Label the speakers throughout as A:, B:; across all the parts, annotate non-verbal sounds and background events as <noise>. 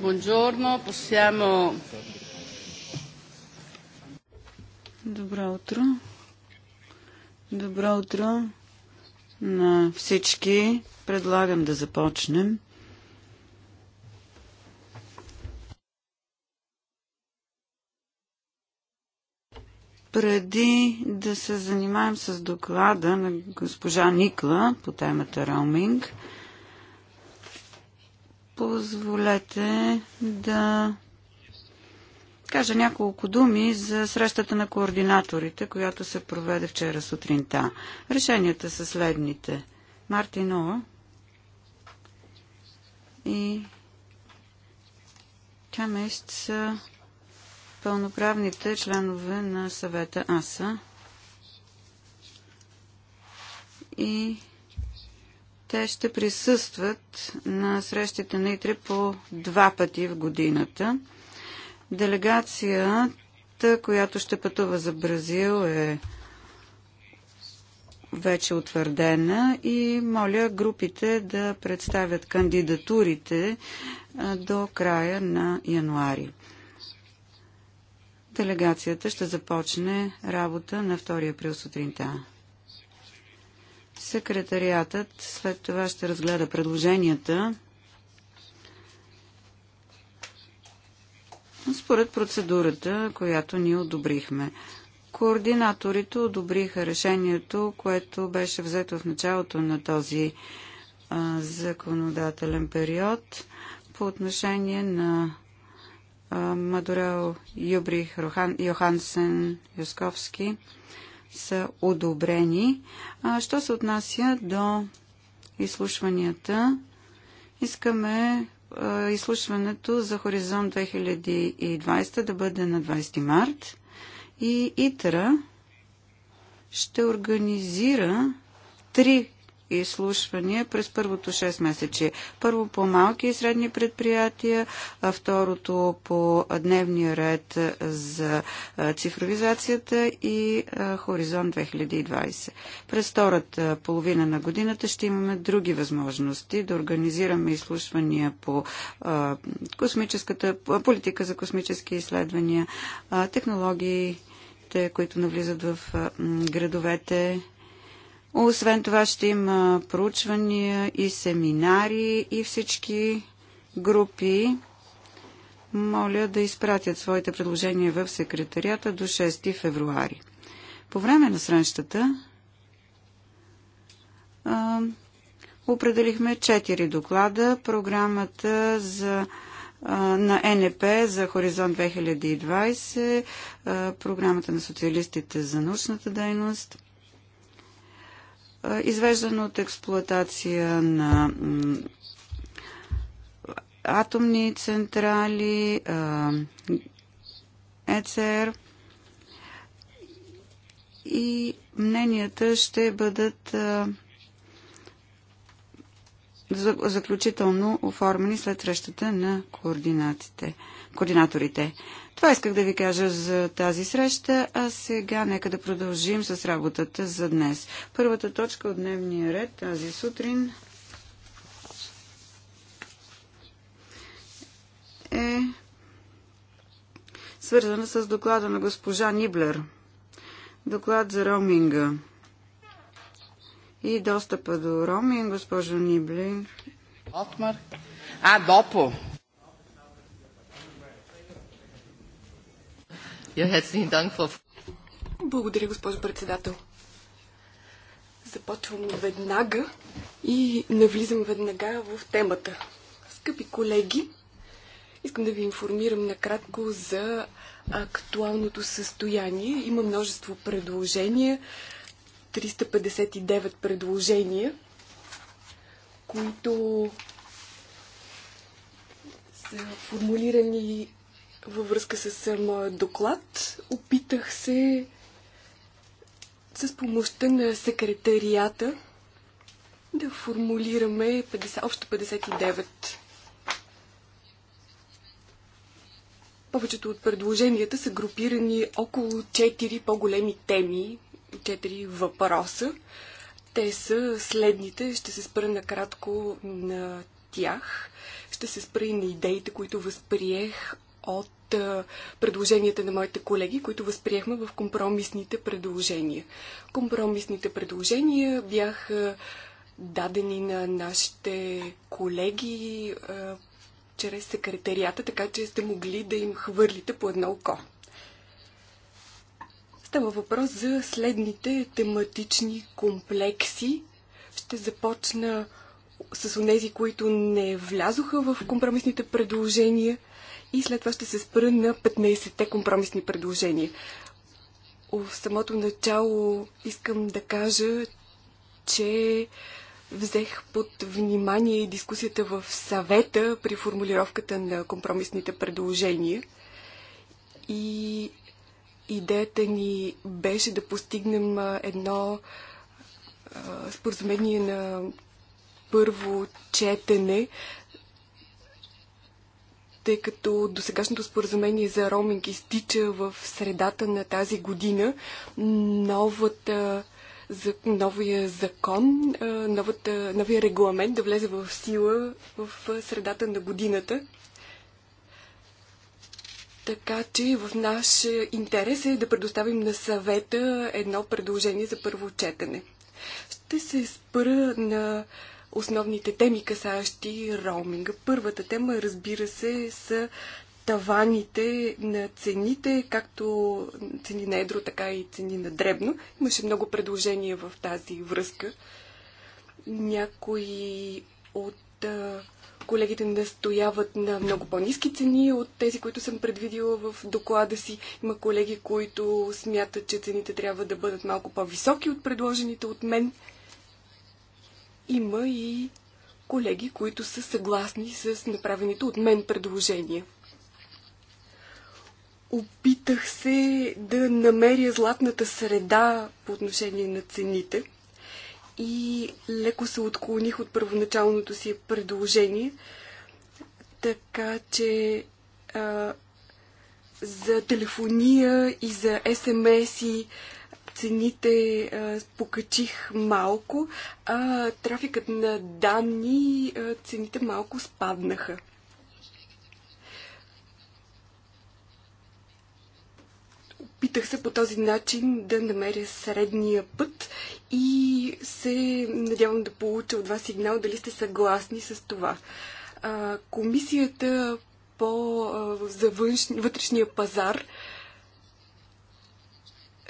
A: Buongiorno, possiamo... Добро утро.
B: Добро утро на всички. Предлагам да започнем. Преди да се занимаем с доклада на госпожа Никла по темата роуминг, Позволете да кажа няколко думи за срещата на координаторите, която се проведе вчера сутринта. Решенията са следните. Мартин О и Камест са пълноправните членове на съвета АСА и те ще присъстват на срещите на ИТРЕ по два пъти в годината. Делегацията, която ще пътува за Бразил е вече утвърдена и моля групите да представят кандидатурите до края на януари. Делегацията ще започне работа на 2 април сутринта. Секретариатът след това ще разгледа предложенията според процедурата, която ние одобрихме. Координаторите одобриха решението, което беше взето в началото на този а, законодателен период по отношение на а, Мадурел Юбрих Рохан, Йохансен Юсковски са одобрени. Що се отнася до изслушванията, искаме изслушването за Хоризонт 2020 да бъде на 20 март и ИТРА ще организира три изслушвания през първото 6 месече. Първо по малки и средни предприятия, а второто по дневния ред за цифровизацията и Хоризонт 2020. През втората половина на годината ще имаме други възможности да организираме изслушвания по космическата политика за космически изследвания, технологии, които навлизат в градовете, освен това ще има проучвания и семинари и всички групи моля да изпратят своите предложения в секретарията до 6 февруари. По време на срещата определихме 4 доклада. Програмата за на НП за Хоризонт 2020, програмата на социалистите за научната дейност, извеждане от експлоатация на атомни централи, ЕЦР и мненията ще бъдат заключително оформени след срещата на координаторите. Това исках да ви кажа за тази среща, а сега нека да продължим с работата за днес. Първата точка от дневния ред тази сутрин е свързана с доклада на госпожа Ниблер. Доклад за роуминга. И достъпа до роуминг, госпожо Ниблер.
C: Отмар.
A: А, допо.
C: Ja, herzlichen Dank, Frau. Благодаря, госпожо председател. Започвам веднага и навлизам веднага в темата. Скъпи колеги, искам да ви информирам накратко за актуалното състояние. Има множество предложения, 359 предложения, които са формулирани във връзка с моя доклад. Опитах се с помощта на секретарията да формулираме 50, общо 59. Повечето от предложенията са групирани около 4 по-големи теми, 4 въпроса. Те са следните. Ще се спра накратко на тях. Ще се спра и на идеите, които възприех от предложенията на моите колеги, които възприехме в компромисните предложения. Компромисните предложения бяха дадени на нашите колеги чрез секретарията, така че сте могли да им хвърлите по едно око. Става въпрос за следните тематични комплекси. Ще започна с онези, които не влязоха в компромисните предложения – и след това ще се спра на 15-те компромисни предложения. В самото начало искам да кажа, че взех под внимание дискусията в съвета при формулировката на компромисните предложения и идеята ни беше да постигнем едно споразумение на първо четене, тъй като досегашното споразумение за роуминг изтича в средата на тази година. Новата за новия закон, новата, новия регламент да влезе в сила в средата на годината. Така че в наш интерес е да предоставим на съвета едно предложение за първо четене. Ще се спра на основните теми, касащи роуминга. Първата тема, разбира се, са таваните на цените, както цени на едро, така и цени на дребно. Имаше много предложения в тази връзка. Някои от колегите настояват на много по-низки цени от тези, които съм предвидила в доклада си. Има колеги, които смятат, че цените трябва да бъдат малко по-високи от предложените от мен. Има и колеги, които са съгласни с направените от мен предложения. Опитах се да намеря златната среда по отношение на цените и леко се отклоних от първоначалното си предложение, така че а, за телефония и за СМС и цените а, покачих малко, а трафикът на данни, а, цените малко спаднаха. Опитах се по този начин да намеря средния път и се надявам да получа от вас сигнал дали сте съгласни с това. А, комисията по, а, за вътрешния пазар а,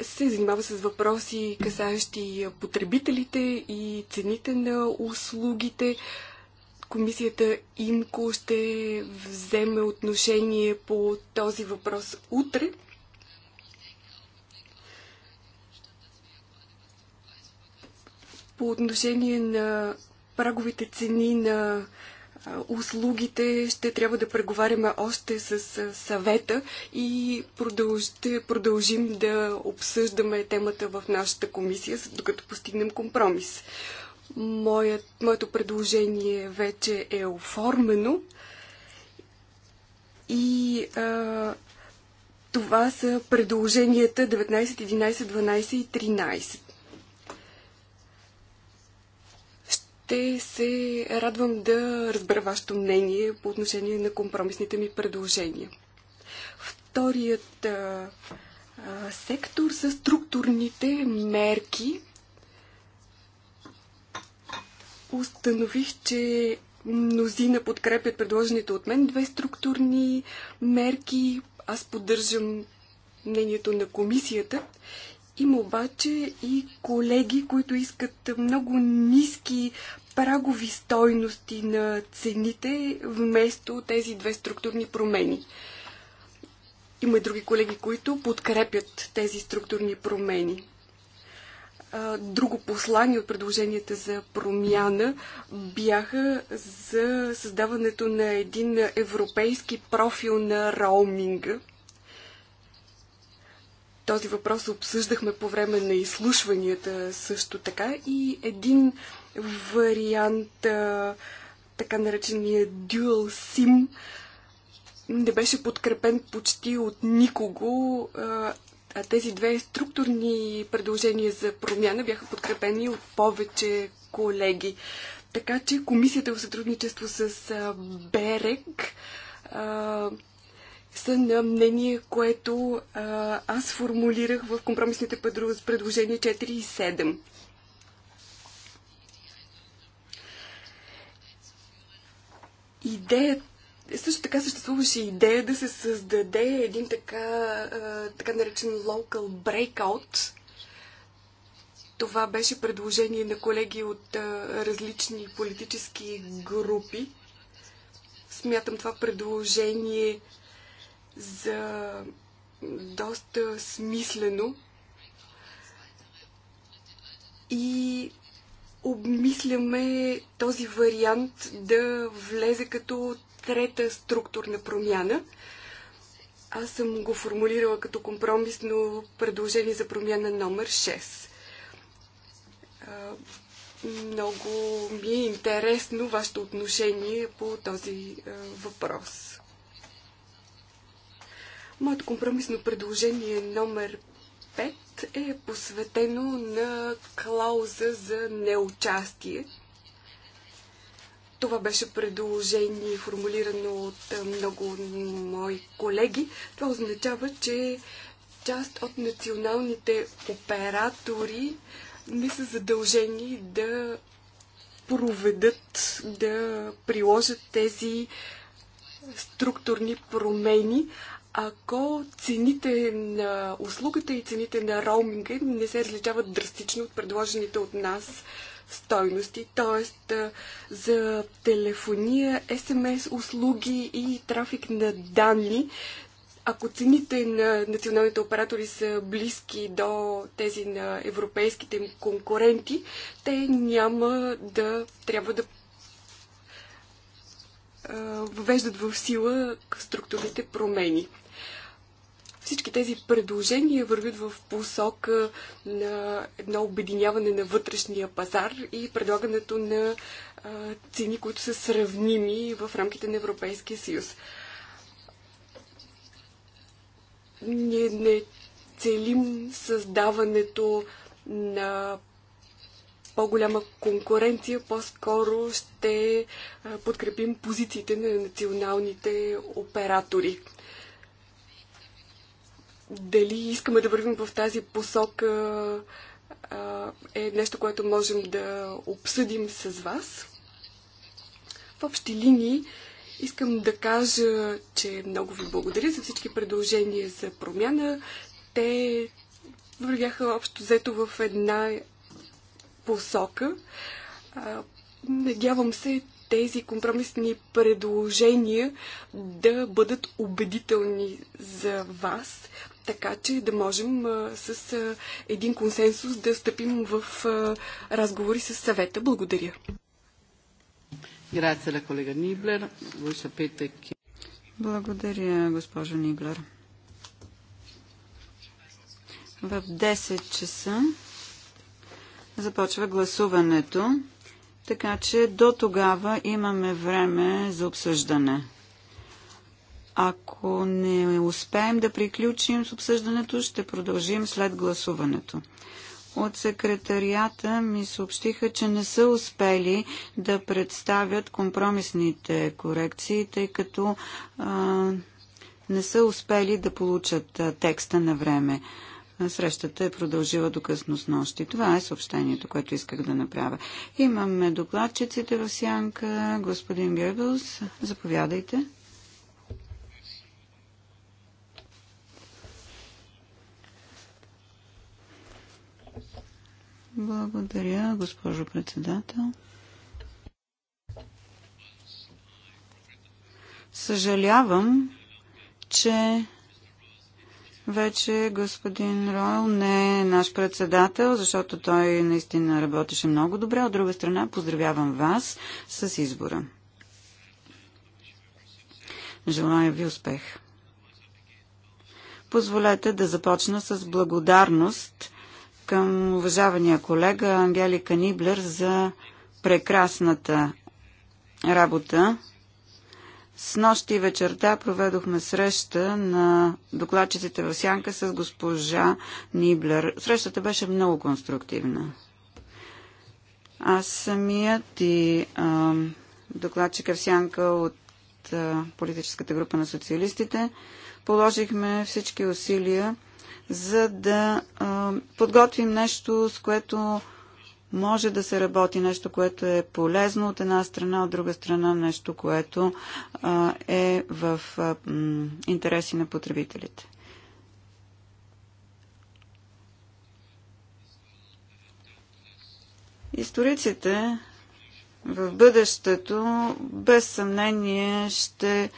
C: се занимава с въпроси, касащи потребителите и цените на услугите. Комисията ИМКО ще вземе отношение по този въпрос утре. По отношение на праговите цени на услугите, ще трябва да преговаряме още с съвета и продълж, ще продължим да обсъждаме темата в нашата комисия, докато постигнем компромис. Моят, моето предложение вече е оформено и а, това са предложенията 19, 11, 12 и 13. Ще се радвам да разбера вашето мнение по отношение на компромисните ми предложения. Вторият а, а, сектор са структурните мерки. Установих, че мнозина подкрепят предложените от мен две структурни мерки. Аз поддържам мнението на комисията. Има обаче и колеги, които искат много ниски прагови стойности на цените вместо тези две структурни промени. Има и други колеги, които подкрепят тези структурни промени. Друго послание от предложенията за промяна бяха за създаването на един европейски профил на роуминга. Този въпрос обсъждахме по време на изслушванията също така и един вариант, така наречения Dual SIM, не беше подкрепен почти от никого, а тези две структурни предложения за промяна бяха подкрепени от повече колеги. Така че комисията в сътрудничество с Берек а, са на мнение, което а, аз формулирах в компромисните предложения 4 и 7. идея, също така съществуваше идея да се създаде един така, така наречен local breakout. Това беше предложение на колеги от различни политически групи. Смятам това предложение за доста смислено и обмисляме този вариант да влезе като трета структурна промяна. Аз съм го формулирала като компромисно предложение за промяна номер 6. Много ми е интересно вашето отношение по този въпрос. Моето компромисно предложение е номер 5 е посветено на клауза за неучастие. Това беше предложение, формулирано от много мои колеги. Това означава, че част от националните оператори не са задължени да проведат, да приложат тези структурни промени, ако цените на услугата и цените на роуминга не се различават драстично от предложените от нас стойности, т.е. за телефония, СМС услуги и трафик на данни, ако цените на националните оператори са близки до тези на европейските им конкуренти, те няма да трябва да въвеждат в сила структурните промени. Всички тези предложения вървят в посока на едно обединяване на вътрешния пазар и предлагането на цени, които са сравними в рамките на Европейския съюз. Ние не целим създаването на по-голяма конкуренция, по-скоро ще подкрепим позициите на националните оператори дали искаме да вървим в тази посока е нещо, което можем да обсъдим с вас. В общи линии искам да кажа, че много ви благодаря за всички предложения за промяна. Те вървяха общо взето в една посока. Надявам се тези компромисни предложения да бъдат убедителни за вас, така че да можем с един консенсус да стъпим в разговори с съвета. Благодаря.
B: Благодаря,
A: госпожо Ниблер.
B: В 10 часа започва гласуването, така че до тогава имаме време за обсъждане. Ако не успеем да приключим с обсъждането, ще продължим след гласуването. От секретарията ми съобщиха, че не са успели да представят компромисните корекции, тъй като а, не са успели да получат а, текста на време. Срещата е продължила до късно с нощи. Това е съобщението, което исках да направя. Имаме докладчиците в сянка. Господин Гебелс, заповядайте. Благодаря, госпожо председател. Съжалявам, че вече господин Ройл не е наш председател, защото той наистина работеше много добре. От друга страна, поздравявам вас с избора. Желая ви успех. Позволете да започна с благодарност към уважавания колега Ангелика Ниблер за прекрасната работа. С нощи и вечерта проведохме среща на докладчиците в Сянка с госпожа Ниблер. Срещата беше много конструктивна. Аз самият и а, докладчика в Сянка от а, политическата група на социалистите положихме всички усилия за да а, подготвим нещо, с което може да се работи, нещо, което е полезно от една страна, от друга страна нещо, което а, е в а, м, интереси на потребителите. Историците в бъдещето без съмнение ще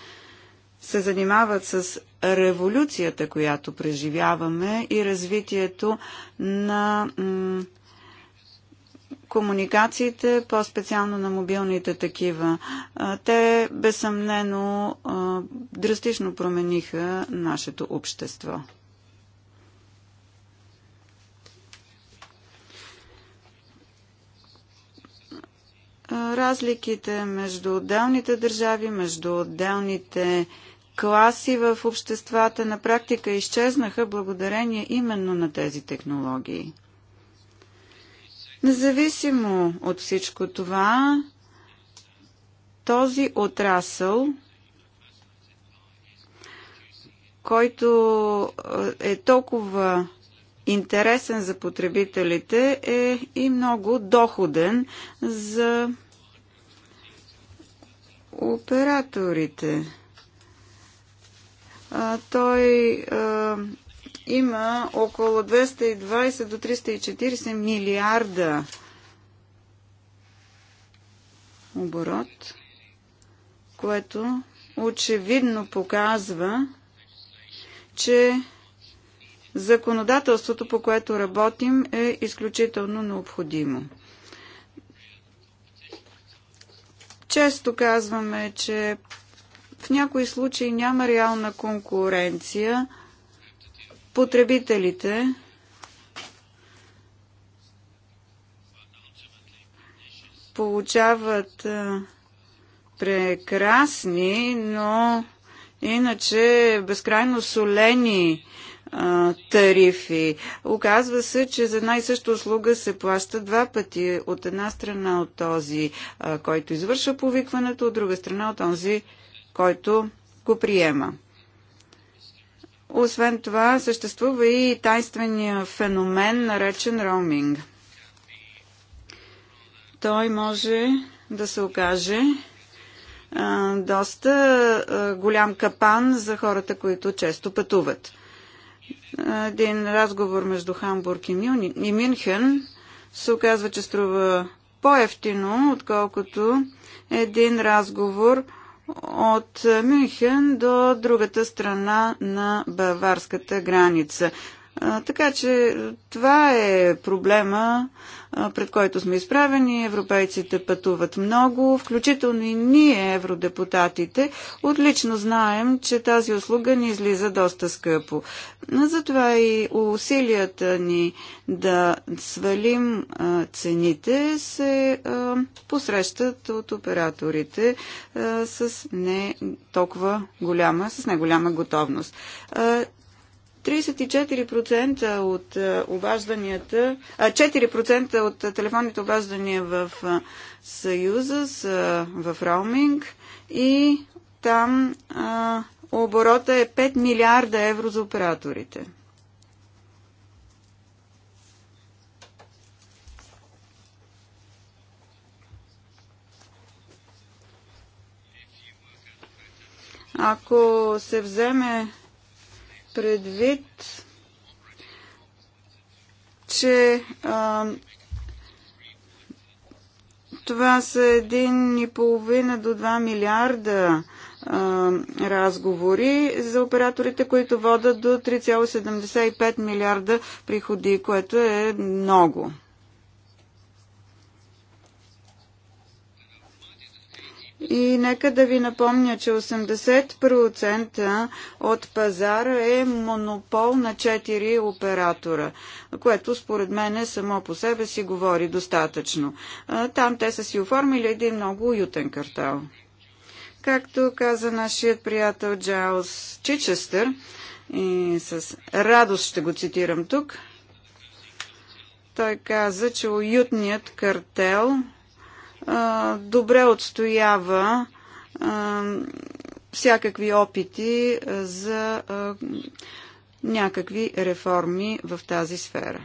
B: се занимават с революцията, която преживяваме и развитието на комуникациите, по-специално на мобилните такива. Те безсъмнено драстично промениха нашето общество. Разликите между отделните държави, между отделните класи в обществата на практика изчезнаха благодарение именно на тези технологии. Независимо от всичко това, този отрасъл, който е, е толкова интересен за потребителите, е и много доходен за операторите той има около 220 до 340 милиарда оборот, което очевидно показва, че законодателството, по което работим, е изключително необходимо. Често казваме, че в някои случаи няма реална конкуренция. Потребителите получават прекрасни, но иначе безкрайно солени тарифи. Оказва се, че за една и съща услуга се плаща два пъти. От една страна от този, който извършва повикването, от друга страна от този, който го приема. Освен това, съществува и тайнствения феномен, наречен роуминг. Той може да се окаже а, доста а, голям капан за хората, които често пътуват. Един разговор между Хамбург и, Мюни... и Мюнхен се оказва, че струва по-ефтино, отколкото един разговор – от Мюнхен до другата страна на баварската граница. Така че това е проблема, пред който сме изправени. Европейците пътуват много, включително и ние, евродепутатите, отлично знаем, че тази услуга ни излиза доста скъпо. Затова и усилията ни да свалим цените се посрещат от операторите с не толкова голяма, с не голяма готовност. 34% от е, обажданията, 4% от телефонните обаждания в е, Съюза са в роуминг и там а, е, оборота е 5 милиарда евро за операторите. Ако се вземе предвид, че а, това са 1,5 до 2 милиарда а, разговори за операторите, които водат до 3,75 милиарда приходи, което е много. И нека да ви напомня, че 80% от пазара е монопол на 4 оператора, което според мен е само по себе си говори достатъчно. Там те са си оформили един много уютен картал. Както каза нашият приятел Джайлс Чичестър, и с радост ще го цитирам тук, той каза, че уютният картел добре отстоява всякакви опити за някакви реформи в тази сфера.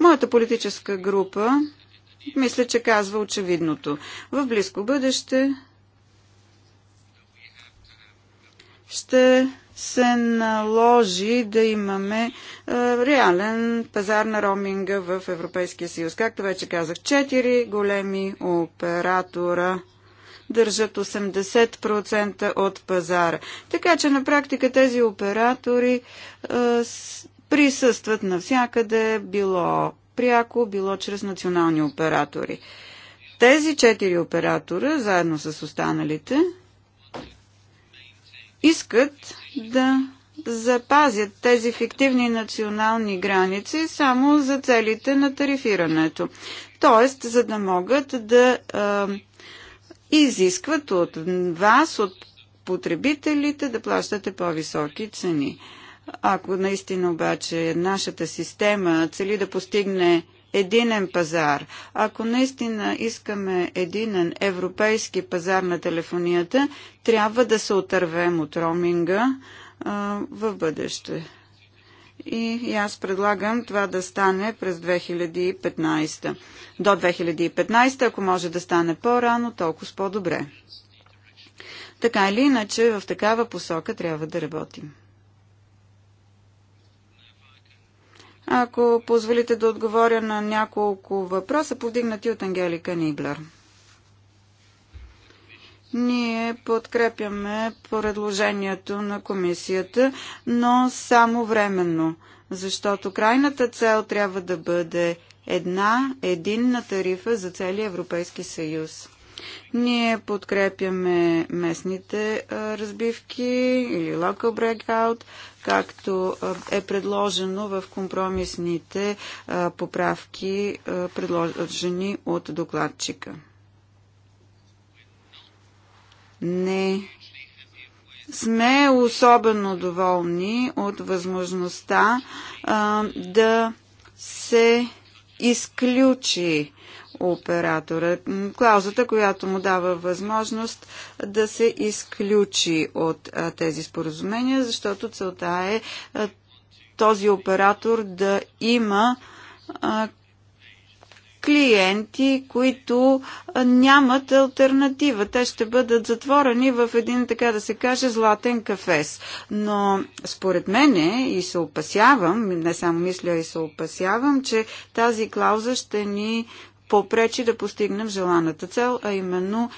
B: Моята политическа група мисля, че казва очевидното. В близко бъдеще ще се наложи да имаме е, реален пазар на роуминга в Европейския съюз. Както вече казах, четири големи оператора държат 80% от пазара. Така че на практика тези оператори а, е, с, присъстват навсякъде, било пряко, било чрез национални оператори. Тези четири оператора, заедно с останалите, искат да запазят тези фиктивни национални граници само за целите на тарифирането. Тоест, за да могат да а, изискват от вас, от потребителите, да плащате по-високи цени. Ако наистина обаче нашата система цели да постигне единен пазар. Ако наистина искаме единен европейски пазар на телефонията, трябва да се отървем от роминга в бъдеще. И, и аз предлагам това да стане през 2015. До 2015, ако може да стане по-рано, толкова с по-добре. Така или иначе, в такава посока трябва да работим. Ако позволите да отговоря на няколко въпроса, повдигнати от Ангелика Ниблер. Ние подкрепяме предложението на комисията, но само временно, защото крайната цел трябва да бъде една единна тарифа за целия Европейски съюз. Ние подкрепяме местните разбивки или local breakout, както е предложено в компромисните поправки, предложени от докладчика. Не сме особено доволни от възможността да се изключи оператора. Клаузата, която му дава възможност да се изключи от тези споразумения, защото целта е този оператор да има клиенти, които нямат альтернатива. Те ще бъдат затворени в един, така да се каже, златен кафес. Но според мене и се опасявам, не само мисля и се опасявам, че тази клауза ще ни попречи да постигнем желаната цел, а именно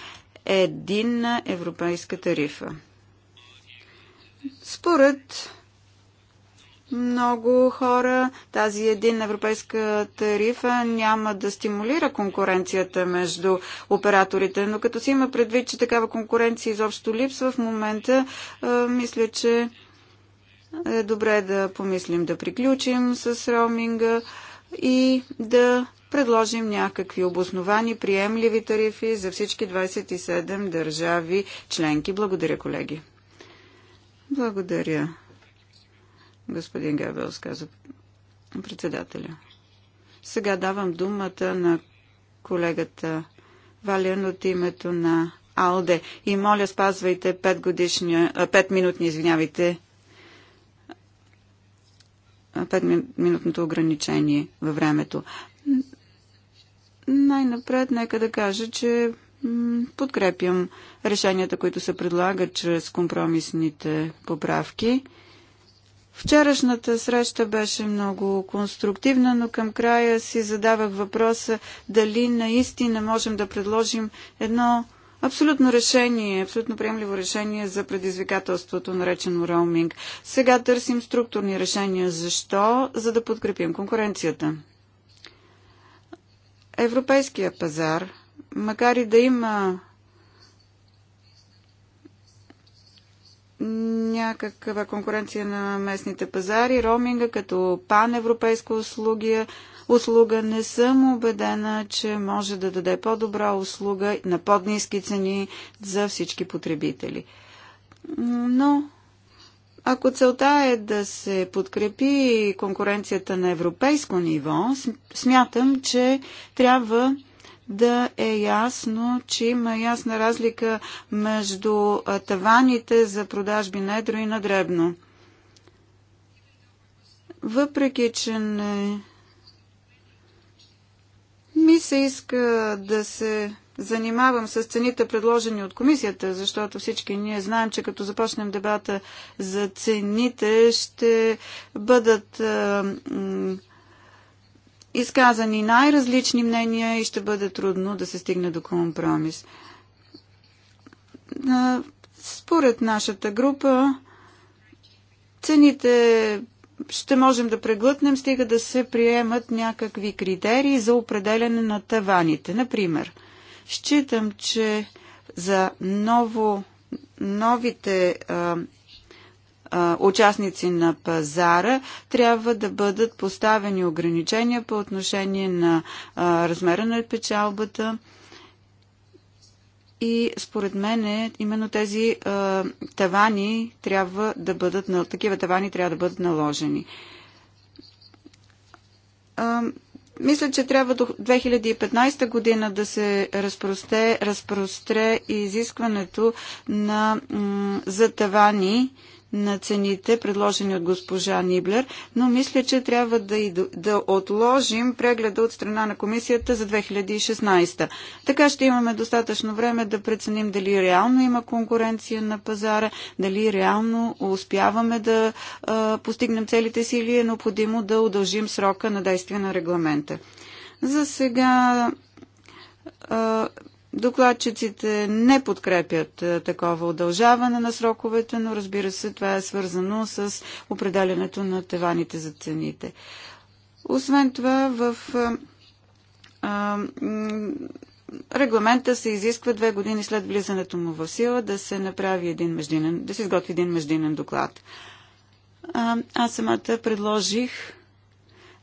B: единна европейска тарифа. Според много хора тази един европейска тарифа няма да стимулира конкуренцията между операторите. Но като си има предвид, че такава конкуренция изобщо липсва в момента, мисля, че е добре да помислим да приключим с роуминга и да предложим някакви обосновани, приемливи тарифи за всички 27 държави членки. Благодаря, колеги. Благодаря, господин Габелс, каза председателя. Сега давам думата на колегата Вален от името на АЛДЕ. И моля, спазвайте 5, годишни, 5 минутни, извинявайте, 5-минутното ограничение във времето. Най-напред нека да кажа, че подкрепям решенията, които се предлагат чрез компромисните поправки. Вчерашната среща беше много конструктивна, но към края си задавах въпроса дали наистина можем да предложим едно абсолютно решение, абсолютно приемливо решение за предизвикателството, наречено роуминг. Сега търсим структурни решения. Защо? За да подкрепим конкуренцията. Европейския пазар, макар и да има някаква конкуренция на местните пазари, роминга като паневропейска услуга, услуга не съм убедена, че може да даде по-добра услуга на по-низки цени за всички потребители. Но ако целта е да се подкрепи конкуренцията на европейско ниво, смятам, че трябва да е ясно, че има ясна разлика между таваните за продажби на едро и на дребно. Въпреки, че не ми се иска да се занимавам с цените, предложени от комисията, защото всички ние знаем, че като започнем дебата за цените, ще бъдат е, изказани най-различни мнения и ще бъде трудно да се стигне до компромис. Е, според нашата група, цените ще можем да преглътнем, стига да се приемат някакви критерии за определене на таваните. Например, Считам, че за ново, новите а, а, участници на пазара трябва да бъдат поставени ограничения по отношение на а, размера на печалбата. И според мен именно тези а, тавани трябва да бъдат, такива тавани трябва да бъдат наложени. А, мисля, че трябва до 2015 година да се разпросте, разпростре изискването на, за тавани на цените, предложени от госпожа Ниблер, но мисля, че трябва да, и, да отложим прегледа от страна на комисията за 2016. Така ще имаме достатъчно време да преценим дали реално има конкуренция на пазара, дали реално успяваме да а, постигнем целите си или е необходимо да удължим срока на действие на регламента. За сега а, Докладчиците не подкрепят е, такова удължаване на сроковете, но разбира се, това е свързано с определянето на теваните за цените. Освен това, в а, е, е, регламента се изисква две години след влизането му в сила да се направи един междинен, да се изготви един междинен доклад. А, аз самата предложих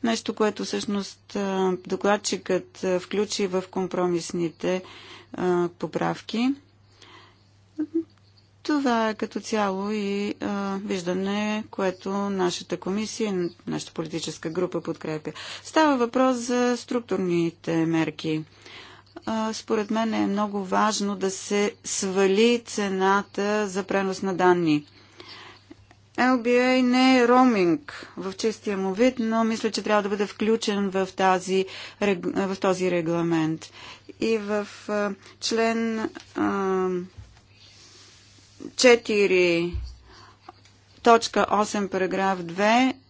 B: нещо, което всъщност докладчикът включи в компромисните а, поправки. Това е като цяло и а, виждане, което нашата комисия, нашата политическа група подкрепя. Става въпрос за структурните мерки. А, според мен е много важно да се свали цената за пренос на данни. LBA не е роуминг в чистия му вид, но мисля, че трябва да бъде включен в, тази, в този регламент. И в член 4.8 параграф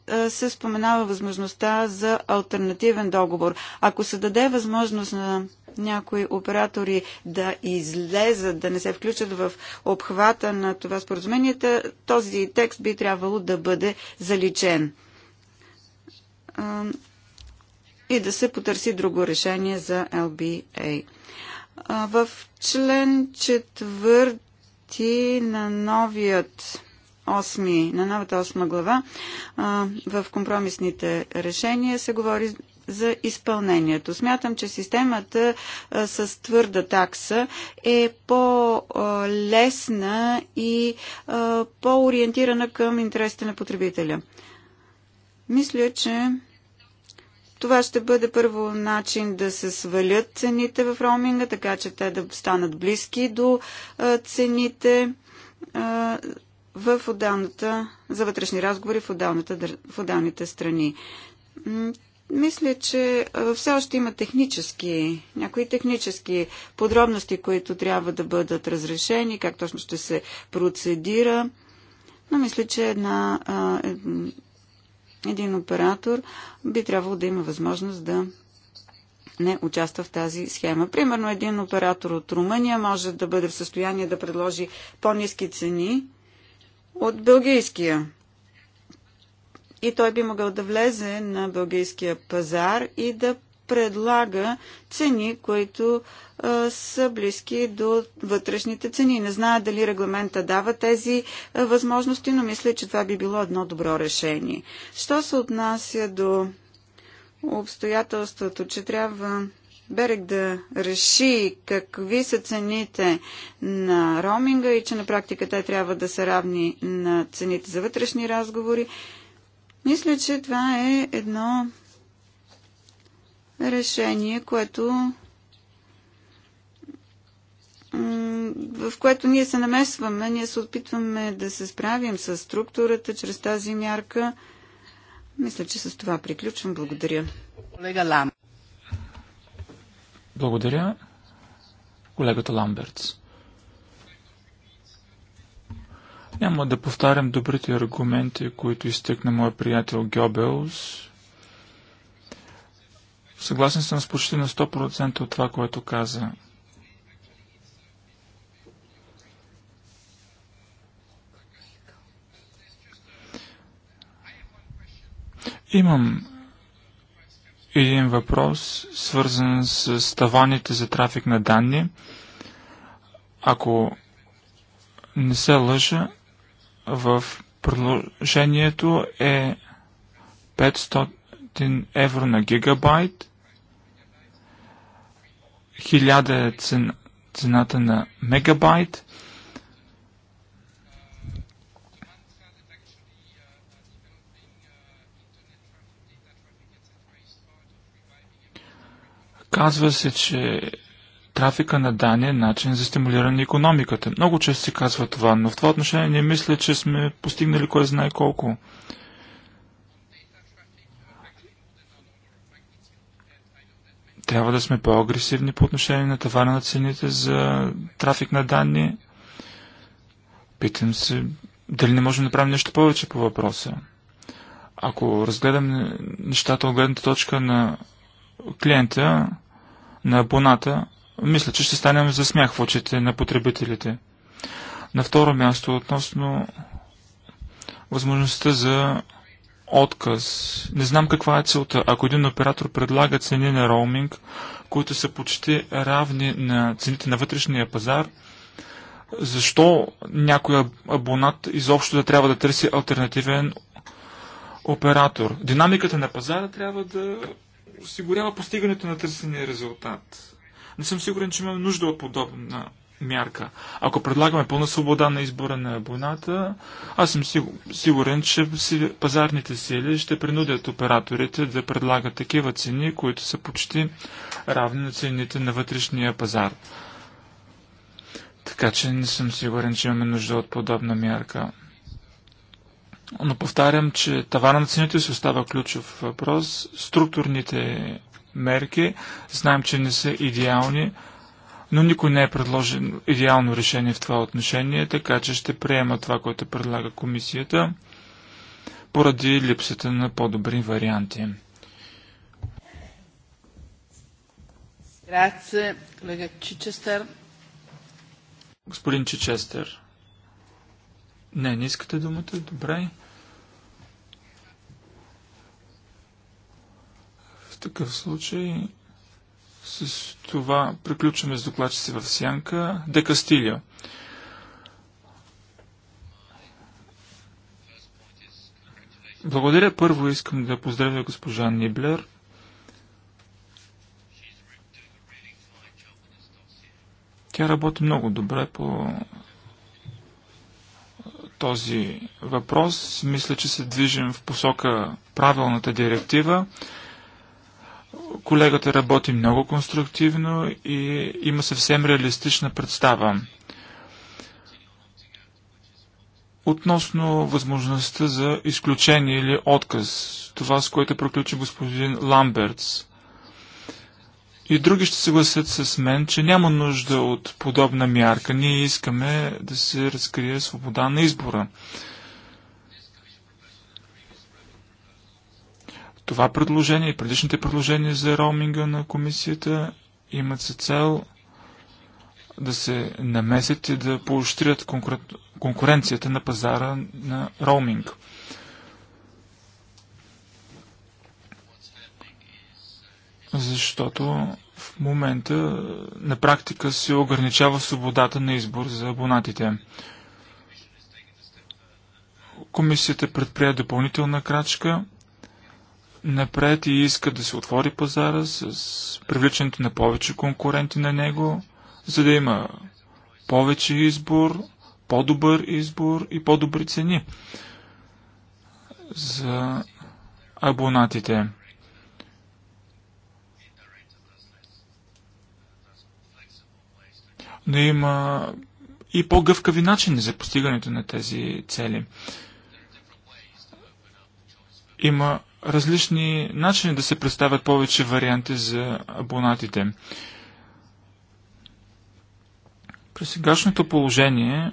B: 2 се споменава възможността за альтернативен договор. Ако се даде възможност на някои оператори да излезат, да не се включат в обхвата на това споразумение, този текст би трябвало да бъде заличен и да се потърси друго решение за LBA. В член четвърти на новият на новата 8 глава в компромисните решения се говори за изпълнението. Смятам, че системата а, с твърда такса е по-лесна и по-ориентирана към интересите на потребителя. Мисля, че това ще бъде първо начин да се свалят цените в роуминга, така че те да станат близки до а, цените а, в отдалната, за вътрешни разговори в, в отдалните страни. Мисля, че все още има технически, някои технически подробности, които трябва да бъдат разрешени, как точно ще се процедира. Но мисля, че една, един оператор би трябвало да има възможност да не участва в тази схема. Примерно един оператор от Румъния може да бъде в състояние да предложи по-низки цени от бългийския и той би могъл да влезе на бългийския пазар и да предлага цени, които а, са близки до вътрешните цени. Не зная дали регламента дава тези а, възможности, но мисля, че това би било едно добро решение. Що се отнася до обстоятелството, че трябва Берег да реши какви са цените на роуминга и че на практика те трябва да са равни на цените за вътрешни разговори, мисля, че това е едно решение, което в което ние се намесваме, ние се опитваме да се справим с структурата чрез тази мярка. Мисля, че с това приключвам. Благодаря. Колега Лам.
D: Благодаря. Колегата Ламбертс. Няма да повтарям добрите аргументи, които изтъкна моя приятел Гьобелс. Съгласен съм с почти на 100% от това, което каза. Имам един въпрос, свързан с таваните за трафик на данни. Ако не се лъжа, в продължението е 500 евро на гигабайт, 1000 е цената на мегабайт. Казва се, че трафика на данни е начин за стимулиране на економиката. Много често се казва това, но в това отношение не мисля, че сме постигнали кой знае колко. Трябва да сме по-агресивни по отношение на тавана на цените за трафик на данни. Питам се, дали не можем да направим нещо повече по въпроса. Ако разгледам нещата от гледната точка на клиента, на абоната, мисля, че ще станем за смях в очите на потребителите. На второ място, относно възможността за отказ. Не знам каква е целта. Ако един оператор предлага цени на роуминг, които са почти равни на цените на вътрешния пазар, защо някой абонат изобщо да трябва да търси альтернативен оператор? Динамиката на пазара трябва да осигурява постигането на търсения резултат. Не съм сигурен, че имаме нужда от подобна мярка. Ако предлагаме пълна свобода на избора на абоната, аз съм сигурен, че пазарните сили ще принудят операторите да предлагат такива цени, които са почти равни на цените на вътрешния пазар. Така че не съм сигурен, че имаме нужда от подобна мярка. Но повтарям, че тавана на цените си остава ключов въпрос. Структурните мерки. Знаем, че не са идеални, но никой не е предложен идеално решение в това отношение, така че ще приема това, което предлага комисията, поради липсата на по-добри варианти. Господин Чичестер. Не, не искате думата. Добре. такъв случай с това приключваме с докладчици в сянка. Де Кастилио. Благодаря. Първо искам да поздравя госпожа Ниблер. Тя работи много добре по този въпрос. Мисля, че се движим в посока правилната директива. Колегата работи много конструктивно и има съвсем реалистична представа. Относно възможността за изключение или отказ, това с което приключи господин Ламбертс. И други ще съгласят с мен, че няма нужда от подобна мярка. Ние искаме да се разкрие свобода на избора. Това предложение и предишните предложения за роуминга на комисията имат за цел да се намесят и да поощрят конкуренцията на пазара на роуминг. Защото в момента на практика се ограничава свободата на избор за абонатите. Комисията предприе допълнителна крачка напред и иска да се отвори пазара с привличането на повече конкуренти на него, за да има повече избор, по-добър избор и по-добри цени за абонатите. Но има и по-гъвкави начини за постигането на тези цели. Има различни начини да се представят повече варианти за абонатите. При сегашното положение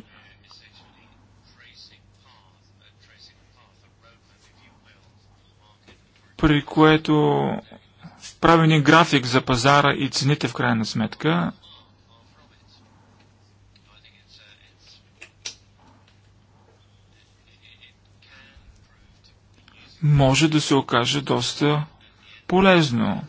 D: при което правим график за пазара и цените в крайна сметка, може да се окаже доста полезно.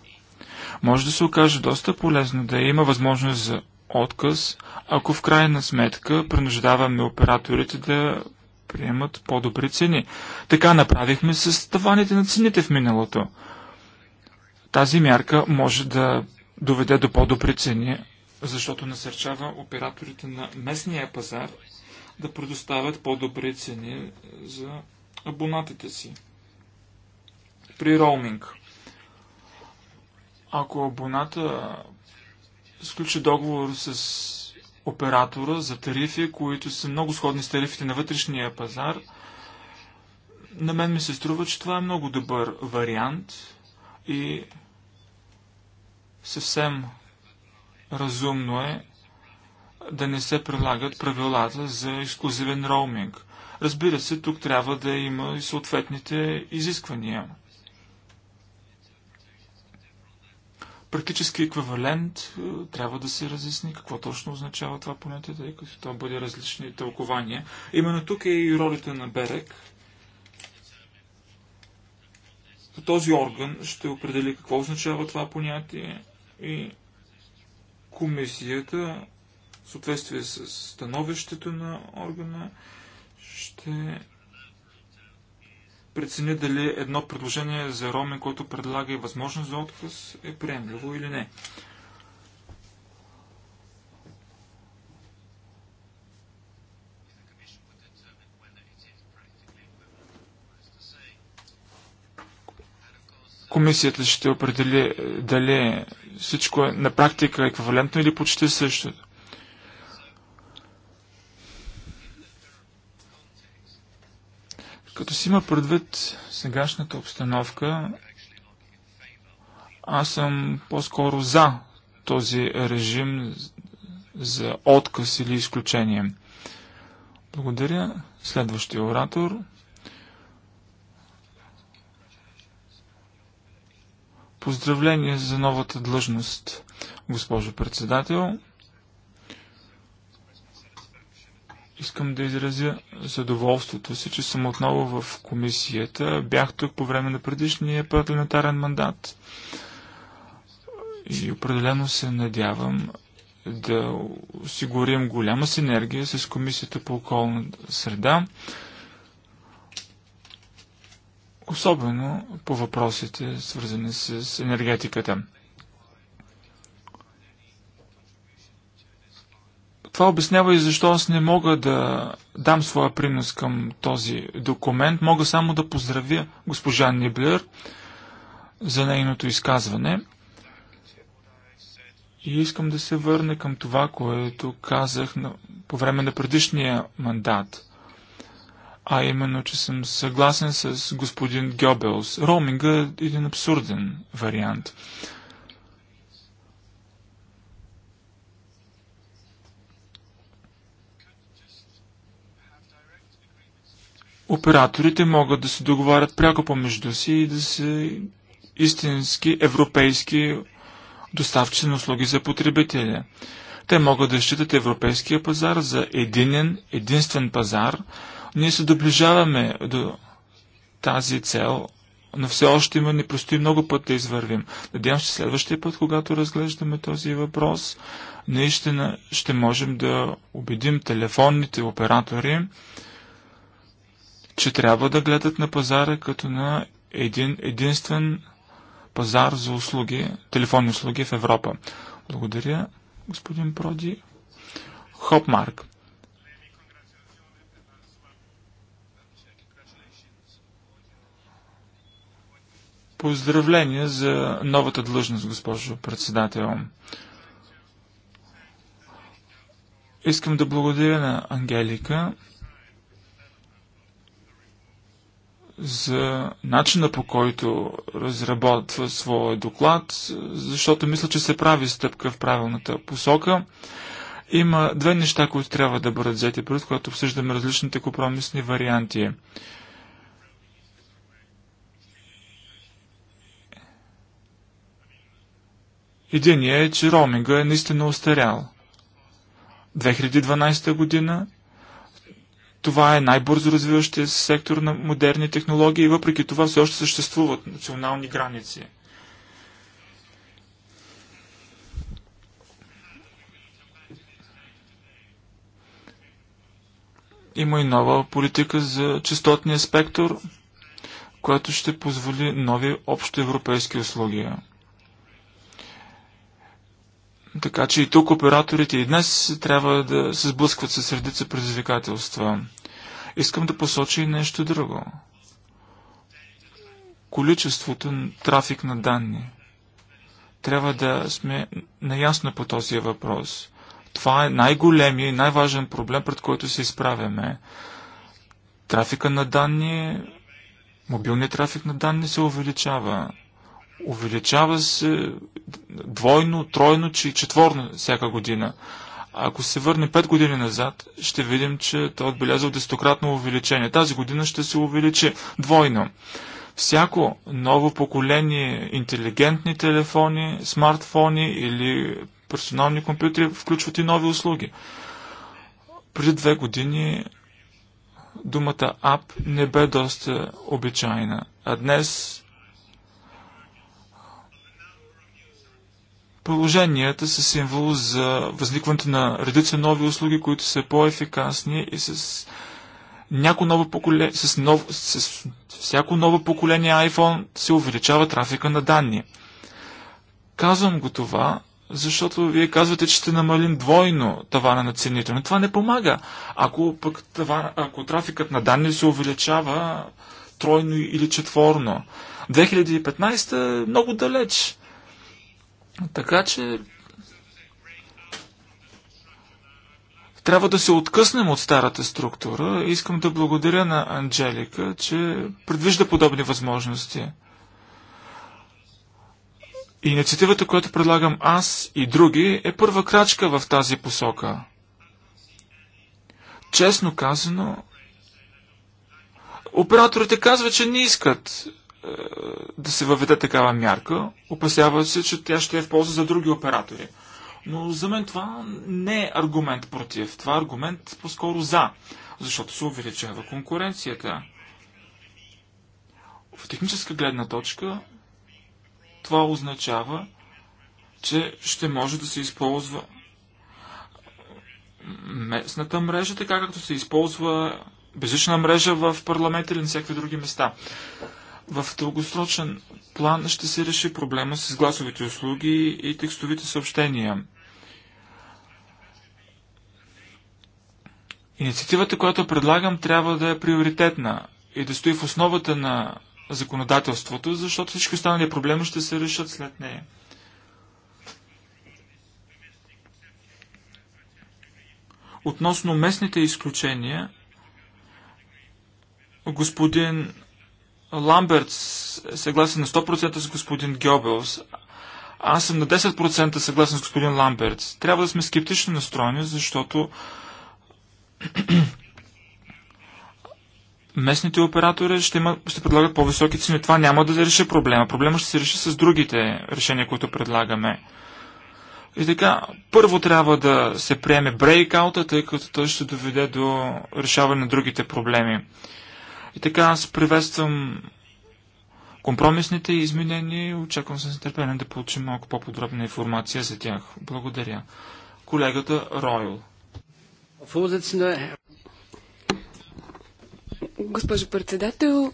D: Може да се окаже доста полезно да има възможност за отказ, ако в крайна сметка принуждаваме операторите да приемат по-добри цени. Така направихме с таваните на цените в миналото. Тази мярка може да доведе до по-добри цени, защото насърчава операторите на местния пазар да предоставят по-добри цени за абонатите си при роуминг. Ако абоната сключи договор с оператора за тарифи, които са много сходни с тарифите на вътрешния пазар, на мен ми се струва, че това е много добър вариант и съвсем разумно е да не се прилагат правилата за ексклюзивен роуминг. Разбира се, тук трябва да има и съответните изисквания. практически еквивалент, е, трябва да се разясни какво точно означава това понятие, тъй като това бъде различни тълкования. Именно тук е и ролята на Берек. Този орган ще определи какво означава това понятие и комисията, в съответствие с становището на органа, ще прецени дали едно предложение за ромен, което предлага и възможност за отказ, е приемливо или не. Комисията ще определи е, дали всичко е на практика еквивалентно или почти същото. Като си има предвид сегашната обстановка, аз съм по-скоро за този режим за отказ или изключение. Благодаря. Следващия оратор. Поздравление за новата длъжност, госпожо председател. Искам да изразя задоволството си, че съм отново в комисията. Бях тук по време на предишния парламентарен мандат. И определено се надявам да осигурим голяма синергия с комисията по околна среда, особено по въпросите, свързани с енергетиката. Това обяснява и защо аз не мога да дам своя принос към този документ. Мога само да поздравя госпожа Ниблер за нейното изказване. И искам да се върна към това, което казах на, по време на предишния мандат. А именно, че съм съгласен с господин Гьобелс. Роуминга е един абсурден вариант. Операторите могат да се договарят пряко помежду си и да са истински европейски доставчици на услуги за потребителя. Те могат да считат европейския пазар за единен, единствен пазар. Ние се доближаваме до тази цел, но все още има не предстои много път да извървим. Надявам се следващия път, когато разглеждаме този въпрос, наистина ще можем да убедим телефонните оператори, че трябва да гледат на пазара като на един единствен пазар за услуги, телефонни услуги в Европа. Благодаря, господин Проди. Хопмарк. Поздравления за новата длъжност, госпожо председател. Искам да благодаря на Ангелика. за начина по който разработва своя доклад, защото мисля, че се прави стъпка в правилната посока. Има две неща, които трябва да бъдат взети пред, когато обсъждаме различните компромисни варианти. Единият е, че роуминга е наистина устарял. 2012 година това е най-бързо развиващия се сектор на модерни технологии и въпреки това все още съществуват национални граници. Има и нова политика за частотния спектър, която ще позволи нови общоевропейски услуги. Така че и тук операторите и днес трябва да се сблъскват със редица предизвикателства. Искам да посоча и нещо друго. Количеството трафик на данни. Трябва да сме наясно по този въпрос. Това е най-големия и най-важен проблем, пред който се изправяме. Трафика на данни, мобилният трафик на данни се увеличава. Увеличава се двойно, тройно, че четворно всяка година. А ако се върне 5 години назад, ще видим, че той е отбелязал дестократно увеличение. Тази година ще се увеличи двойно. Всяко ново поколение интелигентни телефони, смартфони или персонални компютри включват и нови услуги. Преди две години думата ап не бе доста обичайна, а днес Приложенията са символ за възникването на редица нови услуги, които са по-ефикасни и с някои ново поколе... с, нов, с всяко ново поколение iPhone се увеличава трафика на данни. Казвам го това, защото вие казвате, че ще намалим двойно тавана на цените, но това не помага. Ако, пък това... ако трафикът на данни се увеличава тройно или четворно, 2015 е много далеч. Така че трябва да се откъснем от старата структура. Искам да благодаря на Анджелика, че предвижда подобни възможности. Инициативата, която предлагам аз и други, е първа крачка в тази посока. Честно казано, операторите казват, че не искат да се въведе такава мярка. Опасява се, че тя ще е в полза за други оператори. Но за мен това не е аргумент против. Това е аргумент по-скоро за, защото се увеличава конкуренцията. В техническа гледна точка това означава, че ще може да се използва местната мрежа, така както се използва безлична мрежа в парламента или на всякакви други места. В дългосрочен план ще се реши проблема с гласовите услуги и текстовите съобщения. Инициативата, която предлагам, трябва да е приоритетна и да стои в основата на законодателството, защото всички останали проблеми ще се решат след нея. Относно местните изключения, господин Ламберт съгласен на 100% с господин Гьобелс. Аз съм на 10% съгласен с господин Ламберт. Трябва да сме скептично настроени, защото <clears throat> местните оператори ще, има, ще предлагат по-високи цени. Това няма да реши проблема. Проблема ще се реши с другите решения, които предлагаме. И така, първо трябва да се приеме брейкаута, тъй като той ще доведе до решаване на другите проблеми. И така аз приветствам компромисните изменения и очаквам с нетърпение да получим малко по-подробна информация за тях. Благодаря. Колегата Ройл.
C: Госпожо председател,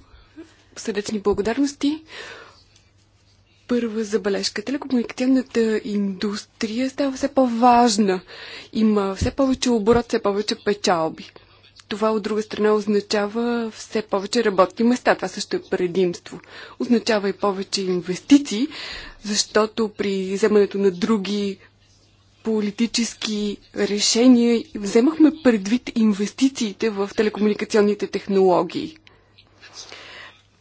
C: сърдечни благодарности. Първа забележка. Телекомуникативната индустрия става все по-важна. Има все повече оборот, все повече печалби. Това от друга страна означава все повече работни места. Това също е предимство. Означава и повече инвестиции, защото при вземането на други политически решения вземахме предвид инвестициите в телекомуникационните технологии.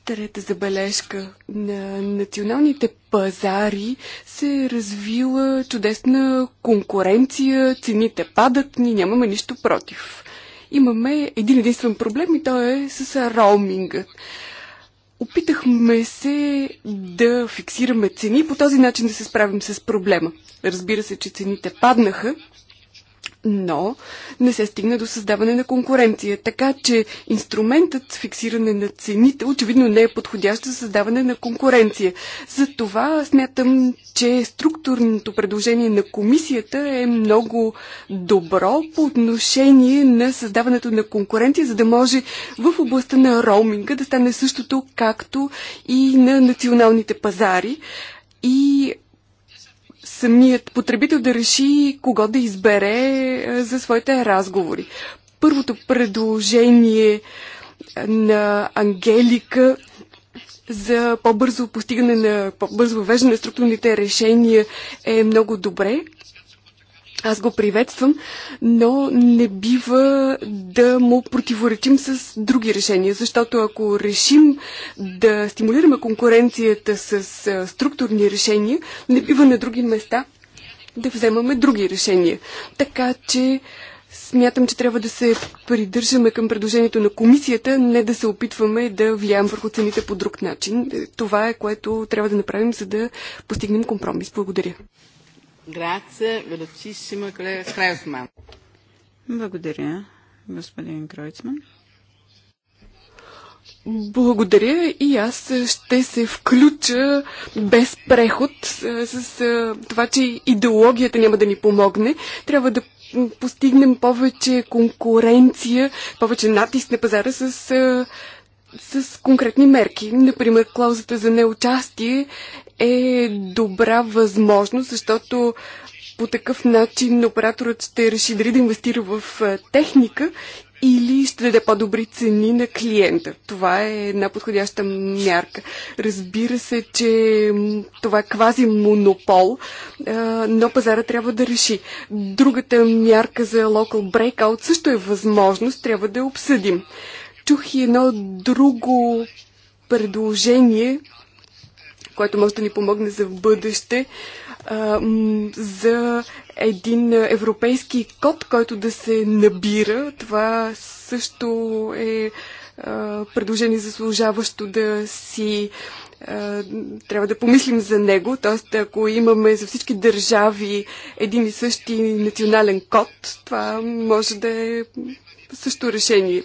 C: Трета забележка. На националните пазари се е развила чудесна конкуренция, цените падат, ние нямаме нищо против. Имаме един единствен проблем и то е с роумингът. Опитахме се да фиксираме цени по този начин да се справим с проблема. Разбира се, че цените паднаха, но не се стигна до създаване на конкуренция. Така че инструментът фиксиране на цените очевидно не е подходящ за създаване на конкуренция. Затова смятам, че структурното предложение на комисията е много добро по отношение на създаването на конкуренция, за да може в областта на роуминга да стане същото, както и на националните пазари. И самият потребител да реши кого да избере е, за своите разговори. Първото предложение е, на Ангелика за по-бързо постигане на по-бързо въвеждане на структурните решения е много добре. Аз го приветствам, но не бива да му противоречим с други решения, защото ако решим да стимулираме конкуренцията с структурни решения, не бива на други места да вземаме други решения. Така че смятам, че трябва да се придържаме към предложението на комисията, не да се опитваме да влияем върху цените по друг начин. Това е което трябва да направим, за да постигнем компромис. Благодаря.
A: Благодаря, господин
C: Кройцман. Благодаря и аз ще се включа без преход с това, че идеологията няма да ни помогне. Трябва да постигнем повече конкуренция, повече натиск на пазара с, с конкретни мерки. Например, клаузата за неучастие е добра възможност, защото по такъв начин операторът ще реши дали да инвестира в техника или ще даде по-добри цени на клиента. Това е една подходяща мярка. Разбира се, че това е квази монопол, но пазара трябва да реши. Другата мярка за Local Breakout също е възможност, трябва да я обсъдим. Чух и едно друго предложение, което може да ни помогне за бъдеще за един европейски код, който да се набира. Това също е предложение заслужаващо да си трябва да помислим за него. Тоест, ако имаме за всички държави един и същи национален код, това може да е също решение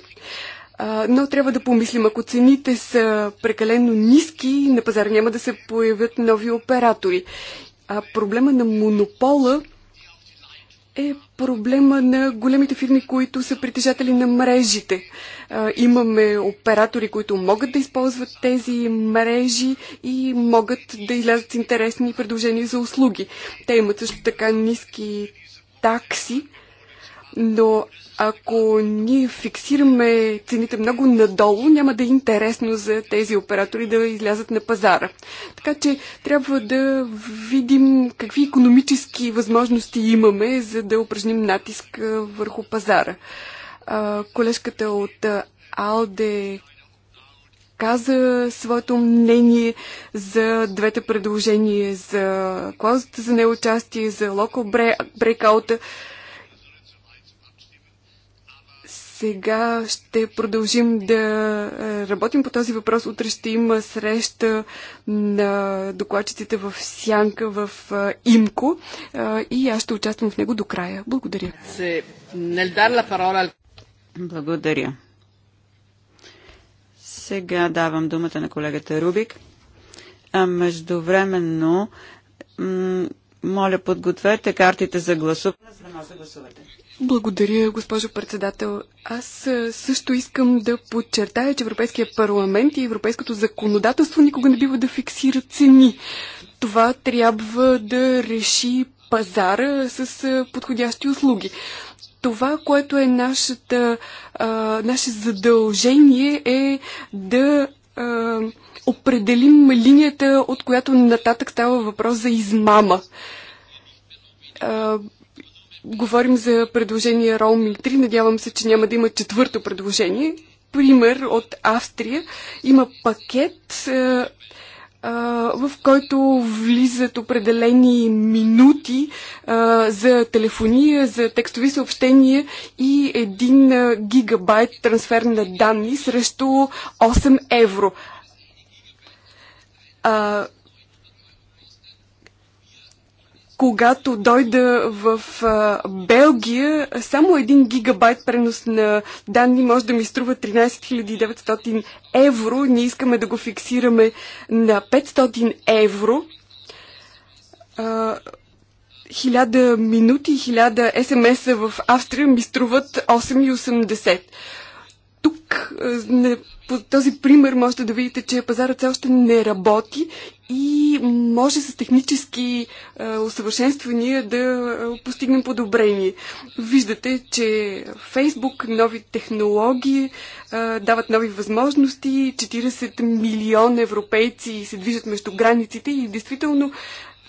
C: но трябва да помислим, ако цените са прекалено ниски, на пазара няма да се появят нови оператори. А проблема на монопола е проблема на големите фирми, които са притежатели на мрежите. А, имаме оператори, които могат да използват тези мрежи и могат да излязат с интересни предложения за услуги. Те имат също така ниски такси, но ако ние фиксираме цените много надолу, няма да е интересно за тези оператори да излязат на пазара. Така че трябва да видим какви економически възможности имаме, за да упражним натиск върху пазара. Колежката от Алде каза своето мнение за двете предложения за клаузата за неучастие, за локал брейкаута. Break- Сега ще продължим да е, работим по този въпрос. Утре ще има среща на докладчиците в Сянка, в е, Имко е, и аз ще участвам в него до края. Благодаря.
A: Благодаря.
B: Сега давам думата на колегата Рубик. А междувременно моля, подгответе картите за гласуване,
C: за гласувате. Благодаря, госпожо председател. Аз също искам да подчертая, че Европейския парламент и европейското законодателство никога не бива да фиксира цени. Това трябва да реши пазара с подходящи услуги. Това, което е нашата, а, наше задължение е да а, определим линията, от която нататък става въпрос за измама. А, говорим за предложение Роуминг 3. Надявам се, че няма да има четвърто предложение. Пример от Австрия. Има пакет, а, а, в който влизат определени минути а, за телефония, за текстови съобщения и 1 гигабайт трансфер на данни срещу 8 евро. А, когато дойда в а, Белгия, само един гигабайт пренос на данни може да ми струва 13 900 евро. Ние искаме да го фиксираме на 500 евро. А, 1000 минути и 1000 смс в Австрия ми струват 8,80 тук по този пример можете да видите, че пазарът все още не работи и може с технически усъвършенствания да постигнем подобрение. Виждате, че Фейсбук, нови технологии дават нови възможности. 40 милиона европейци се движат между границите и действително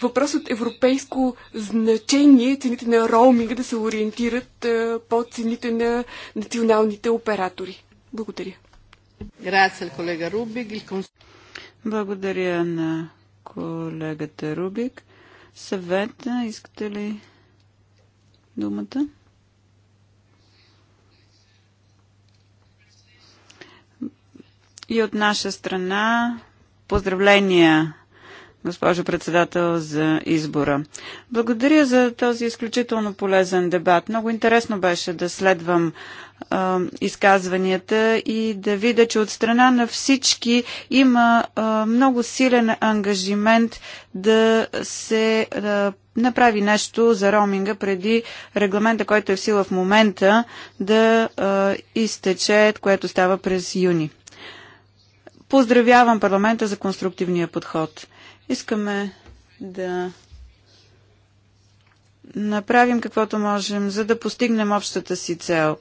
C: въпрос от европейско значение цените на роуминга да се ориентират по цените на националните оператори. Благодаря. Благодаря
B: на колегата Рубик. Съвета, искате ли думата? И от наша страна поздравления госпожо председател, за избора. Благодаря за този изключително полезен дебат. Много интересно беше да следвам а, изказванията и да видя, че от страна на всички има а, много силен ангажимент да се а, направи нещо за роуминга преди регламента, който е в сила в момента, да а, изтече, което става през юни. Поздравявам парламента за конструктивния подход. Искаме да направим каквото можем, за да постигнем общата си цел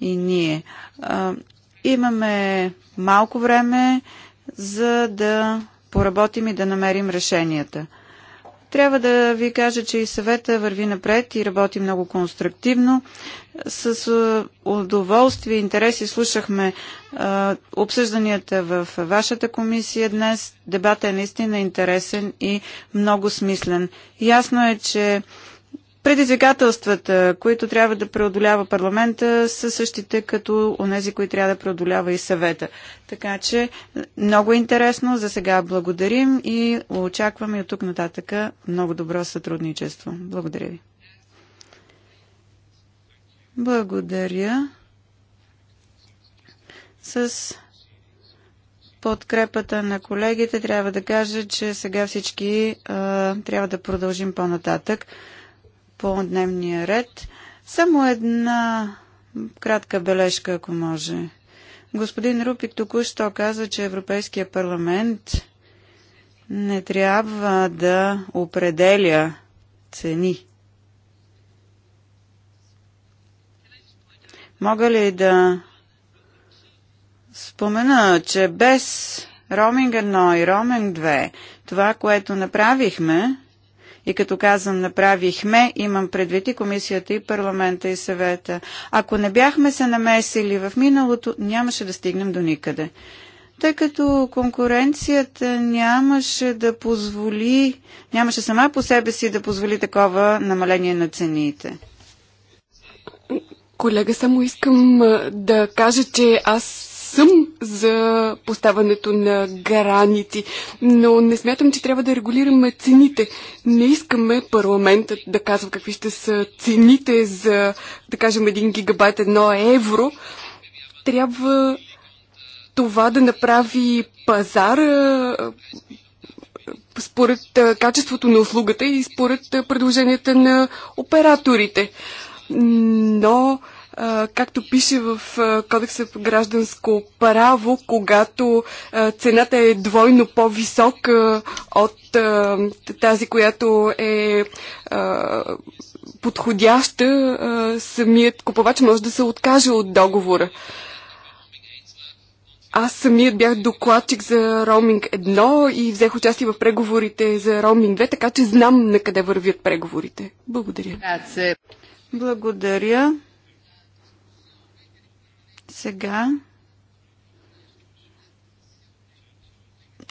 B: и ние. А, имаме малко време, за да поработим и да намерим решенията. Трябва да ви кажа, че и съвета върви напред и работи много конструктивно. С е, удоволствие и интереси слушахме а, е, обсъжданията в вашата комисия днес. Дебата е наистина интересен и много смислен. Ясно е, че предизвикателствата, които трябва да преодолява парламента, са същите като онези, които трябва да преодолява и съвета. Така че много интересно. За сега благодарим и очакваме от тук нататъка много добро сътрудничество. Благодаря ви. Благодаря. С подкрепата на колегите трябва да кажа, че сега всички а, трябва да продължим по-нататък по дневния ред. Само една кратка бележка, ако може. Господин Рупик току-що каза, че Европейския парламент не трябва да определя цени. Мога ли да спомена, че без Роминг 1 и Роминг 2, това, което направихме, и като казвам направихме, имам предвид и комисията, и парламента, и съвета. Ако не бяхме се намесили в миналото, нямаше да стигнем до никъде. Тъй като конкуренцията нямаше да позволи, нямаше сама по себе си да позволи такова намаление
C: на цените. Колега, само искам да кажа, че аз съм за поставането на граници, но не смятам, че трябва да регулираме цените. Не искаме парламентът да казва какви ще са цените за, да кажем, един гигабайт, едно евро. Трябва това да направи пазара според качеството на услугата и според предложенията на операторите но както пише в Кодекса по гражданско право, когато цената е двойно по-висока от тази, която е подходяща, самият купувач може да се откаже от договора. Аз самият бях докладчик за роуминг 1 и взех участие в преговорите за роуминг 2, така че знам на къде вървят преговорите. Благодаря. Благодаря.
B: Сега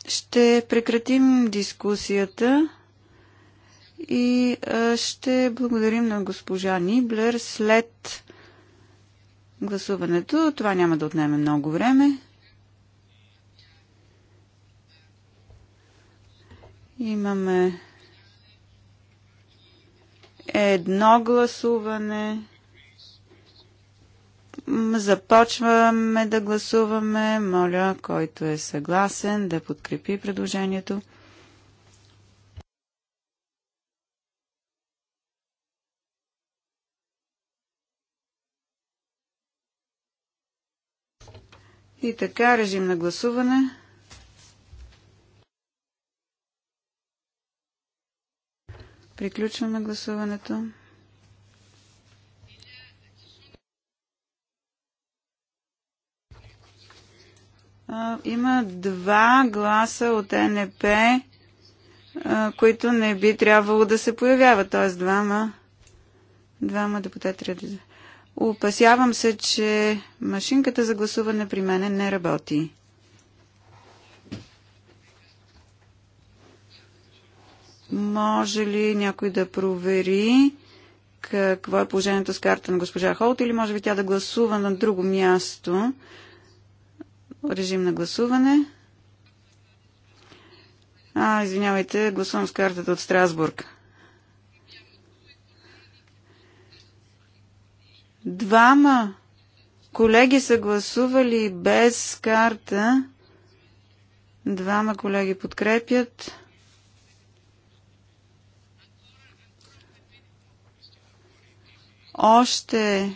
B: ще прекратим дискусията и ще благодарим на госпожа Ниблер след гласуването. Това няма да отнеме много време. Имаме едно гласуване. Започваме да гласуваме. Моля, който е съгласен да подкрепи предложението. И така, режим на гласуване. Приключваме гласуването. има два гласа от НП, които не би трябвало да се появяват, т.е. двама, двама депутати. Опасявам се, че машинката за гласуване при мене не работи. Може ли някой да провери какво е положението с карта на госпожа Холт или може би тя да гласува на друго място? Режим на гласуване. А, извинявайте, гласувам с картата от Страсбург. Двама колеги са гласували без карта. Двама колеги подкрепят. Още,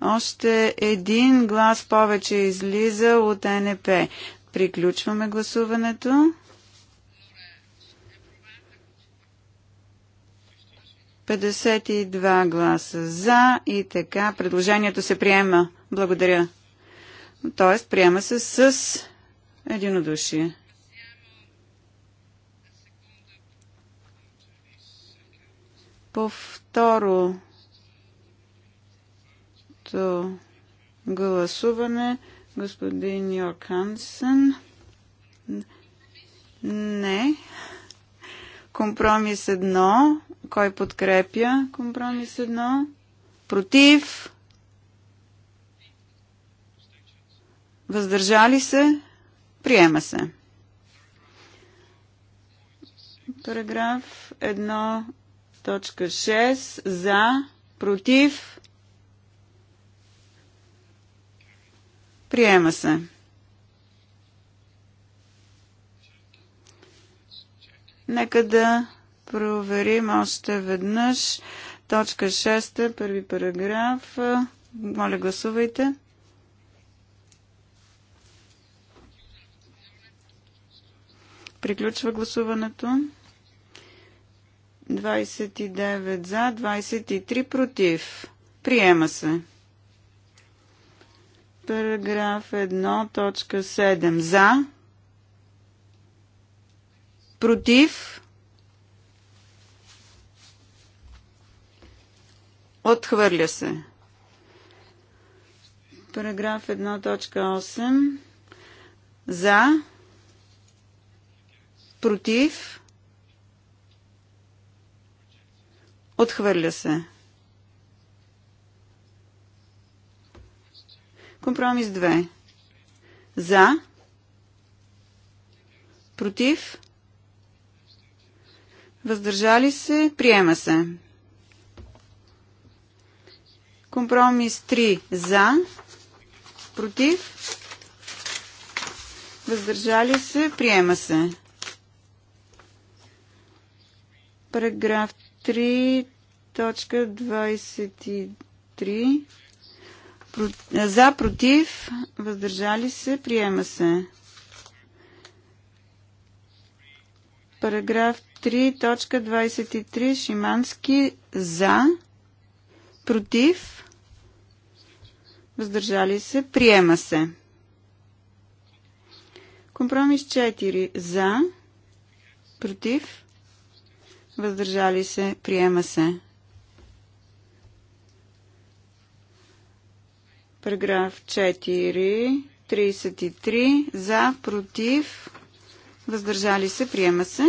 B: още един глас повече излиза от НП. Приключваме гласуването. 52 гласа за и така предложението се приема. Благодаря. Тоест, приема се с единодушие. По второ първото гласуване господин Йорк Хансен. Не. Компромис едно. Кой подкрепя компромис едно? Против? Въздържали се? Приема се. Параграф 1.6 за, против, Приема се. Нека да проверим още веднъж. Точка 6, първи параграф. Моля, гласувайте. Приключва гласуването. 29 за, 23 против. Приема се. Параграф 1, точка 7. За. Против. Отхвърля се. Параграф 1, точка 8. За. Против. Отхвърля се. Компромис 2. За. Против. Въздържали се. Приема се. Компромис 3. За. Против. Въздържали се. Приема се. Параграф 3, точка 23. Е, за, против, въздържали се, приема се. Параграф 3, точка 23, Шимански, за, против, въздържали се, приема се. Компромис 4, за, против, въздържали се, приема се. Параграф 4, 33 за, против, въздържали се, приема се.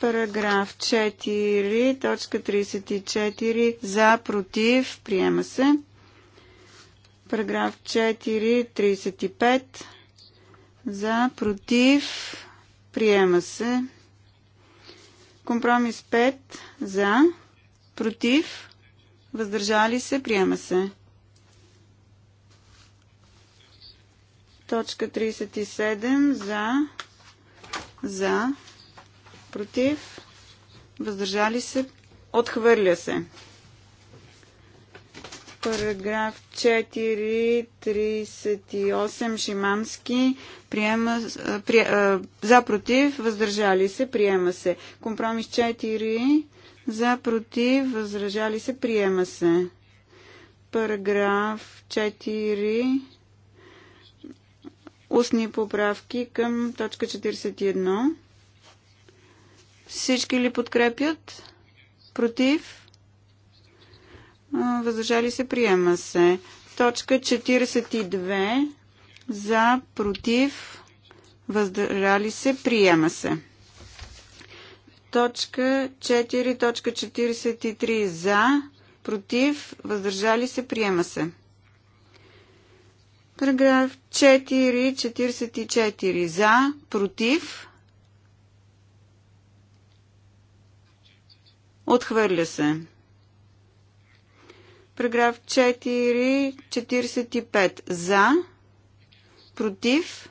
B: Параграф 4, точка 34 за, против, приема се. Параграф 4, 35 за, против, приема се. Компромис 5 за, против, въздържали се, приема се. Точка 37 за, за, против, въздържали се, отхвърля се. Параграф 4, 38, Шимански, приема, при, а, за, против, въздържали се, приема се. Компромис 4, за, против, въздържали се, приема се. Параграф 4, устни поправки към точка 41. Всички ли подкрепят? Против? Въздържали се, приема се. Точка 42. За, против, въздържали се, приема се. Точка 4, точка 43. За, против, въздържали се, приема се. Параграф 4, 44 за, против. Отхвърля се. Параграф 4, 45 за, против.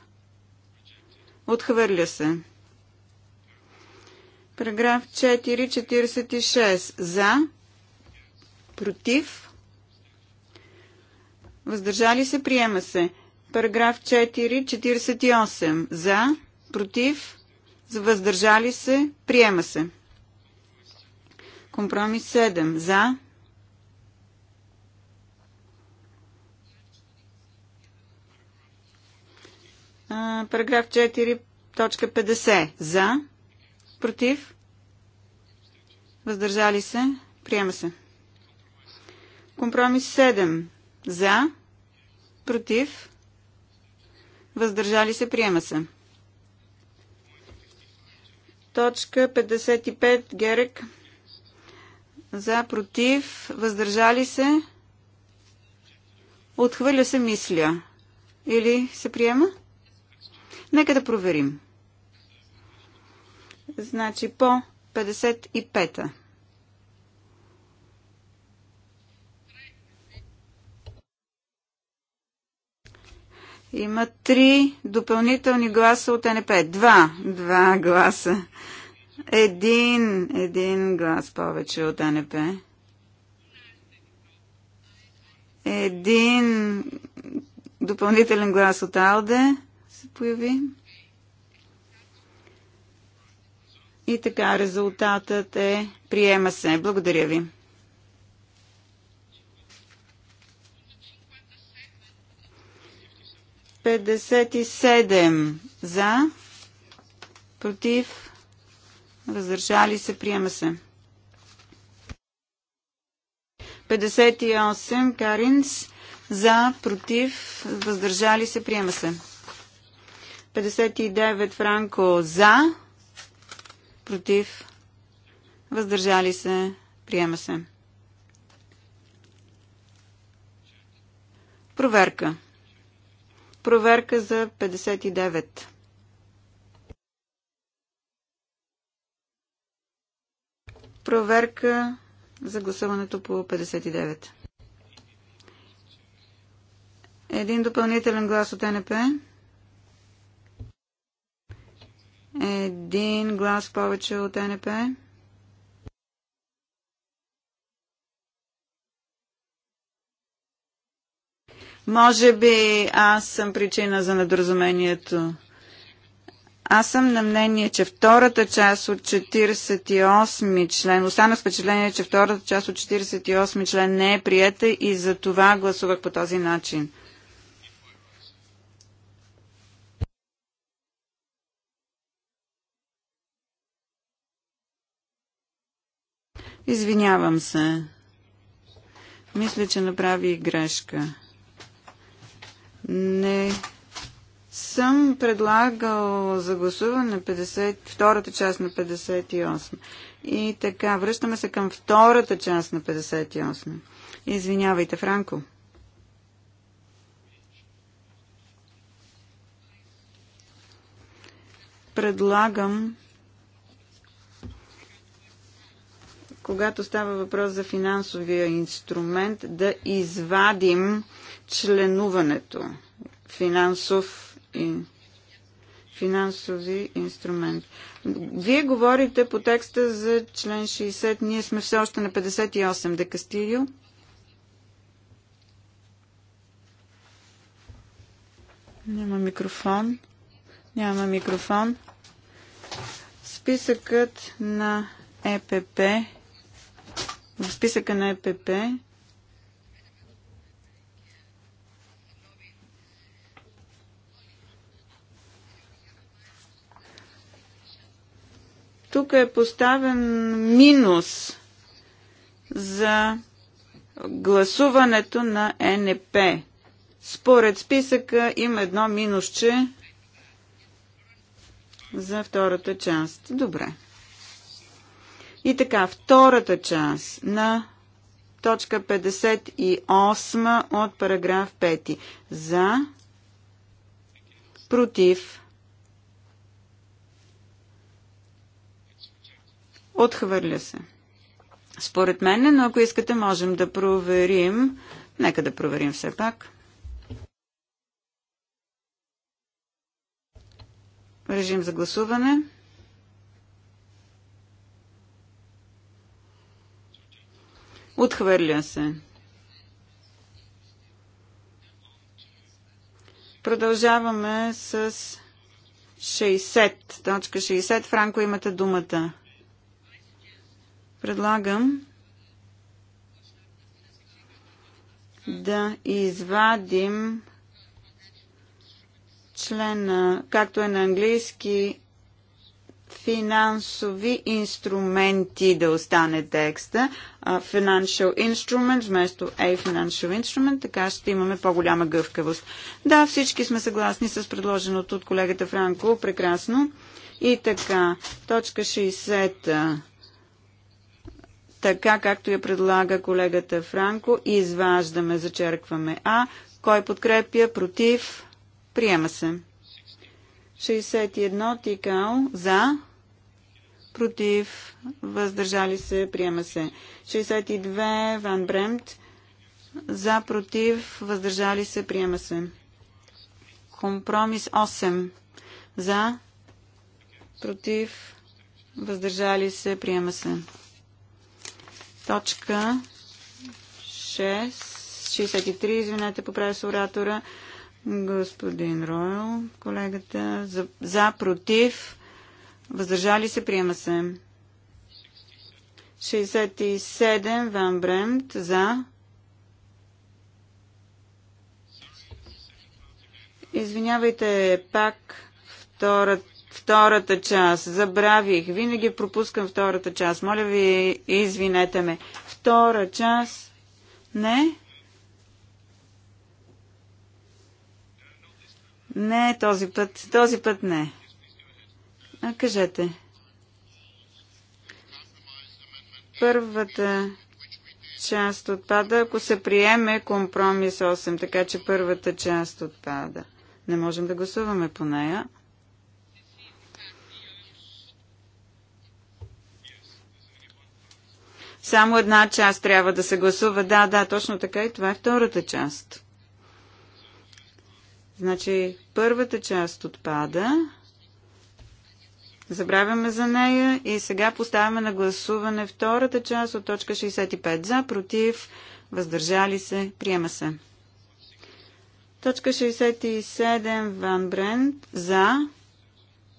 B: Отхвърля се. Параграф 4, 46 за, против въздържали се, приема се. Параграф 4, 48 за, против, въздържали се, приема се. Компромис 7 за, параграф 4, точка 50. За. Против. Въздържали се. Приема се. Компромис 7. За. Против. Въздържали се. Приема се. Точка 55. Герек. За. Против. Въздържали се. Отхвърля се мисля. Или се приема? Нека да проверим. Значи по 55-та. Има три допълнителни гласа от НП. Два. Два гласа. Един. Един глас повече от НП. Един допълнителен глас от Алде се появи. И така резултатът е приема се. Благодаря ви. 57 за, против, въздържали се, приема се. 58 Каринс за, против, въздържали се, приема се. 59 Франко за, против, въздържали се, приема се. Проверка. Проверка за 59. Проверка за гласуването по 59. Един допълнителен глас от НП. Един глас повече от НП. Може би аз съм причина за недоразумението. Аз съм на мнение, че втората част от 48 член, останах впечатление, че втората част от 48 член не е приета и за това гласувах по този начин. Извинявам се. Мисля, че направи грешка. Не съм предлагал за гласуване на 50, втората част на 58. И така, връщаме се към втората част на 58. Извинявайте, Франко. Предлагам когато става въпрос за финансовия инструмент, да извадим членуването. Финансов и финансови инструмент. Вие говорите по текста за член 60. Ние сме все още на 58. Декастилио. Няма микрофон. Няма микрофон. Списъкът на ЕПП в списъка на ЕПП тук е поставен минус за гласуването на НП. Според списъка има едно минусче за втората част. Добре. И така, втората част на точка 58 от параграф 5. За, против, отхвърля се. Според мен, но ако искате, можем да проверим. Нека да проверим все пак. Режим за гласуване. Отхвърля се. Продължаваме с 60. Точка 60. Франко, имате думата. Предлагам да извадим члена, както е на английски, финансови инструменти да остане текста. Financial instrument вместо a financial instrument, така ще имаме по-голяма гъвкавост. Да, всички сме съгласни с предложеното от колегата Франко. Прекрасно. И така, точка 60 така както я предлага колегата Франко, изваждаме, зачеркваме А. Кой подкрепя? Против? Приема се. 61 тикал за, против, въздържали се, приема се. 62 Ван Бремт за, против, въздържали се, приема се. Компромис 8 за, против, въздържали се, приема се. Точка 6, 63, извинете, поправя с оратора. Господин Ройл, колегата, за, за против, въздържали се, приема се. 67 Ван Бремт за. Извинявайте, пак втора, втората част. Забравих. Винаги пропускам втората част. Моля ви, извинете ме. Втора част. Не. Не, този път, този път не. А, кажете. Първата част отпада, ако се приеме компромис 8, така че първата част отпада. Не можем да гласуваме по нея. Само една част трябва да се гласува. Да, да, точно така и това е втората част. Значи първата част отпада. Забравяме за нея и сега поставяме на гласуване втората част от точка 65. За, против, въздържали се, приема се. Точка 67, Ван Брент, за,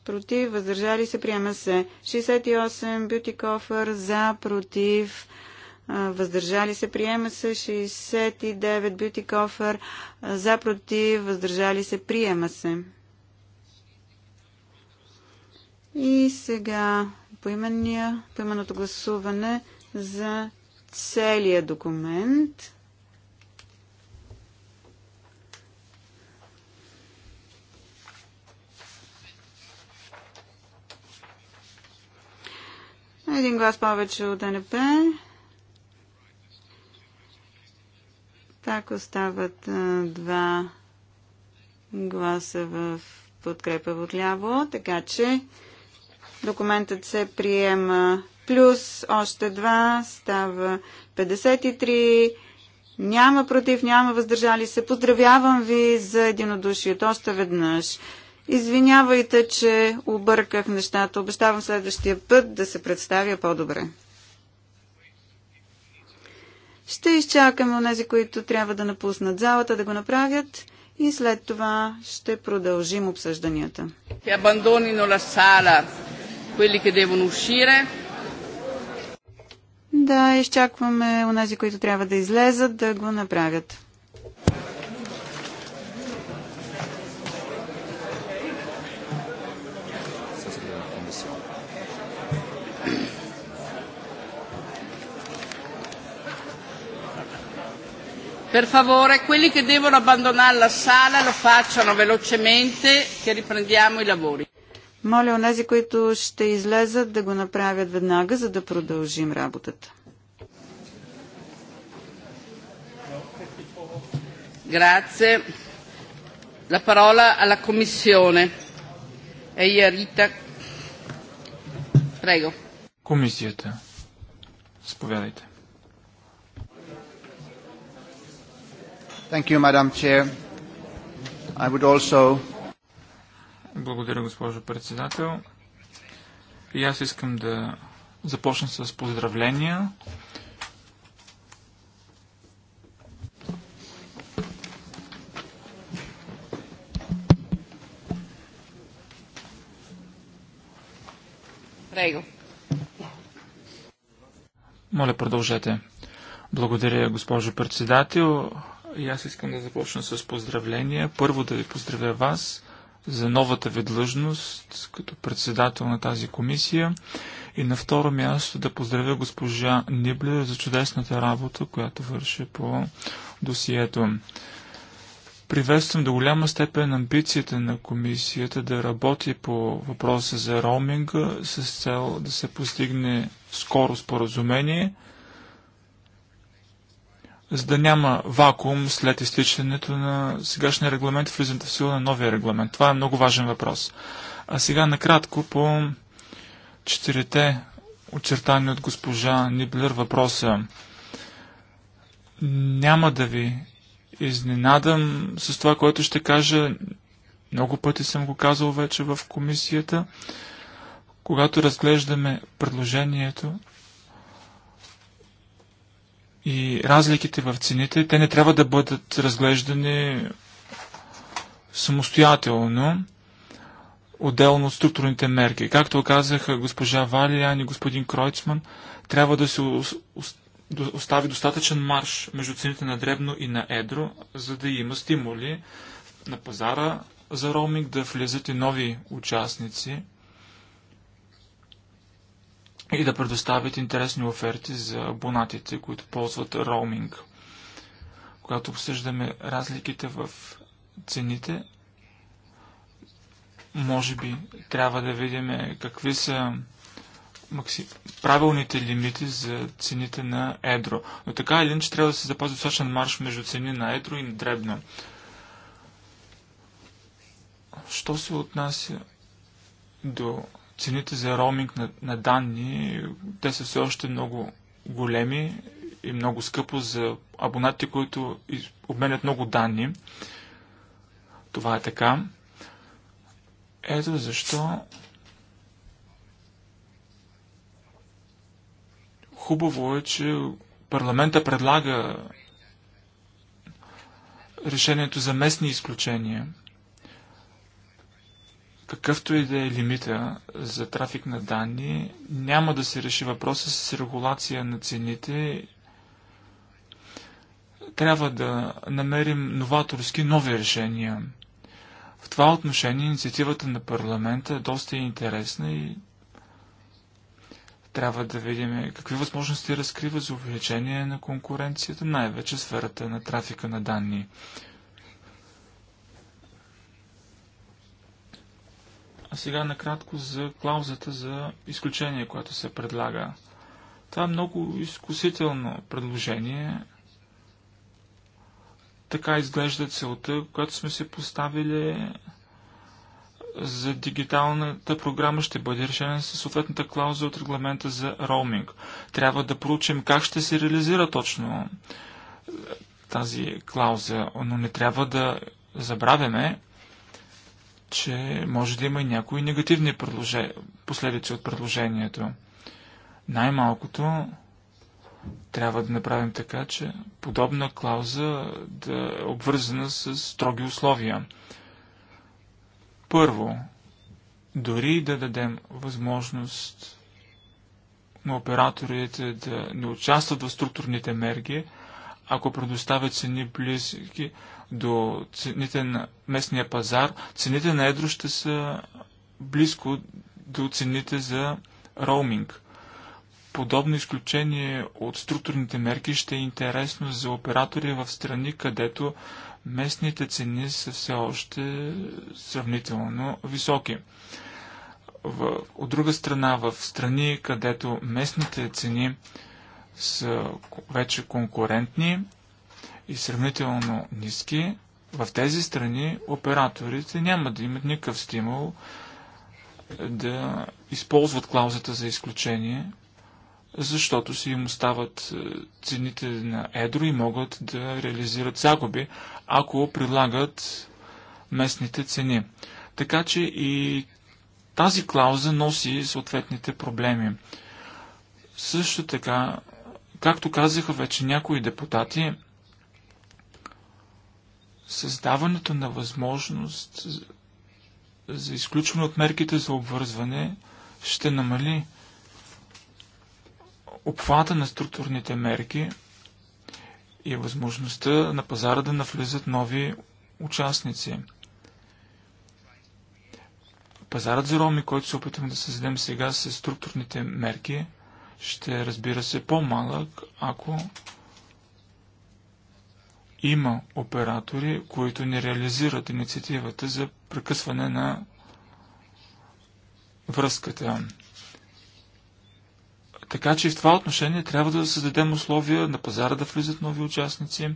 B: против, въздържали се, приема се. 68, Бютикофър, за, против, въздържали се въздържали се, приема се 69, бюти кофър, за, против, въздържали се, приема се. И сега поименния, поименното гласуване за целия документ. Един глас повече от НП. Так остават два гласа в подкрепа от ляво, така че документът се приема плюс още два, става 53. Няма против, няма въздържали се. Поздравявам ви за единодушието още веднъж. Извинявайте, че обърках нещата. Обещавам следващия път да се представя по-добре. Ще изчакаме онези, които трябва да напуснат залата, да го направят и след това ще продължим обсъжданията.
A: Да, изчакваме
B: онези, които трябва да излезат, да го направят.
A: Per favore, quelli che devono abbandonare la sala lo facciano velocemente, che riprendiamo i lavori. Моля онези, които ще
B: излезат, да го направят веднага, за да продължим работата.
A: Grazie. La parola alla Commissione. E Rita. Prego.
D: Комисията. Сповядайте. Thank
A: you, Madam Chair. I would also...
D: Благодаря, госпожо председател. И аз искам да започна с поздравления. Рейго. Моля, продължете. Благодаря, госпожо председател. И аз искам да започна с поздравления. Първо да ви поздравя вас за новата ви длъжност като председател на тази комисия. И на второ място да поздравя госпожа Ниблер за чудесната работа, която върши по досието. Приветствам до голяма степен амбицията на комисията да работи по въпроса за роуминга с цел да се постигне скоро споразумение – за да няма вакуум след изтичането на сегашния регламент и влизането в сила на новия регламент. Това е много важен въпрос. А сега накратко по четирите очертания от госпожа Ниблер въпроса. Няма да ви изненадам с това, което ще кажа. Много пъти съм го казал вече в комисията. Когато разглеждаме предложението, и разликите в цените, те не трябва да бъдат разглеждани самостоятелно, отделно от структурните мерки. Както казаха госпожа Валиан и господин Кройцман, трябва да се остави достатъчен марш между цените на дребно и на едро, за да има стимули на пазара за роуминг да влизат и нови участници – и да предоставят интересни оферти за абонатите, които ползват роуминг. Когато обсъждаме разликите в цените, може би трябва да видим какви са макси... правилните лимити за цените на едро. Но така или иначе трябва да се запази достатъчен марш между цени на едро и на дребно. Що се отнася до цените за роуминг на, на данни, те са все още много големи и много скъпо за абонати, които обменят много данни. Това е така. Ето защо хубаво е, че парламента предлага решението за местни изключения – какъвто и да е лимита за трафик на данни, няма да се реши въпроса с регулация на цените. Трябва да намерим новаторски нови решения. В това отношение инициативата на парламента е доста интересна и трябва да видим какви възможности разкрива за увеличение на конкуренцията, най-вече сферата на трафика на данни. А сега накратко за клаузата за изключение, което се предлага. Това е много изкусително предложение. Така изглежда целта, която сме се поставили за дигиталната програма ще бъде решена със съответната клауза от регламента за роуминг. Трябва да проучим как ще се реализира точно тази клауза, но не трябва да забравяме, че може да има и някои негативни последици от предложението. Най-малкото трябва да направим така, че подобна клауза да е обвързана с строги условия. Първо, дори да дадем възможност на операторите да не участват в структурните мерки, ако предоставят цени близки до цените на местния пазар, цените на едро ще са близко до цените за роуминг. Подобно изключение от структурните мерки ще е интересно за оператори в страни, където местните цени са все още сравнително високи. В, от друга страна, в страни, където местните цени са вече конкурентни, и сравнително ниски, в тези страни операторите няма да имат никакъв стимул да използват клаузата за изключение, защото си им остават е, цените на едро и могат да реализират загуби, ако прилагат местните цени. Така че и тази клауза носи съответните проблеми. Също така, както казаха вече някои депутати, Създаването на възможност за изключване от мерките за обвързване ще намали обхвата на структурните мерки и възможността на пазара да навлизат нови участници. Пазарът за роми, който се опитваме да създадем сега с структурните мерки, ще разбира се по-малък, ако има оператори, които не реализират инициативата за прекъсване на връзката. Така че в това отношение трябва да създадем условия на пазара да влизат нови участници.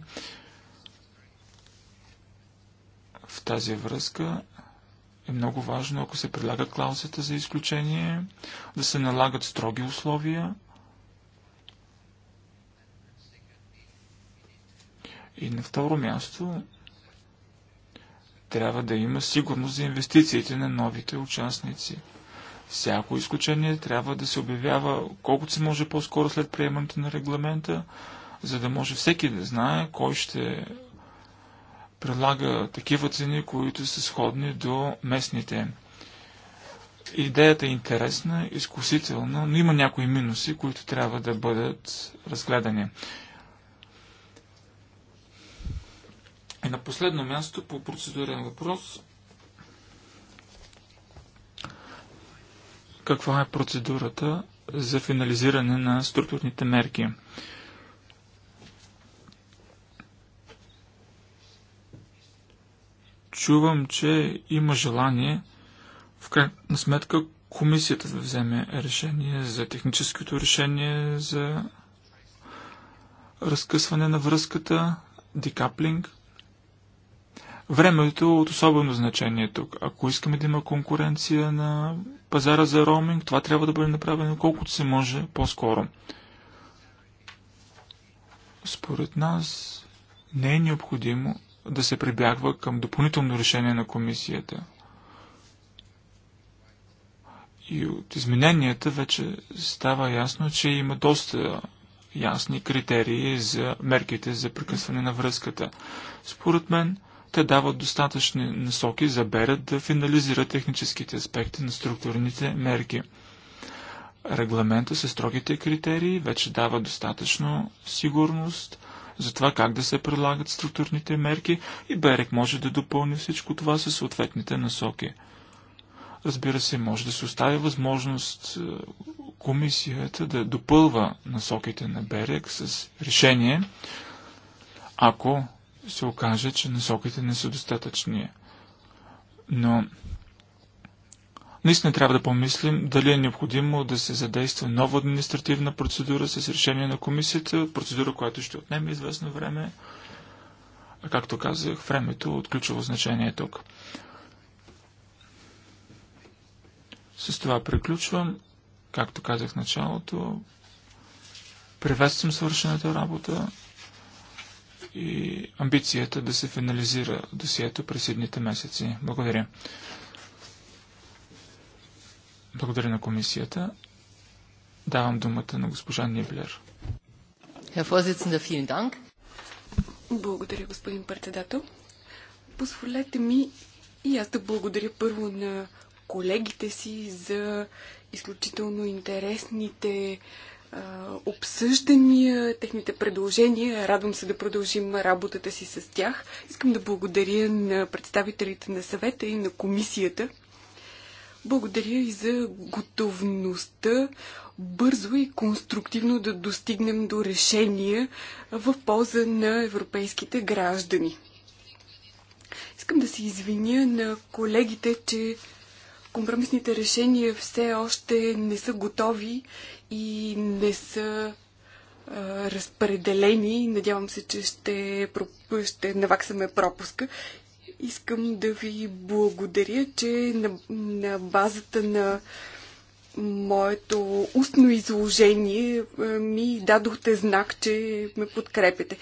D: В тази връзка е много важно, ако се прилага клаузата за изключение, да се налагат строги условия И на второ място трябва да има сигурност за инвестициите на новите участници. Всяко изключение трябва да се обявява колкото се може по-скоро след приемането на регламента, за да може всеки да знае кой ще предлага такива цени, които са сходни до местните. Идеята е интересна, изкусителна, но има някои минуси, които трябва да бъдат разгледани. И на последно място по процедурен въпрос. Каква е процедурата за финализиране на структурните мерки? Чувам, че има желание в крайна сметка комисията да вземе решение за техническото решение за разкъсване на връзката, декаплинг – Времето е от особено значение тук. Ако искаме да има конкуренция на пазара за роуминг, това трябва да бъде направено колкото се може по-скоро. Според нас не е необходимо да се прибягва към допълнително решение на комисията. И от измененията вече става ясно, че има доста ясни критерии за мерките за прекъсване на връзката. Според мен, те дават достатъчни насоки за Берет да финализира техническите аспекти на структурните мерки. Регламента с строгите критерии вече дава достатъчно сигурност за това как да се прилагат структурните мерки и Берек може да допълни всичко това със съответните насоки. Разбира се, може да се остави възможност е, комисията да допълва насоките на Берек с решение, ако се окаже, че насоките не са достатъчни. Но наистина трябва да помислим дали е необходимо да се задейства нова административна процедура с решение на комисията, процедура, която ще отнеме известно време. А както казах, времето е от ключово значение е тук. С това приключвам. Както казах в началото, приветствам свършената работа и амбицията да се финализира досието през едните месеци. Благодаря. Благодаря на комисията. Давам думата на госпожа Ниблер.
C: Благодаря, господин председател. Позволете ми и аз да благодаря първо на колегите си за изключително интересните обсъждания, техните предложения. Радвам се да продължим работата си с тях. Искам да благодаря на представителите на съвета и на комисията. Благодаря и за готовността бързо и конструктивно да достигнем до решения в полза на европейските граждани. Искам да се извиня на колегите, че компромисните решения все още не са готови и не са а, разпределени. Надявам се, че ще, ще наваксаме пропуска. Искам да ви благодаря, че на, на базата на моето устно изложение е, ми дадохте знак, че ме подкрепите.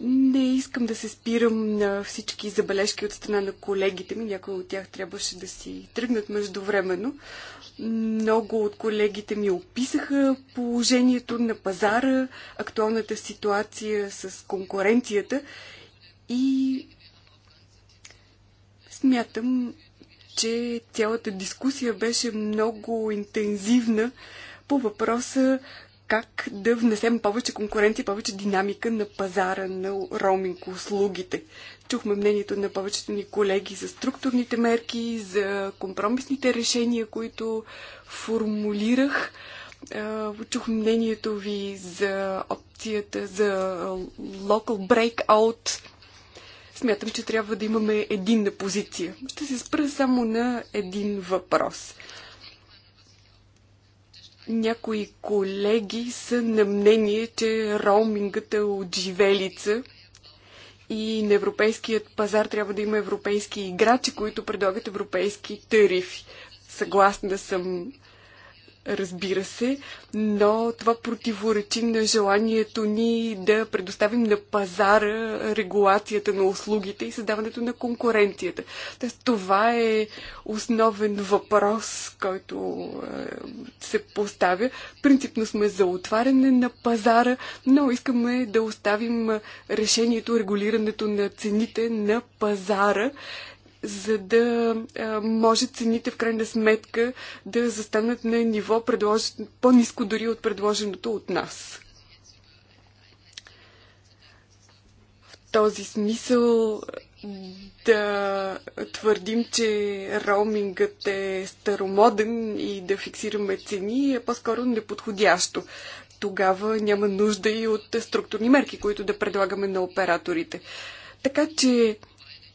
C: Не искам да се спирам на всички забележки от страна на колегите ми. Някои от тях трябваше да си тръгнат междувременно. Много от колегите ми описаха положението на пазара, актуалната ситуация с конкуренцията и смятам, че цялата дискусия беше много интензивна по въпроса как да внесем повече конкуренция, повече динамика на пазара на роуминг услугите. Чухме мнението на повечето ни колеги за структурните мерки, за компромисните решения, които формулирах. Чух мнението ви за опцията за local breakout, Смятам, че трябва да имаме единна позиция. Ще се спра само на един въпрос. Някои колеги са на мнение, че роумингът е от живелица и на европейският пазар трябва да има европейски играчи, които предлагат европейски тарифи. Съгласна съм разбира се, но това противоречи на желанието ни да предоставим на пазара регулацията на услугите и създаването на конкуренцията. Тоест, това е основен въпрос, който е, се поставя. Принципно сме за отваряне на пазара, но искаме да оставим решението, регулирането на цените на пазара за да може цените в крайна сметка да застанат на ниво предлож... по-низко дори от предложеното от нас. В този смисъл да твърдим, че роумингът е старомоден и да фиксираме цени е по-скоро неподходящо. Тогава няма нужда и от структурни мерки, които да предлагаме на операторите. Така че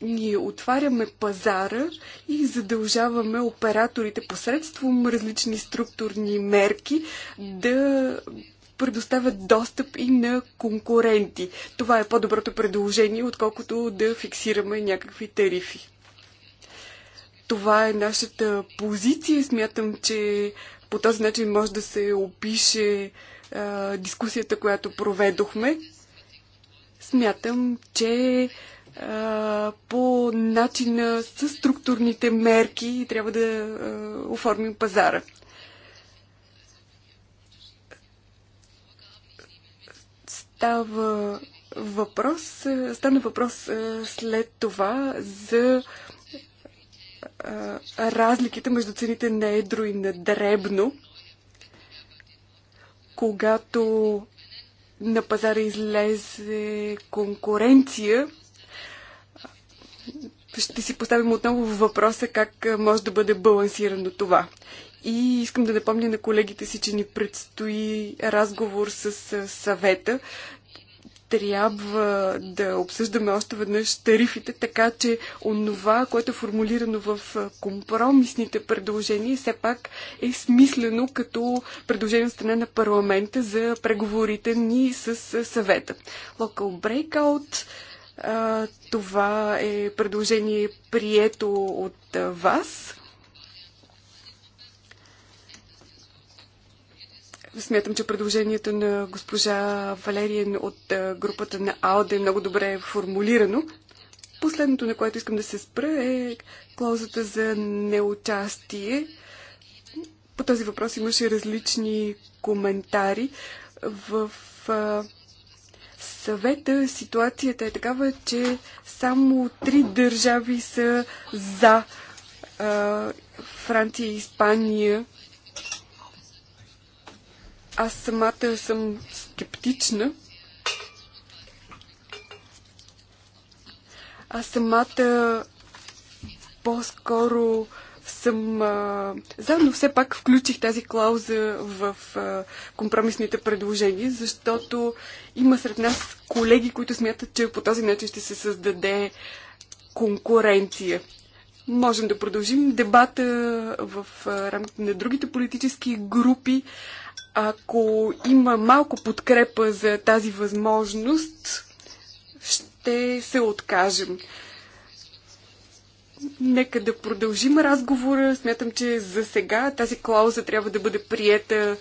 C: ние отваряме пазара и задължаваме операторите посредством различни структурни мерки да предоставят достъп и на конкуренти. Това е по-доброто предложение, отколкото да фиксираме някакви тарифи. Това е нашата позиция. Смятам, че по този начин може да се опише а, дискусията, която проведохме. Смятам, че по начина с структурните мерки и трябва да оформим пазара. Става въпрос, стана въпрос след това за разликите между цените на едро и на дребно, когато на пазара излезе конкуренция, ще си поставим отново въпроса как може да бъде балансирано това. И искам да напомня на колегите си, че ни предстои разговор с съвета. Трябва да обсъждаме още веднъж тарифите, така че онова, което е формулирано в компромисните предложения, все пак е смислено като предложение от страна на парламента за преговорите ни с съвета. Local breakout, това е предложение прието от вас. Смятам, че предложението на госпожа Валериен от групата на АОД е много добре формулирано. Последното, на което искам да се спра, е клаузата за неучастие. По този въпрос имаше различни коментари. В съвета ситуацията е такава, че само три държави са за а, Франция и Испания. Аз самата съм скептична. Аз самата по-скоро а, съм а, за, но все пак включих тази клауза в а, компромисните предложения, защото има сред нас колеги, които смятат, че по този начин ще се създаде конкуренция. Можем да продължим дебата в рамките на другите политически групи. Ако има малко подкрепа за тази възможност, ще се откажем. Нека да продължим разговора. Смятам, че за сега тази клауза трябва да бъде приета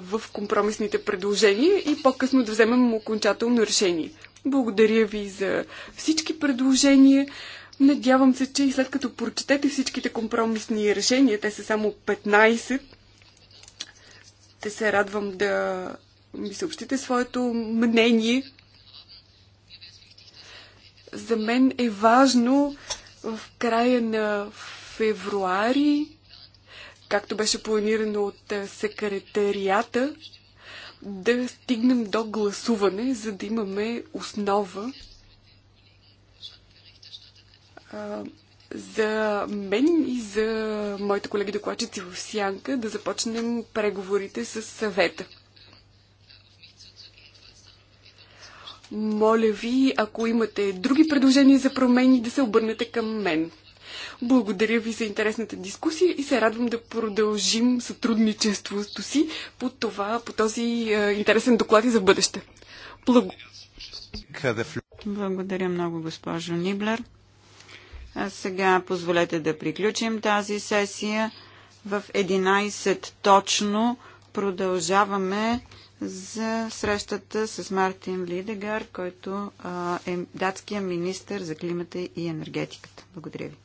C: в компромисните предложения и по-късно да вземем окончателно решение. Благодаря ви за всички предложения. Надявам се, че и след като прочетете всичките компромисни решения, те са само 15, те се радвам да ми съобщите своето мнение. За мен е важно в края на февруари, както беше планирано от е, секретарията, да стигнем до гласуване, за да имаме основа а, за мен и за моите колеги докладчици в Сянка да започнем преговорите с съвета. Моля ви, ако имате други предложения за промени, да се обърнете към мен. Благодаря ви за интересната дискусия и се радвам да продължим сътрудничеството си по, това, по този е, интересен доклад и за бъдеще. Благ...
B: Благодаря много, госпожо Ниблер. А сега позволете да приключим тази сесия. В 11 точно продължаваме за срещата с Мартин Лидегар, който е датския министр за климата и енергетиката. Благодаря ви.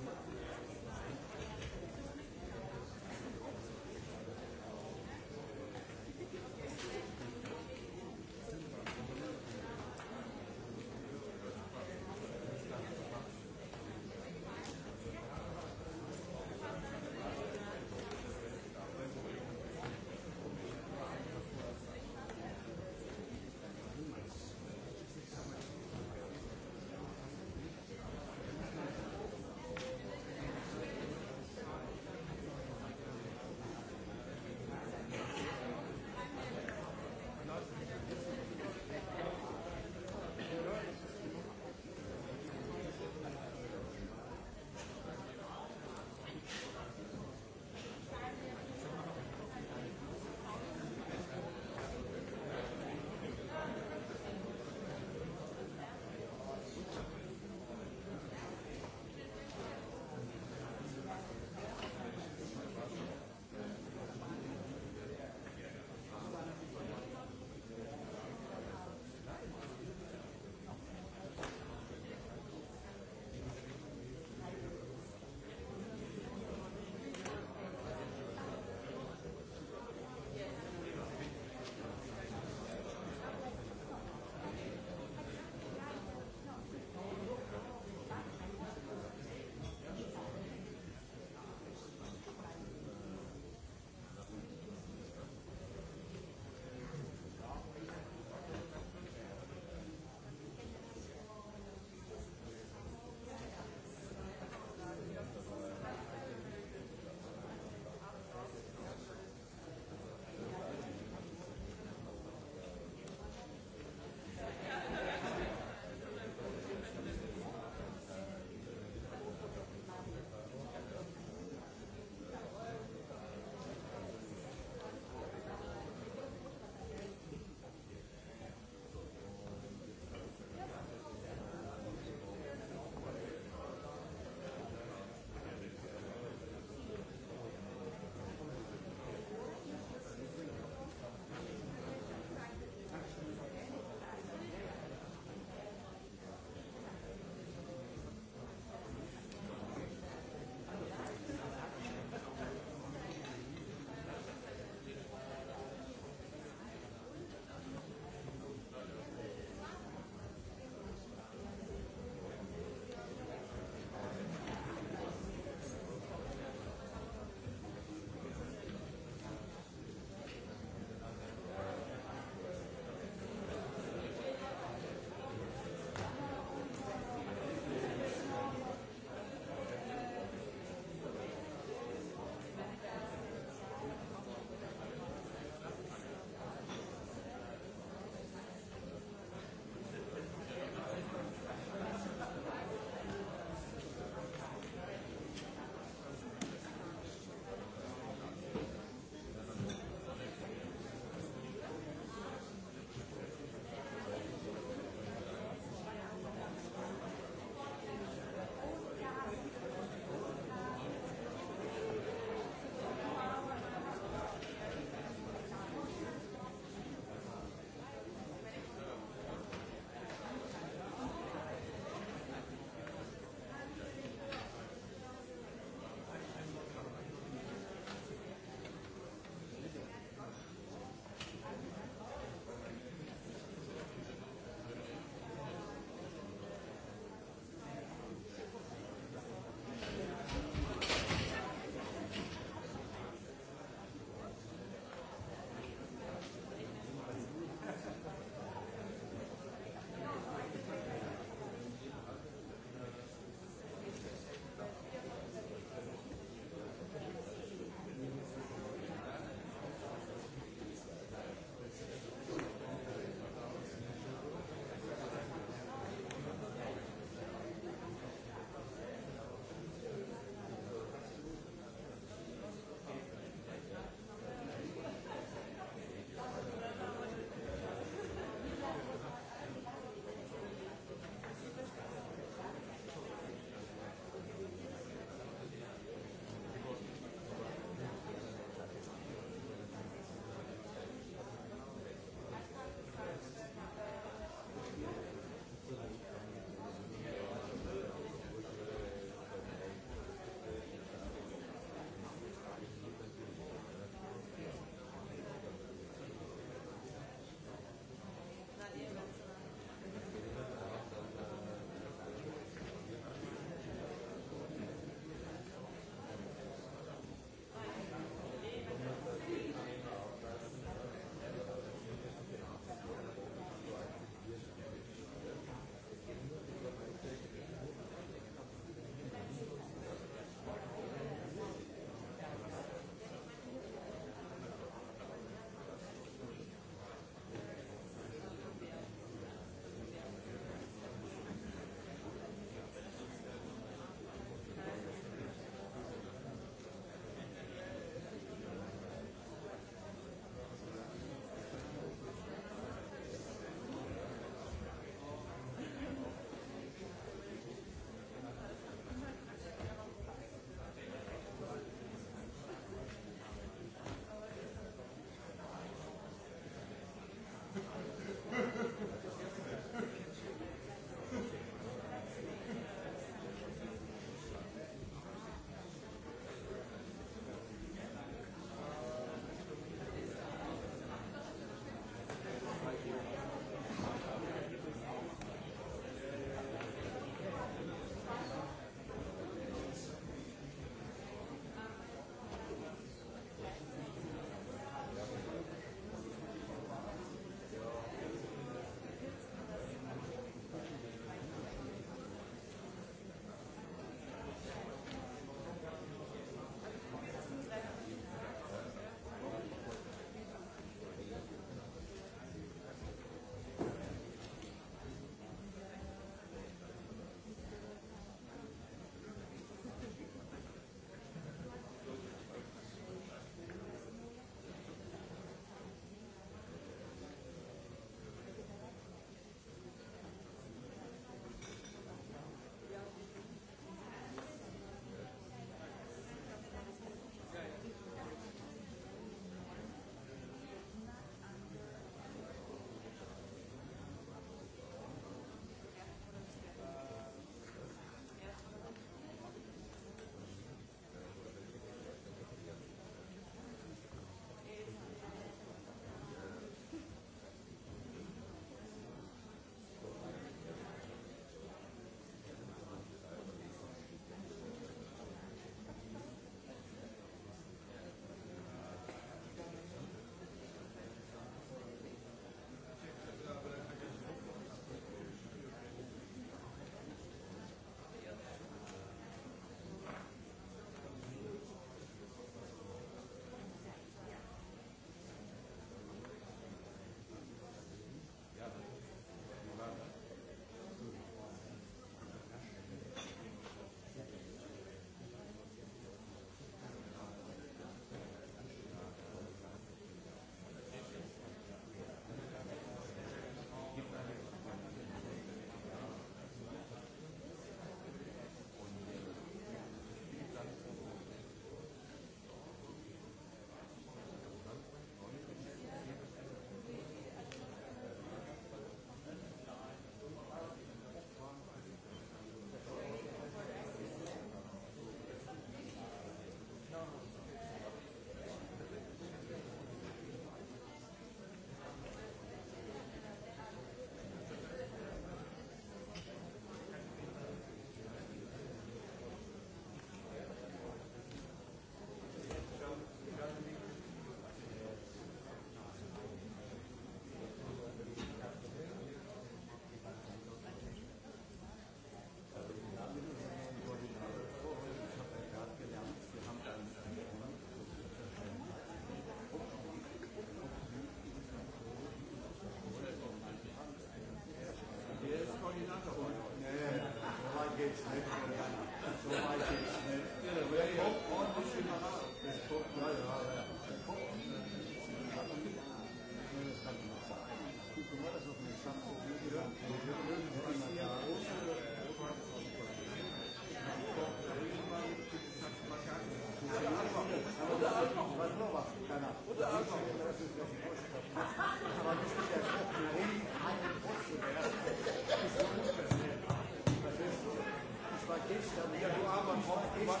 A: Gestern, ja, du aber, gestern, du warst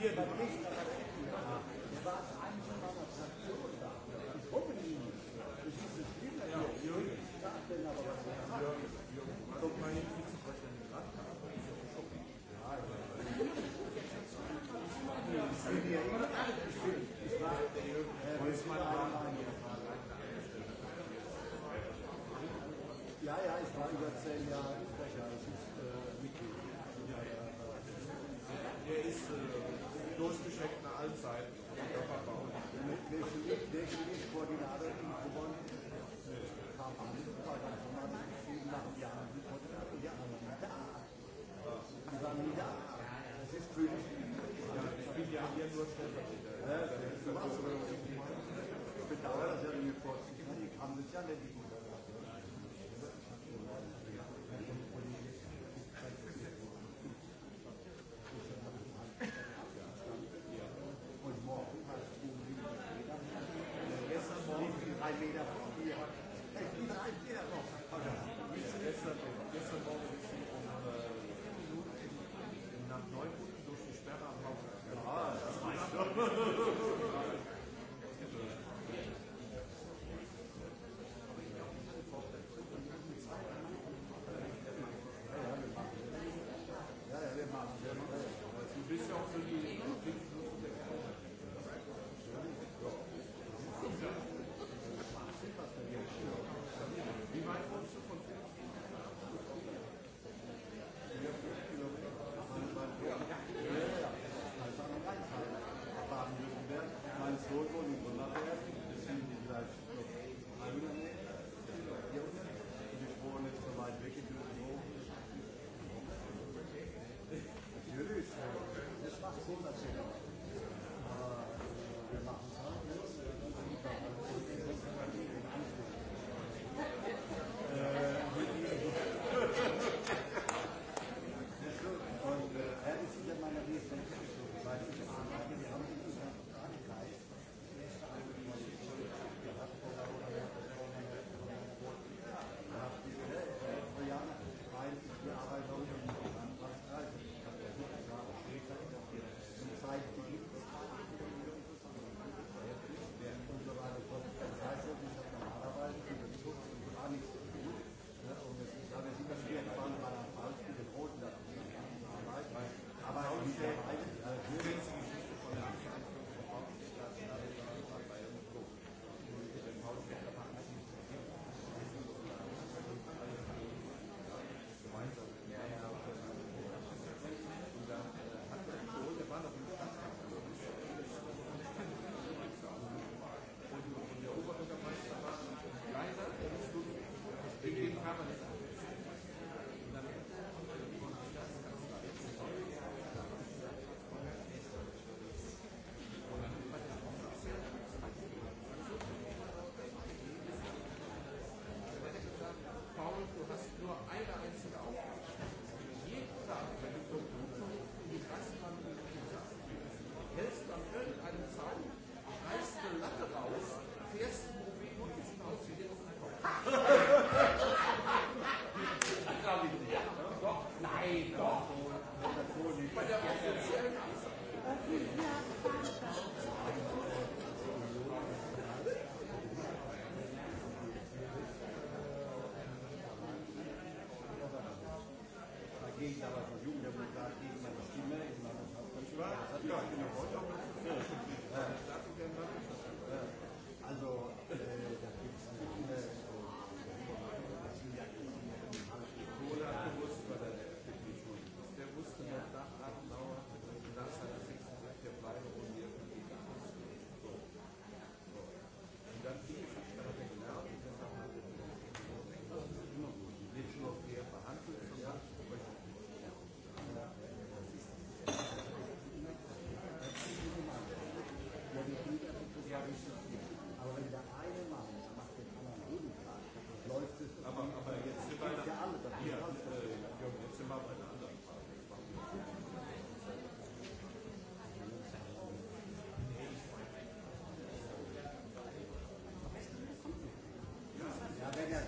A: hier, du nicht.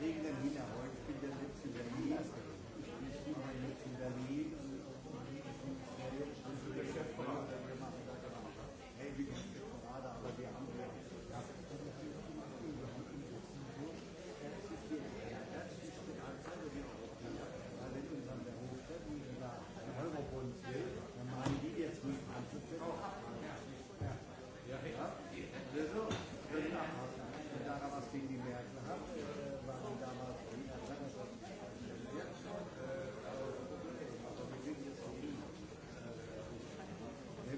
A: Regnen hinein.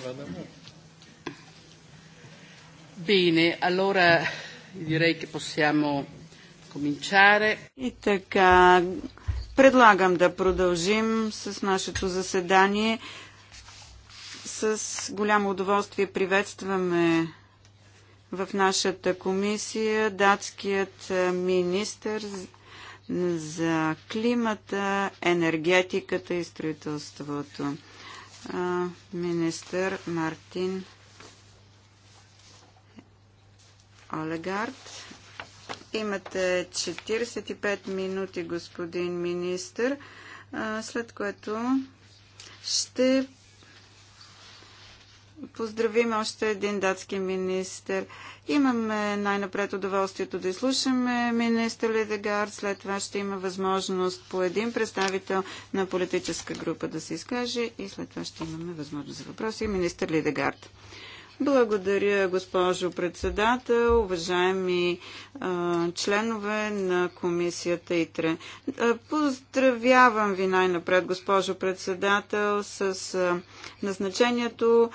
A: che Bene, allora direi che possiamo cominciare. И така,
B: предлагам да продължим с нашето заседание. С голямо удоволствие приветстваме в нашата комисия датският е, министр за климата, енергетиката и строителството министър Мартин Олегард. Имате 45 минути, господин министър, след което ще поздравим още един датски министр. Имаме най-напред удоволствието да изслушаме министър Ледегард. След това ще има възможност по един представител на политическа група да се изкаже и след това ще имаме възможност за въпроси. Министър Ледегард. Благодаря, госпожо председател, уважаеми а, членове на комисията ИТРЕ. А, поздравявам ви най-напред, госпожо председател, с а, назначението.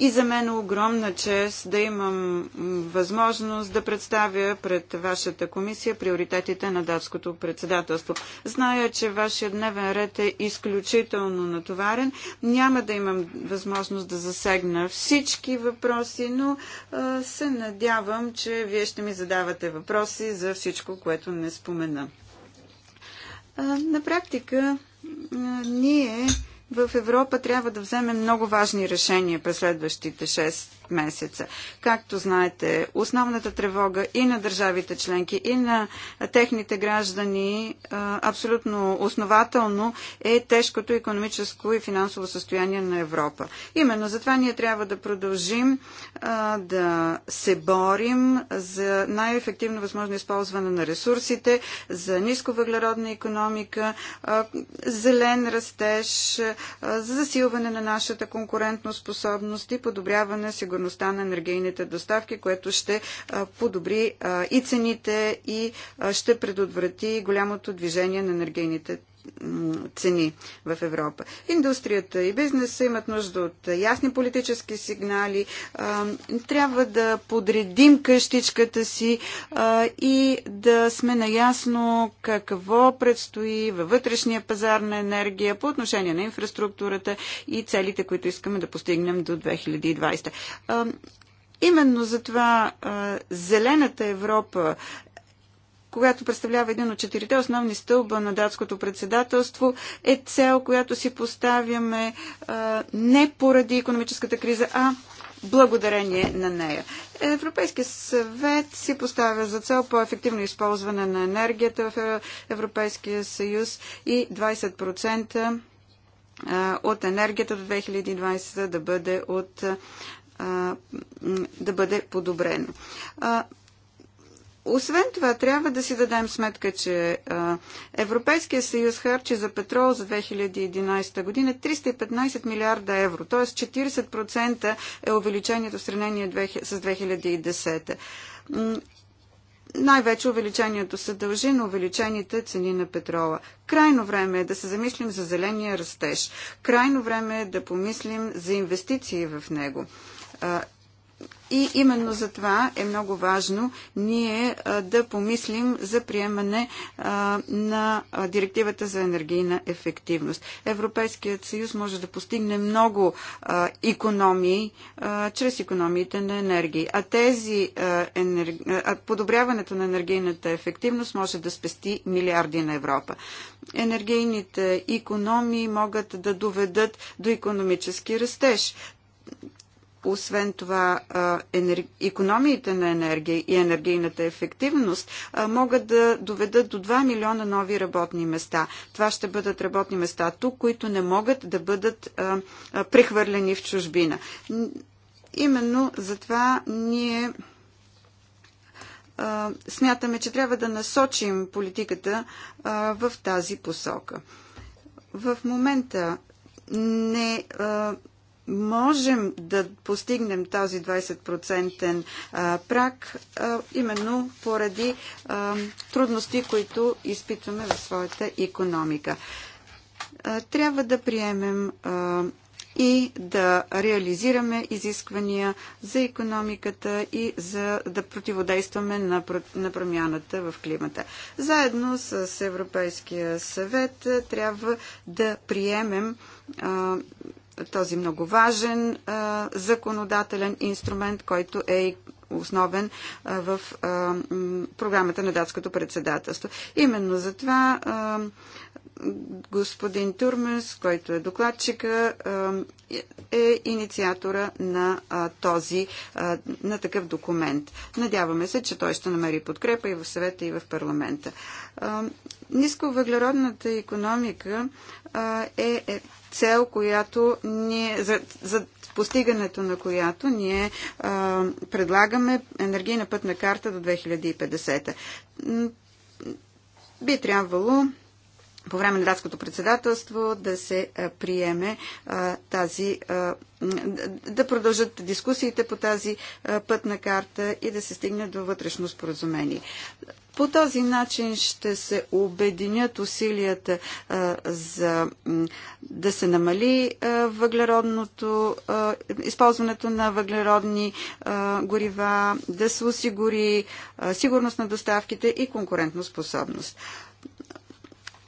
B: И за мен е огромна чест да имам възможност да представя пред вашата комисия приоритетите на датското председателство. Зная, че вашия дневен ред е изключително натоварен. Няма да имам възможност да засегна всички въпроси, но а, се надявам, че вие ще ми задавате въпроси за всичко, което не спомена. А, на практика а, ние в Европа трябва да вземе много важни решения през следващите месеца. Както знаете, основната тревога и на държавите членки, и на техните граждани абсолютно основателно е тежкото економическо и финансово състояние на Европа. Именно затова ние трябва да продължим да се борим за най-ефективно възможно използване на ресурсите, за нисковъглеродна економика, зелен растеж, за засилване на нашата конкурентно способност и подобряване сигурността сигурността на енергийните доставки, което ще подобри и цените и ще предотврати голямото движение на енергийните цени в Европа. Индустрията и бизнеса имат нужда от ясни политически сигнали. Трябва да подредим къщичката си и да сме наясно какво предстои във вътрешния пазар на енергия по отношение на инфраструктурата и целите, които искаме да постигнем до 2020. Именно затова зелената Европа която представлява един от четирите основни стълба на датското председателство, е цел, която си поставяме не поради економическата криза, а благодарение на нея. Европейския съвет си поставя за цел по-ефективно използване на енергията в Европейския съюз и 20% от енергията до 2020 да бъде от да бъде подобрено. Освен това, трябва да си дадем сметка, че Европейския съюз харчи за петрол за 2011 година 315 милиарда евро, т.е. 40% е увеличението в сравнение с 2010 най-вече увеличението се дължи на увеличените цени на петрола. Крайно време е да се замислим за зеления растеж. Крайно време е да помислим за инвестиции в него. И именно за това е много важно ние да помислим за приемане на директивата за енергийна ефективност. Европейският съюз може да постигне много економии чрез економиите на енергии. А тези подобряването на енергийната ефективност може да спести милиарди на Европа. Енергийните економии могат да доведат до економически растеж освен това, економиите на енергия и енергийната ефективност могат да доведат до 2 милиона нови работни места. Това ще бъдат работни места тук, които не могат да бъдат прехвърлени в чужбина. Именно затова ние смятаме, че трябва да насочим политиката в тази посока. В момента не можем да постигнем този 20% прак именно поради трудности, които изпитваме в своята економика. Трябва да приемем и да реализираме изисквания за економиката и за да противодействаме на, промяната в климата. Заедно с Европейския съвет трябва да приемем този много важен законодателен инструмент, който е основен в програмата на датското председателство. Именно за това господин Турмес, който е докладчика, е, е инициатора на този, на такъв документ. Надяваме се, че той ще намери подкрепа и в съвета, и в парламента. Нисковъглеродната економика е, е цел, която ние, за, за постигането на която ние а, предлагаме енергийна пътна карта до 2050. Би трябвало по време на датското председателство да се приеме тази да продължат дискусиите по тази пътна карта и да се стигне до вътрешно споразумение. По този начин ще се обединят усилията за да се намали въглеродното, използването на въглеродни горива, да се осигури сигурност на доставките и конкурентоспособност. способност.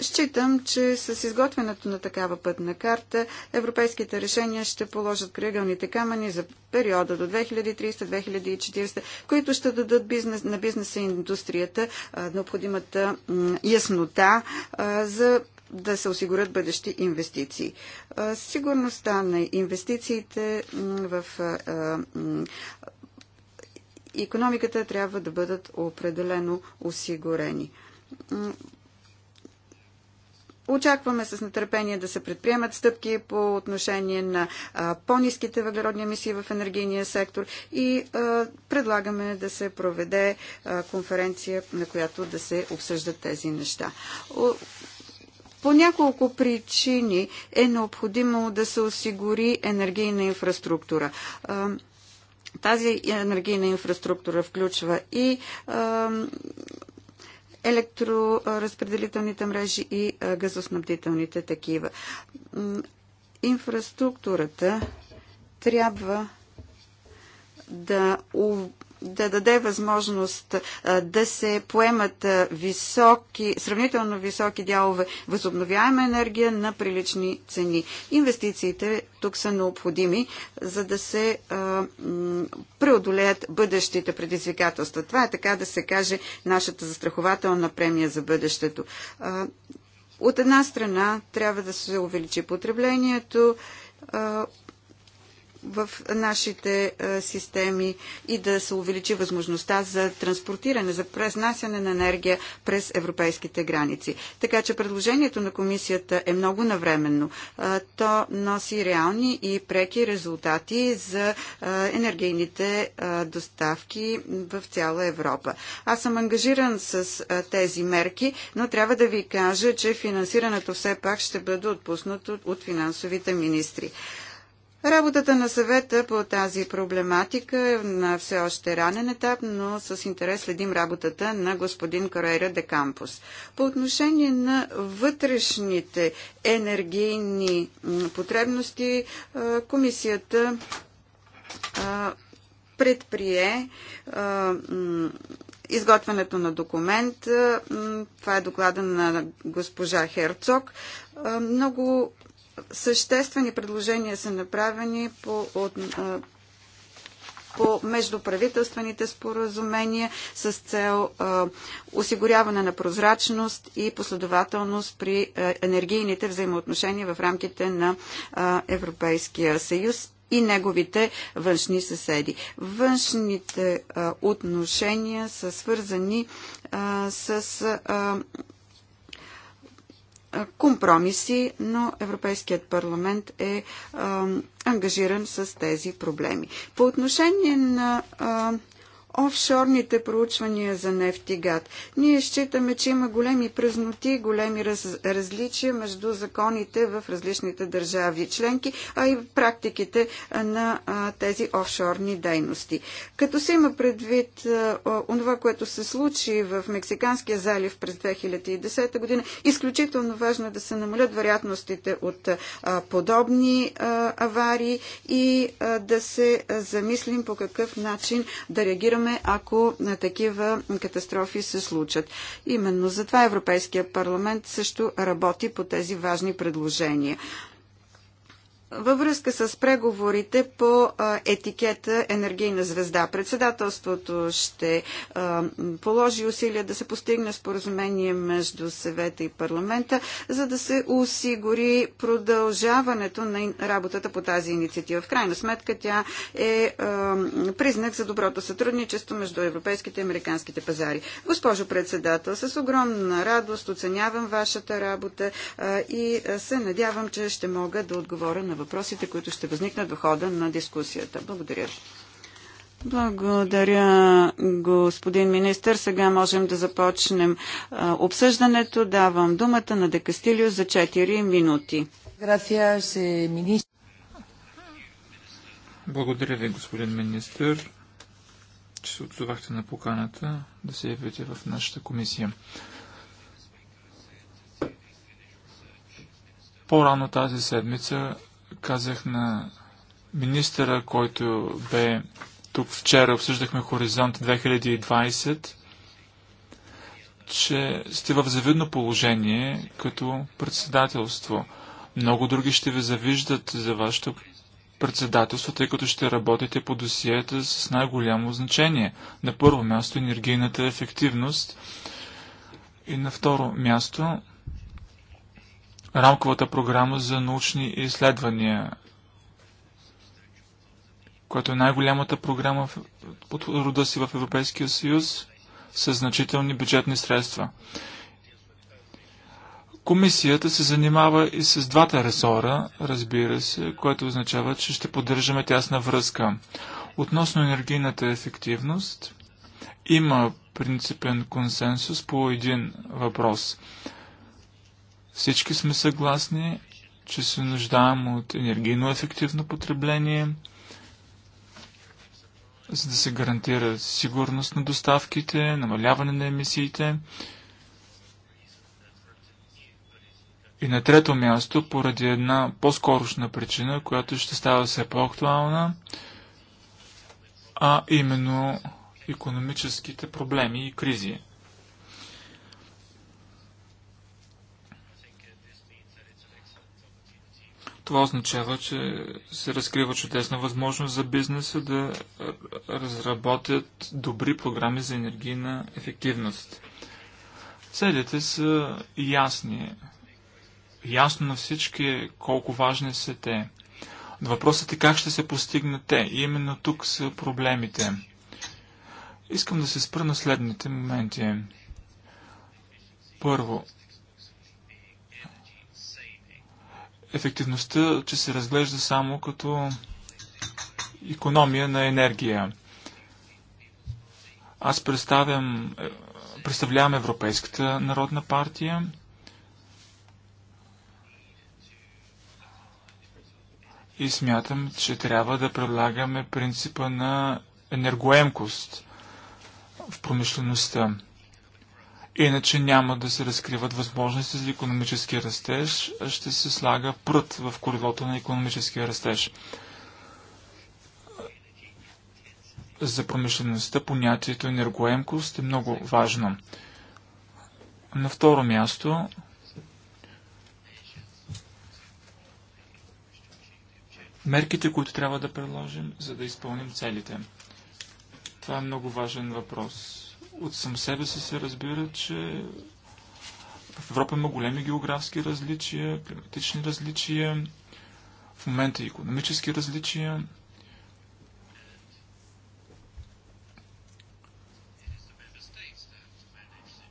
B: Считам, че с изготвянето на такава пътна карта европейските решения ще положат крайъгълните камъни за периода до 2030-2040, които ще дадат бизнес, на бизнеса и индустрията необходимата яснота за да се осигурят бъдещи инвестиции. Сигурността на инвестициите в економиката трябва да бъдат определено осигурени. Очакваме с нетърпение да се предприемат стъпки по отношение на по-низките въглеродни емисии в енергийния сектор и предлагаме да се проведе конференция, на която да се обсъждат тези неща. По няколко причини е необходимо да се осигури енергийна инфраструктура. тази енергийна инфраструктура включва и електроразпределителните мрежи и газоснабдителните такива. Инфраструктурата трябва да да даде възможност да се поемат високи, сравнително високи дялове възобновяема енергия на прилични цени. Инвестициите тук са необходими, за да се преодолеят бъдещите предизвикателства. Това е така да се каже нашата застрахователна премия за бъдещето. От една страна трябва да се увеличи потреблението, в нашите е, системи и да се увеличи възможността за транспортиране, за пренасяне на енергия през европейските граници. Така че предложението на комисията е много навременно. Е, то носи реални и преки резултати за е, енергийните доставки в цяла Европа. Аз съм ангажиран с тези мерки, но трябва да ви кажа, че финансирането все пак ще бъде отпуснато от финансовите министри. Работата на съвета по тази проблематика е на все още ранен етап, но с интерес следим работата на господин Корейра де Кампус. По отношение на вътрешните енергийни потребности, комисията предприе изготвянето на документ. Това е доклада на госпожа Херцог. Много съществени предложения са направени по, от, по междуправителствените споразумения с цел а, осигуряване на прозрачност и последователност при а, енергийните взаимоотношения в рамките на а, Европейския съюз и неговите външни съседи. Външните отношения са свързани с компромиси, но Европейският парламент е, е ангажиран с тези проблеми. По отношение на а, е, офшорните проучвания за нефт и гад. Ние считаме, че има големи празноти, големи раз, различия между законите в различните държави членки, а и практиките на а, тези офшорни дейности. Като се има предвид а, онова, което се случи в Мексиканския залив през 2010 година, изключително важно е да се намалят вероятностите от а, подобни а, аварии и а, да се замислим по какъв начин да реагираме реагираме, ако такива катастрофи се случат. Именно затова Европейския парламент също работи по тези важни предложения. Във връзка с преговорите по етикета Енергийна звезда, председателството ще положи усилия да се постигне споразумение между съвета и парламента, за да се осигури продължаването на работата по тази инициатива. В крайна сметка тя е признак за доброто сътрудничество между европейските и американските пазари. Госпожо председател, с огромна радост оценявам вашата работа и се надявам, че ще мога да отговоря на въпросите, които ще възникнат в хода на дискусията. Благодаря ви. Благодаря, господин министр. Сега можем да започнем обсъждането. Давам думата на Декастилио за 4 минути.
A: Eh,
D: Благодаря ви, господин министр, че се отзовахте на поканата да се явите в нашата комисия. По-рано тази седмица казах на министъра, който бе тук вчера, обсъждахме Хоризонт 2020, че сте в завидно положение като председателство. Много други ще ви завиждат за вашето председателство, тъй като ще работите по досиета с най-голямо значение. На първо място енергийната ефективност и на второ място рамковата програма за научни изследвания, която е най-голямата програма от рода си в Европейския съюз с значителни бюджетни средства. Комисията се занимава и с двата ресора, разбира се, което означава, че ще поддържаме тясна връзка. Относно енергийната ефективност, има принципен консенсус по един въпрос – всички сме съгласни, че се нуждаем от енергийно ефективно потребление, за да се гарантира сигурност на доставките, намаляване на емисиите. И на трето място, поради една по-скорошна причина, която ще става все по-актуална, а именно економическите проблеми и кризи. Това означава, че се разкрива чудесна възможност за бизнеса да разработят добри програми за енергийна ефективност. Целите са ясни. Ясно на всички колко важни са те. Въпросът е как ще се постигнат те. И именно тук са проблемите. Искам да се спра на следните моменти. Първо, ефективността, че се разглежда само като економия на енергия. Аз представям, е, представлявам Европейската народна партия. И смятам, че трябва да предлагаме принципа на енергоемкост в промишлеността. Иначе няма да се разкриват възможности за економически растеж, а ще се слага прът в коридото на економическия растеж. За промишлеността понятието енергоемкост е много важно. На второ място мерките, които трябва да предложим, за да изпълним целите. Това е много важен въпрос от сам себе си се разбира, че в Европа има големи географски различия, климатични различия, в момента економически различия.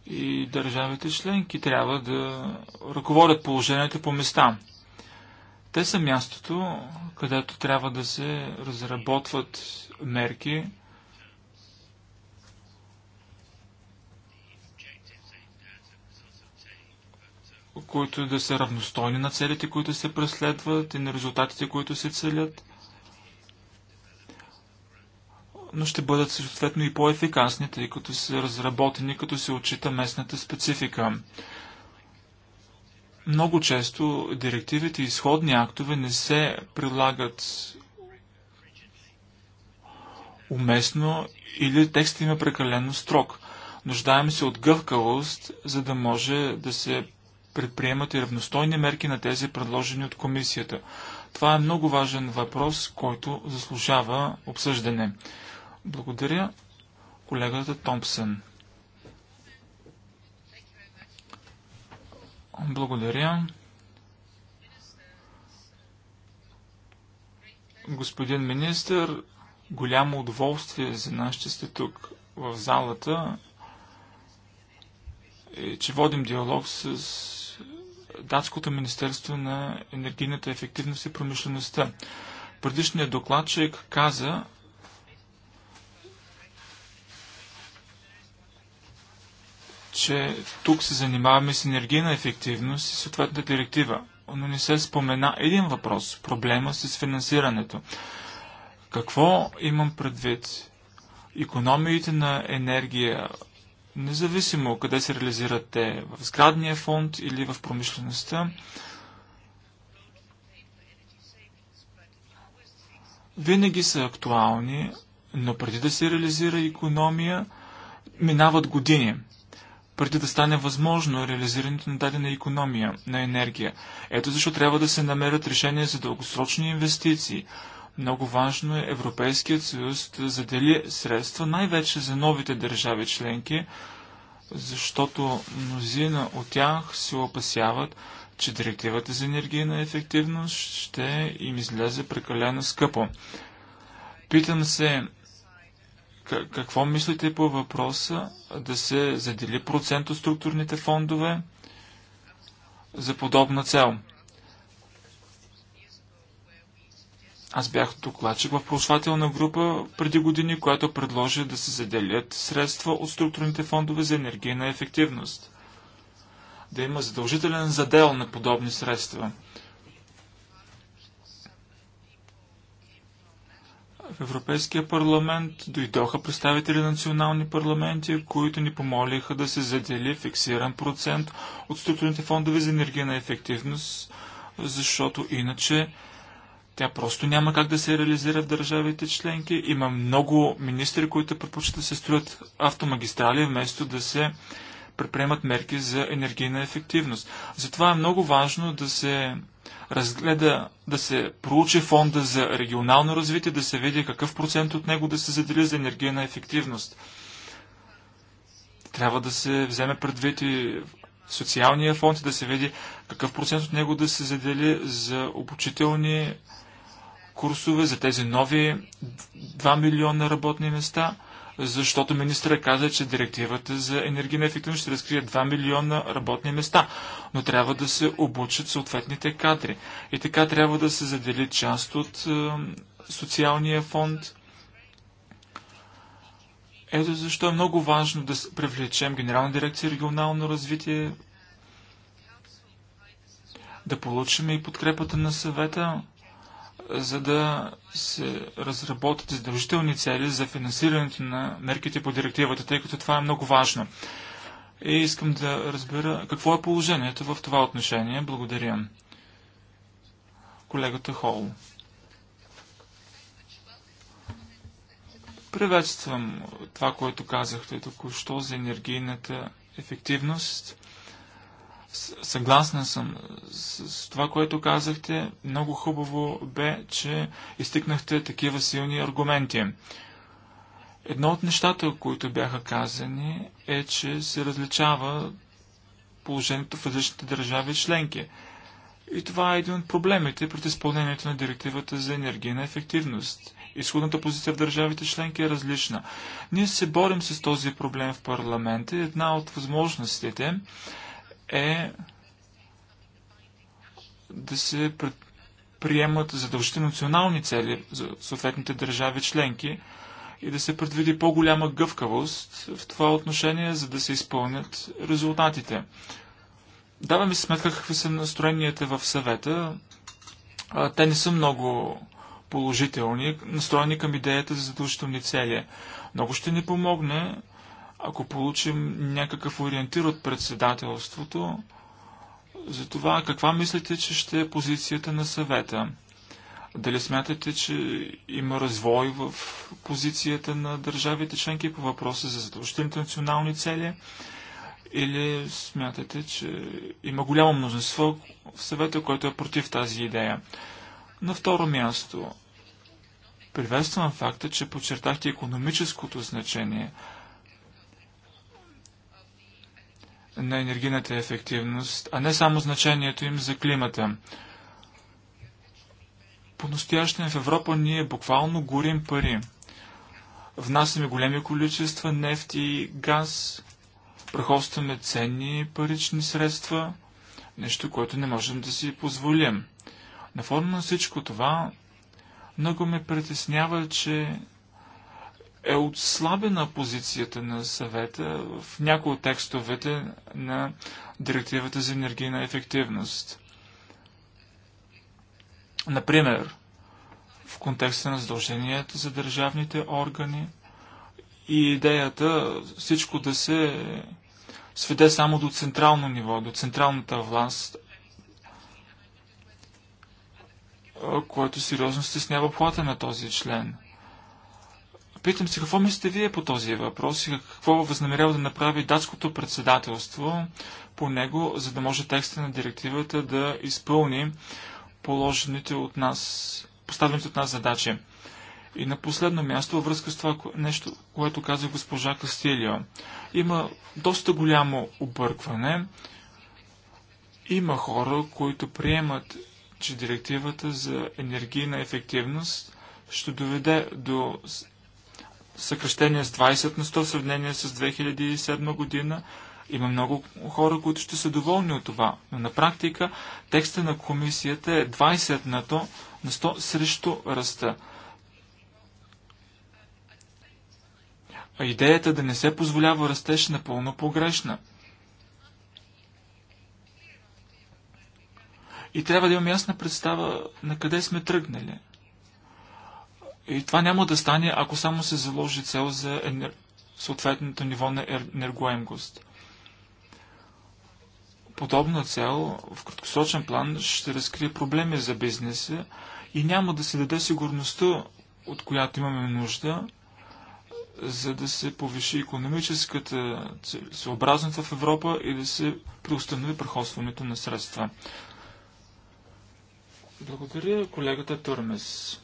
D: И държавите членки трябва да ръководят положението по места. Те са мястото, където трябва да се разработват мерки, които да са равностойни на целите, които се преследват и на резултатите, които се целят, но ще бъдат съответно и по-ефикасни, тъй като са разработени, като се отчита местната специфика. Много често директивите и изходни актове не се прилагат уместно или текстът има прекалено строг. Нуждаем се от гъвкавост, за да може да се предприемат и равностойни мерки на тези предложени от комисията. Това е много важен въпрос, който заслужава обсъждане. Благодаря колегата Томпсън. Благодаря. Господин министр, голямо удоволствие за нас, че сте тук в залата е, че водим диалог с Датското Министерство на енергийната ефективност и промишлеността. Предишният докладчик каза, че тук се занимаваме с енергийна ефективност и съответната директива, но не се спомена един въпрос – проблема с финансирането. Какво имам предвид? Економиите на енергия независимо къде се реализират те, в сградния фонд или в промишлеността. Винаги са актуални, но преди да се реализира економия, минават години, преди да стане възможно реализирането на дадена економия на енергия. Ето защо трябва да се намерят решения за дългосрочни инвестиции – много важно е Европейският съюз да задели средства най-вече за новите държави членки, защото мнозина от тях се опасяват, че директивата за енергийна ефективност ще им излезе прекалено скъпо. Питам се, какво мислите по въпроса да се задели процент от структурните фондове за подобна цел? Аз бях докладчик в проучвателна група преди години, която предложи да се заделят средства от структурните фондове за енергийна ефективност. Да има задължителен задел на подобни средства. В Европейския парламент дойдоха представители на национални парламенти, които ни помолиха да се задели фиксиран процент от структурните фондове за енергийна ефективност, защото иначе тя просто няма как да се реализира в държавите членки. Има много министри, които предпочитат да се строят автомагистрали, вместо да се предприемат мерки за енергийна ефективност. Затова е много важно да се разгледа, да се проучи фонда за регионално развитие, да се види какъв процент от него да се задели за енергийна ефективност. Трябва да се вземе предвид и социалния фонд и да се види какъв процент от него да се задели за обучителни курсове за тези нови 2 милиона работни места, защото министра каза, че директивата за енергийна ефективност ще разкрие 2 милиона работни места, но трябва да се обучат съответните кадри. И така трябва да се задели част от е, социалния фонд. Ето защо е много важно да привлечем Генерална дирекция регионално развитие, да получим и подкрепата на съвета за да се разработят задължителни цели за финансирането на мерките по директивата, тъй като това е много важно. И искам да разбера какво е положението в това отношение. Благодаря. Колегата Хол. Приветствам това, което казахте току-що за енергийната ефективност. Съгласна съм с, с това, което казахте. Много хубаво бе, че изтикнахте такива силни аргументи. Едно от нещата, които бяха казани, е, че се различава положението в различните държави членки. И това е един от проблемите пред изпълнението на директивата за енергийна ефективност. Изходната позиция в държавите членки е различна. Ние се борим с този проблем в парламента. Една от възможностите е да се приемат задължителни национални цели за съответните държави членки и да се предвиди по-голяма гъвкавост в това отношение, за да се изпълнят резултатите. Даваме си сметка какви са настроенията в съвета. Те не са много положителни, настроени към идеята за задължителни цели. Много ще ни помогне ако получим някакъв ориентир от председателството за това каква мислите, че ще е позицията на съвета. Дали смятате, че има развой в позицията на държавите членки по въпроса за задължителните национални цели? Или смятате, че има голямо мнозинство в съвета, което е против тази идея? На второ място, приветствам факта, че подчертахте економическото значение – на енергийната ефективност, а не само значението им за климата. По-настоящен в Европа ние буквално горим пари. Внасяме големи количества нефт и газ, прахостваме ценни парични средства, нещо, което не можем да си позволим. На форма на всичко това, много ме притеснява, че е отслабена позицията на съвета в някои от текстовете на Директивата за енергийна ефективност. Например, в контекста на задълженията за държавните органи и идеята всичко да се сведе само до централно ниво, до централната власт, което сериозно стеснява плата на този член – Питам се, какво мислите вие по този въпрос и какво възнамерява да направи датското председателство по него, за да може текста на директивата да изпълни положените от нас, поставените от нас задачи. И на последно място, във връзка с това нещо, което каза госпожа Кастилио, има доста голямо объркване. Има хора, които приемат, че директивата за енергийна ефективност ще доведе до съкръщение с 20 на 100 в сравнение с 2007 година. Има много хора, които ще са доволни от това. Но на практика текста на комисията е 20 на 100, на 100 срещу ръста. А идеята да не се позволява растеж е напълно погрешна. И трябва да имам ясна представа на къде сме тръгнали – и това няма да стане, ако само се заложи цел за енер... съответното ниво на енергоемгост. Подобна цел в краткосрочен план ще разкрие проблеми за бизнеса и няма да се даде сигурността, от която имаме нужда, за да се повиши економическата съобразност в Европа и да се преустанови прахосването на средства. Благодаря колегата Турмес.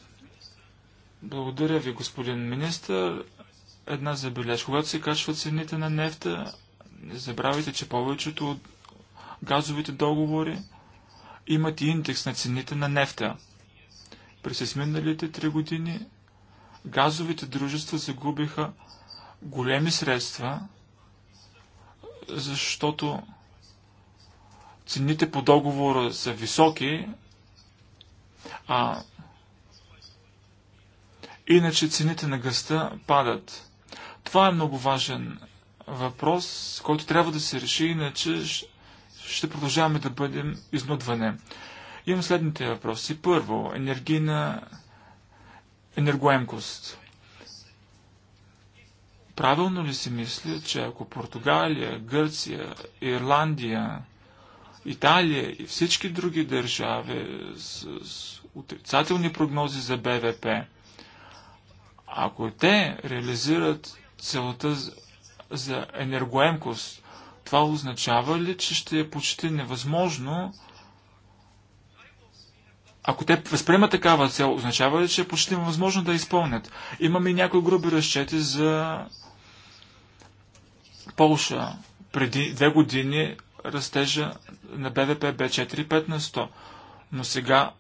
D: Благодаря ви, господин министр. Една забележка. Когато се качват цените на нефта, не забравяйте, че повечето от газовите договори имат и индекс на цените на нефта. През изминалите три години газовите дружества загубиха големи средства, защото цените по договора са високи, а Иначе цените на гъста падат. Това е много важен въпрос, който трябва да се реши, иначе ще продължаваме да бъдем изнудване. Имам следните въпроси. Първо, енергийна енергоемкост. Правилно ли си мисля, че ако Португалия, Гърция, Ирландия, Италия и всички други държави с, с отрицателни прогнози за БВП ако те реализират целта за енергоемкост, това означава ли, че ще е почти невъзможно ако те възприемат такава цел, означава ли, че е почти невъзможно да изпълнят? Имаме и някои груби разчети за Полша. Преди две години растежа на БВП бе 5 на 100, но сега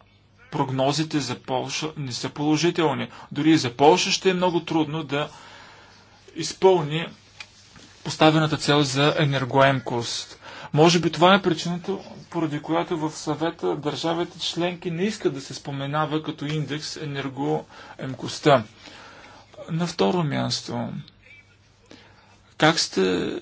D: прогнозите за Полша не са положителни. Дори и за Полша ще е много трудно да изпълни поставената цел за енергоемкост. Може би това е причината, поради която в съвета държавите членки не искат да се споменава като индекс енергоемкостта. На второ място, как сте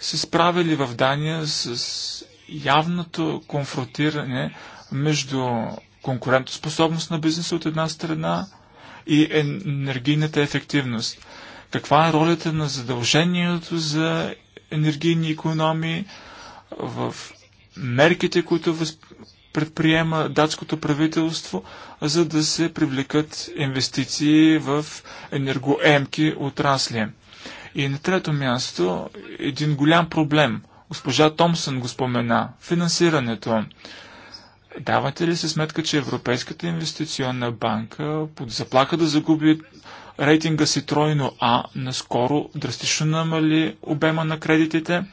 D: се справили в Дания с явното конфронтиране между конкурентоспособност на бизнеса от една страна и енергийната ефективност. Каква е ролята на задължението за енергийни економии в мерките, които предприема датското правителство, за да се привлекат инвестиции в енергоемки отрасли. И на трето място, един голям проблем. Госпожа Томсън го спомена. Финансирането. Давате ли се сметка, че Европейската инвестиционна банка под заплаха да загуби рейтинга си тройно А, наскоро драстично намали обема на кредитите?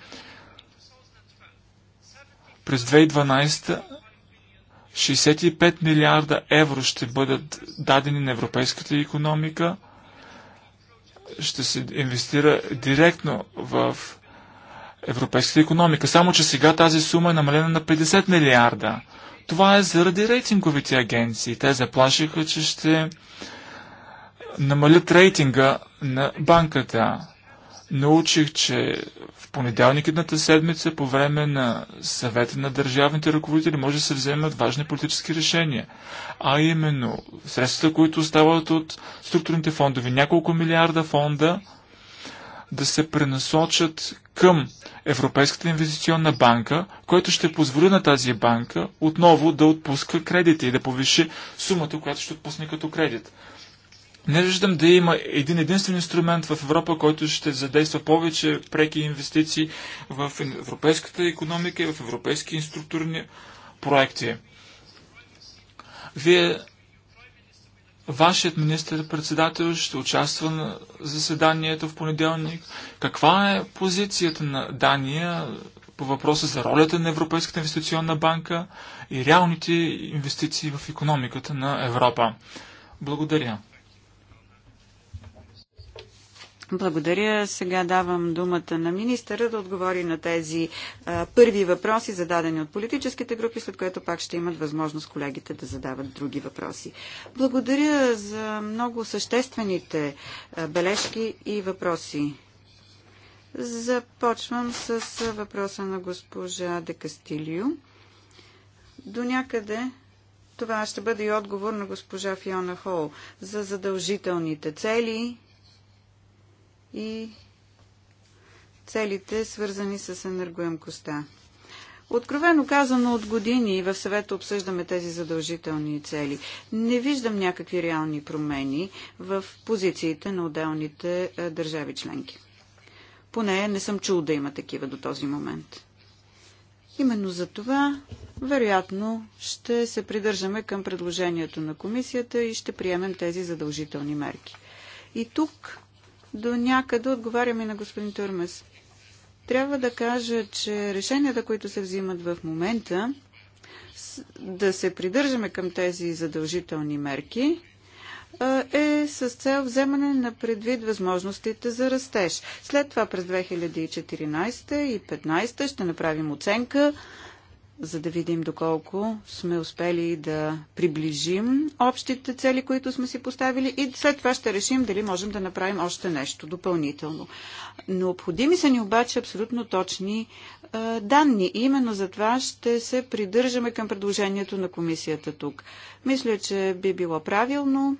D: През 2012 65 милиарда евро ще бъдат дадени на европейската економика. Ще се инвестира директно в европейската економика. Само, че сега тази сума е намалена на 50 милиарда. Това е заради рейтинговите агенции. Те заплашиха, че ще намалят рейтинга на банката. Научих, че в понеделник едната седмица по време на съвета на държавните ръководители може да се вземат важни политически решения. А именно средствата, които остават от структурните фондове, няколко милиарда фонда, да се пренасочат към Европейската инвестиционна банка, което ще позволи на тази банка отново да отпуска кредити и да повиши сумата, която ще отпусне като кредит. Не виждам да има един единствен инструмент в Европа, който ще задейства повече преки инвестиции в европейската економика и в европейски инструктурни проекти. Вие Вашият министр-председател ще участва на заседанието в понеделник. Каква е позицията на Дания по въпроса за ролята на Европейската инвестиционна банка и реалните инвестиции в економиката на Европа? Благодаря.
B: Благодаря. Сега давам думата на министъра да отговори на тези а, първи въпроси, зададени от политическите групи, след което пак ще имат възможност колегите да задават други въпроси. Благодаря за много съществените а, бележки и въпроси. Започвам с въпроса на госпожа Декастилио. До някъде това ще бъде и отговор на госпожа Фиона Хол за задължителните цели и целите, свързани с енергоемкостта. Откровено казано от години в съвета обсъждаме тези задължителни цели. Не виждам някакви реални промени в позициите на отделните е, държави членки. Поне не съм чул да има такива до този момент. Именно за това, вероятно, ще се придържаме към предложението на комисията и ще приемем тези задължителни мерки. И тук до някъде отговаряме на господин Турмес. Трябва да кажа, че решенията, които се взимат в момента, да се придържаме към тези задължителни мерки, е с цел вземане на предвид възможностите за растеж. След това през 2014 и 2015 ще направим оценка за да видим доколко сме успели да приближим общите цели, които сме си поставили и след това ще решим дали можем да направим още нещо допълнително. Необходими са ни обаче абсолютно точни е, данни. И именно за това ще се придържаме към предложението на комисията тук. Мисля, че би било правилно,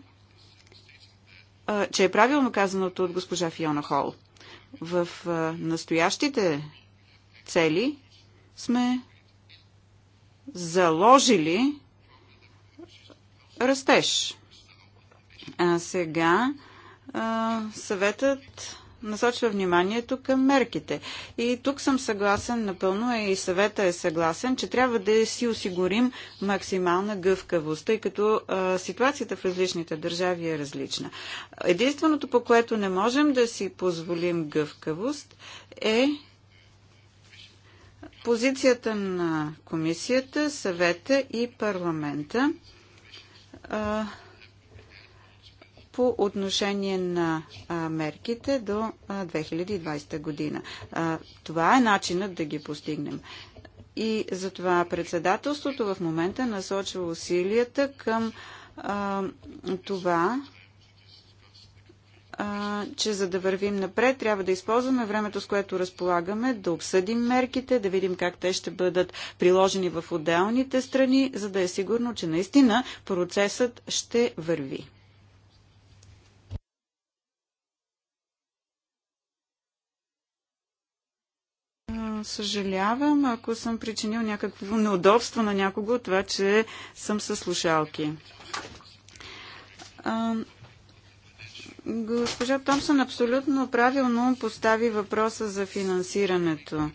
B: е, че е правилно казаното от госпожа Фиона Хол. В е, настоящите цели сме заложили растеж. А сега а, съветът насочва вниманието към мерките. И тук съм съгласен напълно и съвета е съгласен, че трябва да си осигурим максимална гъвкавост, тъй като а, ситуацията в различните държави е различна. Единственото, по което не можем да си позволим гъвкавост, е позицията на комисията, съвета и парламента а, по отношение на а, мерките до а, 2020 година. Това е начинът да ги постигнем. И затова председателството в момента насочва усилията към това че за да вървим напред, трябва да използваме времето, с което разполагаме, да обсъдим мерките, да видим как те ще бъдат приложени в отделните страни, за да е сигурно, че наистина процесът ще върви. съжалявам, ако съм причинил някакво неудобство на някого от това, че съм със слушалки. Госпожа Томсън абсолютно правилно постави въпроса за финансирането.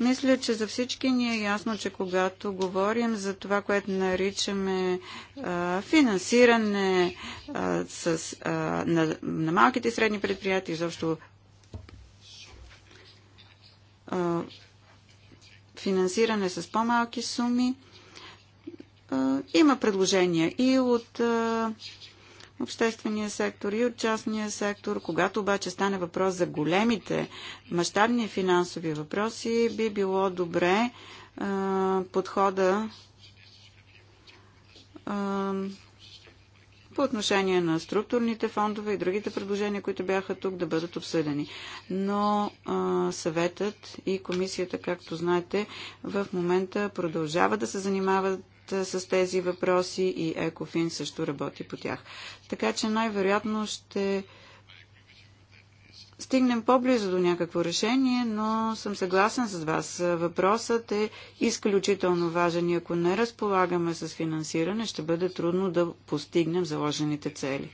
B: Мисля, че за всички ни е ясно, че когато говорим за това, което наричаме а, финансиране а, с, а, на, на малките и средни предприятия, изобщо а, финансиране с по-малки суми, а, има предложения и от. А, обществения сектор и от частния сектор. Когато обаче стане въпрос за големите мащабни финансови въпроси, би било добре а, подхода а, по отношение на структурните фондове и другите предложения, които бяха тук, да бъдат обсъдени. Но а, съветът и комисията, както знаете, в момента продължава да се занимават с тези въпроси и Екофин също работи по тях. Така че най-вероятно ще стигнем по-близо до някакво решение, но съм съгласен с вас. Въпросът е изключително важен и ако не разполагаме с финансиране, ще бъде трудно да постигнем заложените цели.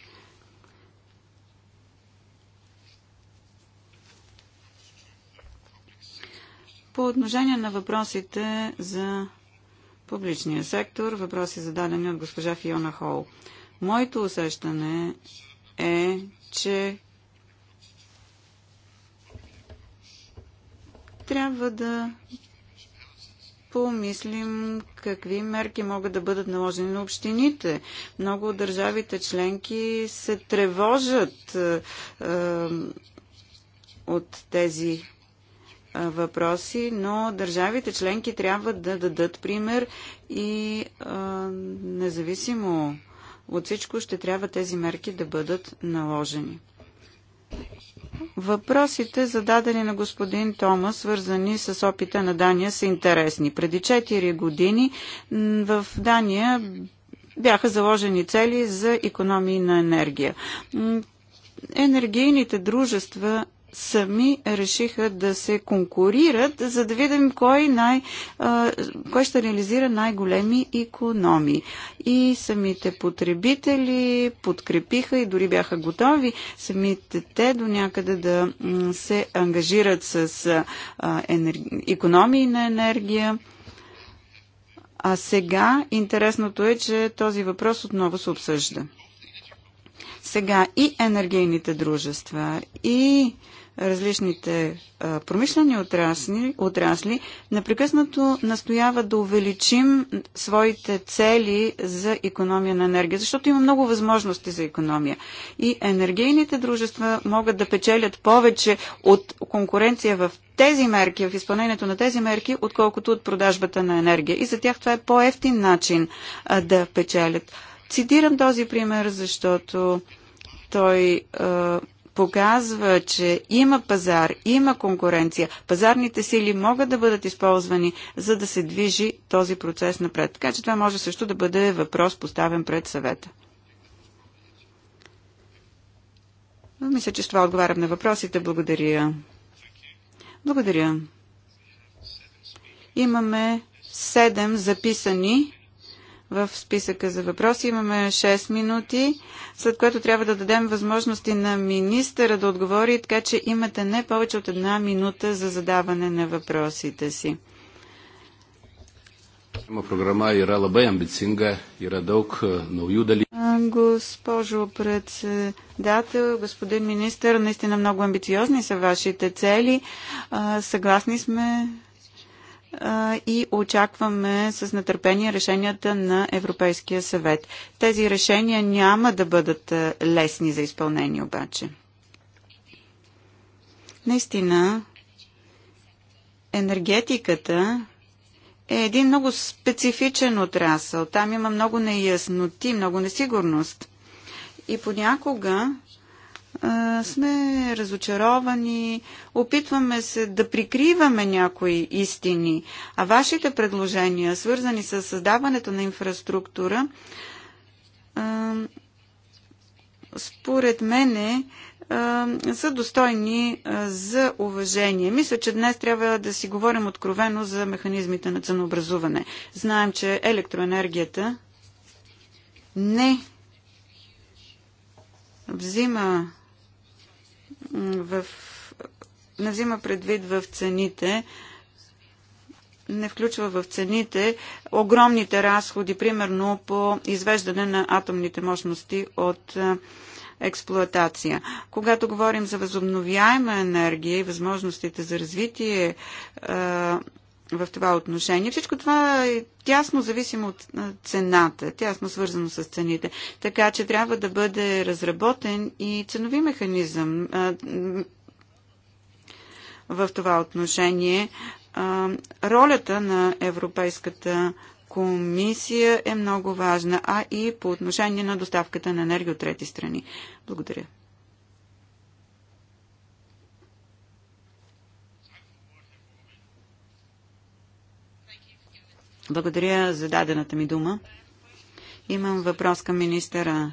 B: По отношение на въпросите за публичния сектор. въпроси е от госпожа Фиона Хол. Моето усещане е, че трябва да помислим какви мерки могат да бъдат наложени на общините. Много от държавите членки се тревожат е, е от тези въпроси, но държавите членки трябва да дадат пример и а, независимо от всичко ще трябва тези мерки да бъдат наложени. Въпросите, зададени на господин Томас, свързани с опита на Дания, са интересни. Преди 4 години в Дания бяха заложени цели за економии на енергия. Енергийните дружества сами решиха да се конкурират, за да видим кой, най, кой ще реализира най-големи економии. И самите потребители подкрепиха и дори бяха готови самите те до някъде да се ангажират с енерги... економии на енергия. А сега интересното е, че този въпрос отново се обсъжда. Сега и енергийните дружества, и различните промишлени отрасли, отрасли непрекъснато настоява да увеличим своите цели за економия на енергия, защото има много възможности за економия. И енергийните дружества могат да печелят повече от конкуренция в тези мерки, в изпълнението на тези мерки, отколкото от продажбата на енергия. И за тях това е по-ефтин начин а, да печелят. Цитирам този пример, защото той а, показва, че има пазар, има конкуренция, пазарните сили могат да бъдат използвани, за да се движи този процес напред. Така че това може също да бъде въпрос поставен пред съвета. Но мисля, че с това отговарям на въпросите. Благодаря. Благодаря. Имаме седем записани в списъка за въпроси. Имаме 6 минути, след което трябва да дадем възможности на министъра да отговори, така че имате не повече от една минута за задаване на въпросите си.
C: Програма Амбицинга, е,
B: Госпожо председател, господин министър, наистина много амбициозни са вашите цели. Съгласни сме и очакваме с нетърпение решенията на Европейския съвет. Тези решения няма да бъдат лесни за изпълнение обаче. Наистина, енергетиката е един много специфичен отрасъл. Там има много неясноти, много несигурност. И понякога сме разочаровани, опитваме се да прикриваме някои истини, а вашите предложения, свързани с създаването на инфраструктура, според мене са достойни за уважение. Мисля, че днес трябва да си говорим откровено за механизмите на ценообразуване. Знаем, че електроенергията не взима в, не взима предвид в цените, не включва в цените огромните разходи, примерно по извеждане на атомните мощности от експлоатация. Когато говорим за възобновяема енергия и възможностите за развитие в това отношение. Всичко това е тясно зависимо от цената, тясно свързано с цените. Така че трябва да бъде разработен и ценови механизъм в това отношение. Ролята на Европейската комисия е много важна, а и по отношение на доставката на енергия от трети страни. Благодаря. Благодаря за дадената ми дума. Имам въпрос към министъра.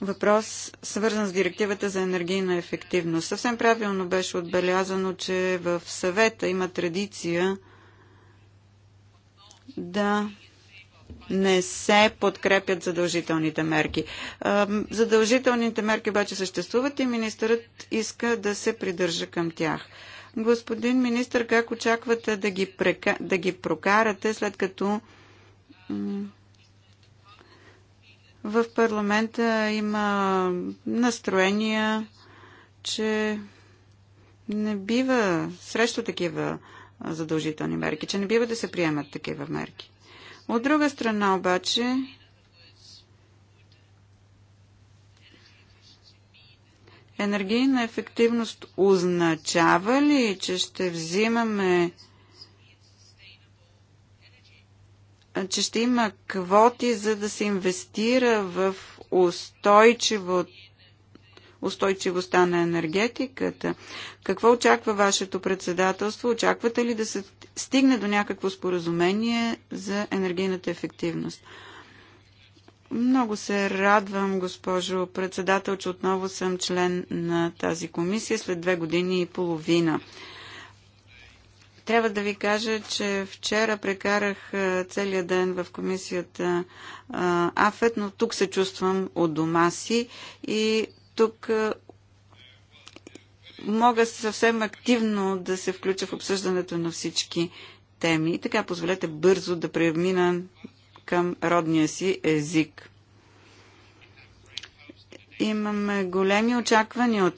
B: Въпрос свързан с директивата за енергийна ефективност. Съвсем правилно беше отбелязано, че в съвета има традиция да не се подкрепят задължителните мерки. Задължителните мерки обаче съществуват и министърът иска да се придържа към тях. Господин министр, как очаквате да ги, прека... да ги прокарате, след като в парламента има настроения, че не бива срещу такива задължителни мерки, че не бива да се приемат такива мерки. От друга страна обаче, енергийна ефективност означава ли, че ще взимаме че ще има квоти, за да се инвестира в устойчиво, устойчивостта на енергетиката. Какво очаква вашето председателство? Очаквате ли да се стигне до някакво споразумение за енергийната ефективност? Много се радвам, госпожо председател, че отново съм член на тази комисия след две години и половина. Трябва да ви кажа, че вчера прекарах целият ден в комисията АФЕТ, но тук се чувствам от дома си и тук мога съвсем активно да се включа в обсъждането на всички теми. И така позволете бързо да премина към родния си език. Имаме големи очаквания от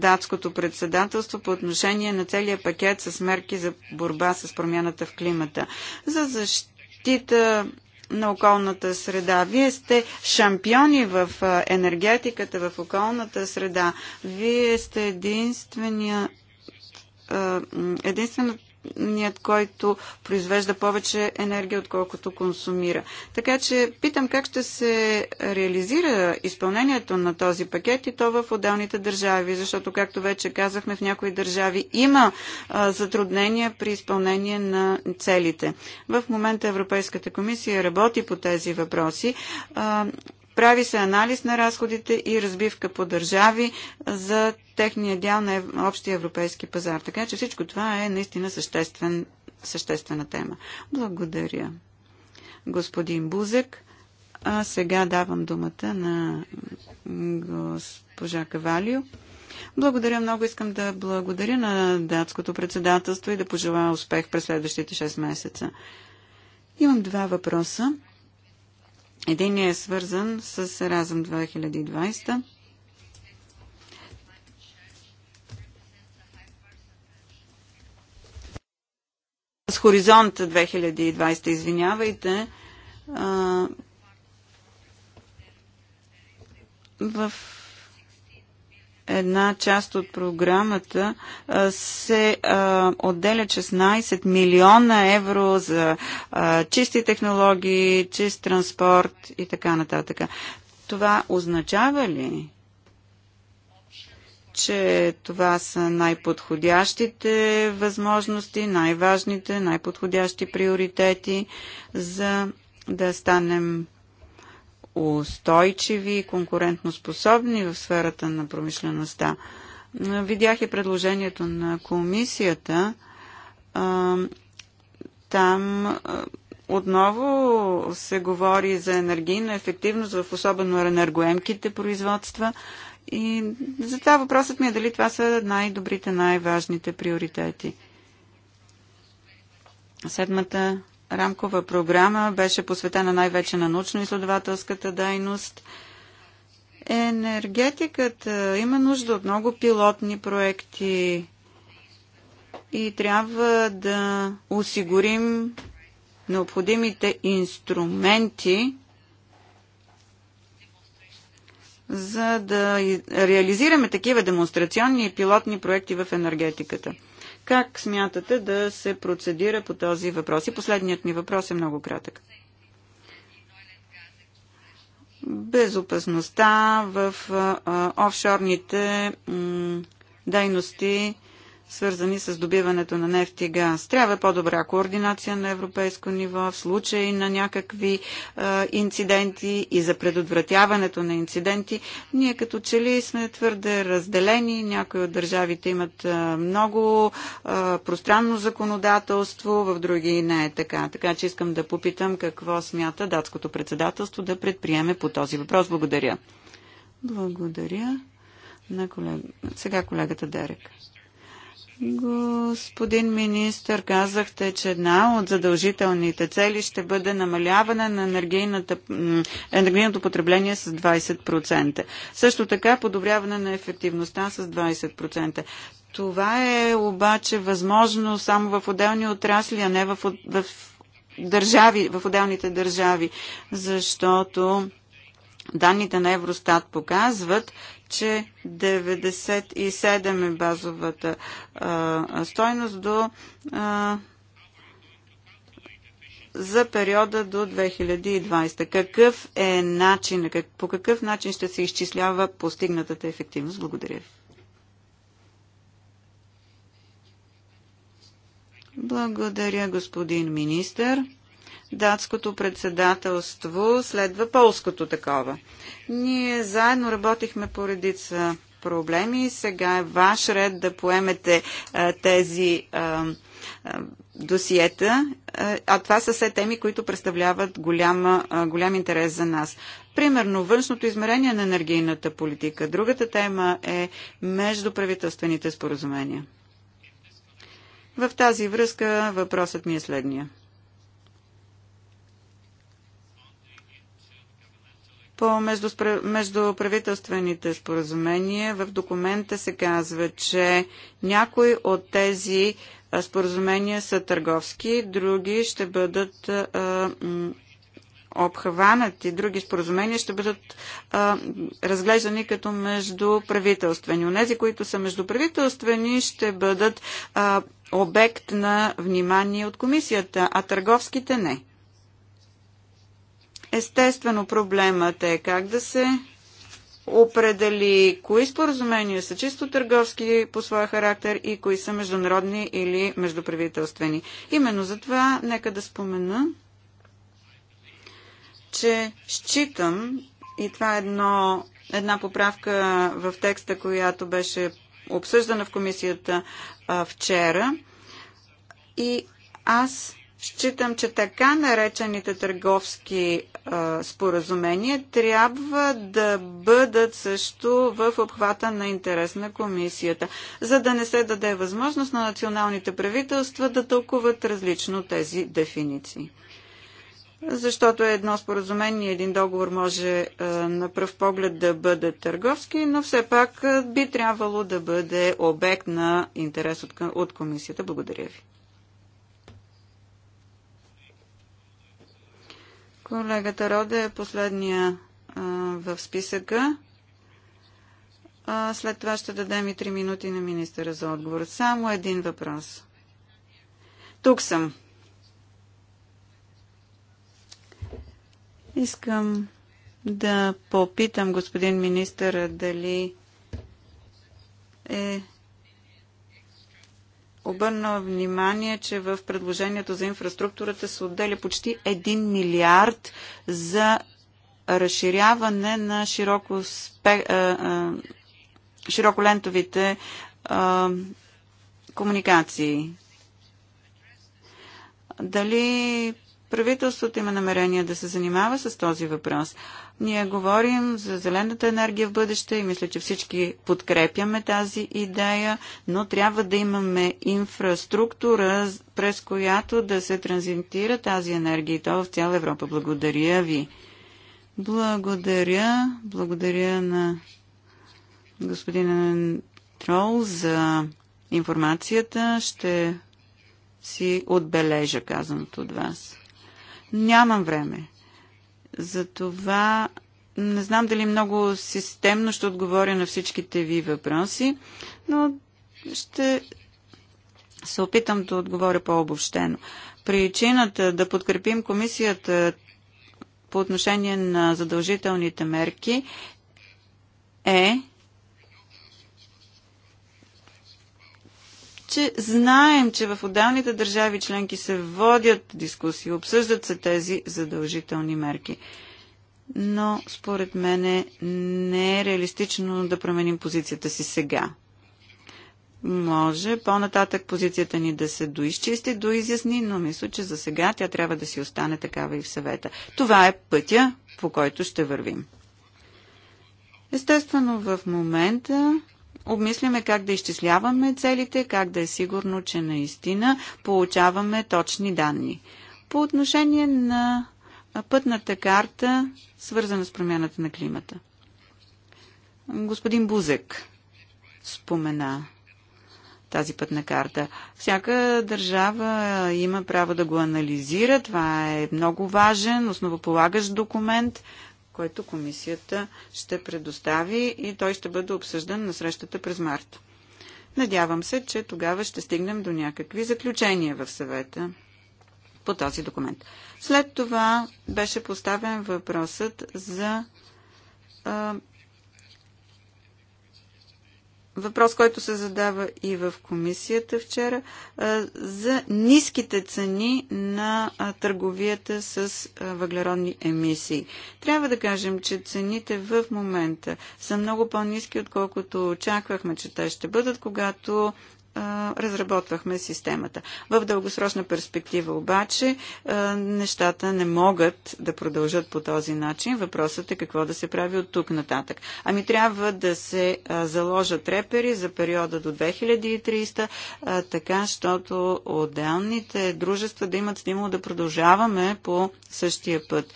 B: датското председателство по отношение на целия пакет с мерки за борба с промяната в климата, за защита на околната среда. Вие сте шампиони в енергетиката, в околната среда. Вие сте единствения който произвежда повече енергия, отколкото консумира. Така че питам как ще се реализира изпълнението на този пакет и то в отделните държави, защото, както вече казахме, в някои държави има а, затруднения при изпълнение на целите. В момента Европейската комисия работи по тези въпроси. А, прави се анализ на разходите и разбивка по държави за техния дял на общия европейски пазар. Така че всичко това е наистина съществен, съществена тема. Благодаря, господин Бузек. А сега давам думата на госпожа Кавалио. Благодаря много. Искам да благодаря на датското председателство и да пожелая успех през следващите 6 месеца. Имам два въпроса. Единият е свързан с Еразъм 2020. С Хоризонт 2020, извинявайте, в една част от програмата се отделя 16 милиона евро за чисти технологии, чист транспорт и така нататък. Това означава ли, че това са най-подходящите възможности, най-важните, най-подходящи приоритети за да станем устойчиви и конкурентноспособни в сферата на промишлеността. Видях и предложението на комисията. Там отново се говори за енергийна ефективност в особено енергоемките производства. И затова въпросът ми е дали това са най-добрите, най-важните приоритети. Седмата рамкова програма беше посветена най-вече на научно-изследователската дейност. Енергетиката е, има нужда от много пилотни проекти и трябва да осигурим необходимите инструменти, за да реализираме такива демонстрационни и пилотни проекти в енергетиката. Как смятате да се процедира по този въпрос? И последният ми въпрос е много кратък. Безопасността в офшорните дейности свързани с добиването на нефт и газ. Трябва по-добра координация на европейско ниво в случай на някакви а, е, инциденти и за предотвратяването на инциденти. Ние като че ли сме твърде разделени, някои от държавите имат а, е, много а, е, пространно законодателство, в други не е така. Така че искам да попитам какво смята датското председателство да предприеме по този въпрос. Благодаря. Благодаря на колег... сега колегата Дерек. Господин министр, казахте, че една от задължителните цели ще бъде намаляване на енергийното потребление с 20%. Също така подобряване на ефективността с 20%. Това е обаче възможно само в отделни отрасли, а не в, в, държави, в отделните държави, защото данните на Евростат показват, че 97 е базовата стойност до за периода до 2020. Какъв е начин, как, по какъв начин ще се изчислява постигнатата ефективност? Благодаря ви. Благодаря, господин министър датското председателство следва полското такова. Ние заедно работихме по редица проблеми. Сега е ваш ред да поемете а, е, тези а, е, а, е, досиета, а това са все теми, които представляват голяма, голям интерес за нас. Примерно, външното измерение на енергийната политика. Другата тема е междуправителствените споразумения. В тази връзка въпросът ми е следния. По междуправителствените споразумения в документа се казва, че някои от тези споразумения са търговски, други ще бъдат обхванати, други споразумения ще бъдат разглеждани като междуправителствени. Онези, които са междуправителствени, ще бъдат обект на внимание от комисията, а търговските не. Естествено, проблемът е как да се определи кои споразумения са чисто търговски по своя характер и кои са международни или междуправителствени. Именно за това нека да спомена, че считам, и това е едно, една поправка в текста, която беше обсъждана в комисията а, вчера, и аз Считам, че така наречените търговски а, споразумения трябва да бъдат също в обхвата на интерес на комисията, за да не се даде възможност на националните правителства да тълкуват различно тези дефиниции. Защото едно споразумение, един договор може а, на пръв поглед да бъде търговски, но все пак а, би трябвало да бъде обект на интерес от, от комисията. Благодаря ви. Колегата Роде е последния в списъка. след това ще дадем и 3 минути на министъра за отговор. Само един въпрос. Тук съм. Искам да попитам господин министъра дали е обърна внимание, че в предложението за инфраструктурата се отделя почти 1 милиард за разширяване на широко спе, а, а, широколентовите а, комуникации. Дали Правителството има намерение да се занимава с този въпрос. Ние говорим за зелената енергия в бъдеще и мисля, че всички подкрепяме тази идея, но трябва да имаме инфраструктура, през която да се транзитира тази енергия и то в цяла Европа. Благодаря ви. Благодаря. Благодаря на господин Трол за информацията. Ще си отбележа казаното от вас. Нямам време. Затова не знам дали много системно ще отговоря на всичките ви въпроси, но ще се опитам да отговоря по-обобщено. Причината да подкрепим комисията по отношение на задължителните мерки е, че знаем, че в отделните държави членки се водят дискусии, обсъждат се тези задължителни мерки. Но според мен не е реалистично да променим позицията си сега. Може по-нататък позицията ни да се доизчисти, доизясни, но мисля, че за сега тя трябва да си остане такава и в съвета. Това е пътя, по който ще вървим. Естествено, в момента обмисляме как да изчисляваме целите, как да е сигурно, че наистина получаваме точни данни. По отношение на пътната карта, свързана с промяната на климата. Господин Бузек спомена тази пътна карта. Всяка държава има право да го анализира. Това е много важен, основополагащ документ. Който комисията ще предостави и той ще бъде обсъждан на срещата през март. Надявам се, че тогава ще стигнем до някакви заключения в съвета по този документ. След това беше поставен въпросът за а, въпрос, който се задава и в комисията вчера, за ниските цени на търговията с въглеродни емисии. Трябва да кажем, че цените в момента са много по-низки, отколкото очаквахме, че те ще бъдат, когато разработвахме системата. В дългосрочна перспектива обаче нещата не могат да продължат по този начин. Въпросът е какво да се прави от тук нататък. Ами трябва да се заложат репери за периода до 2300, така, щото отделните дружества да имат стимул да продължаваме по същия път.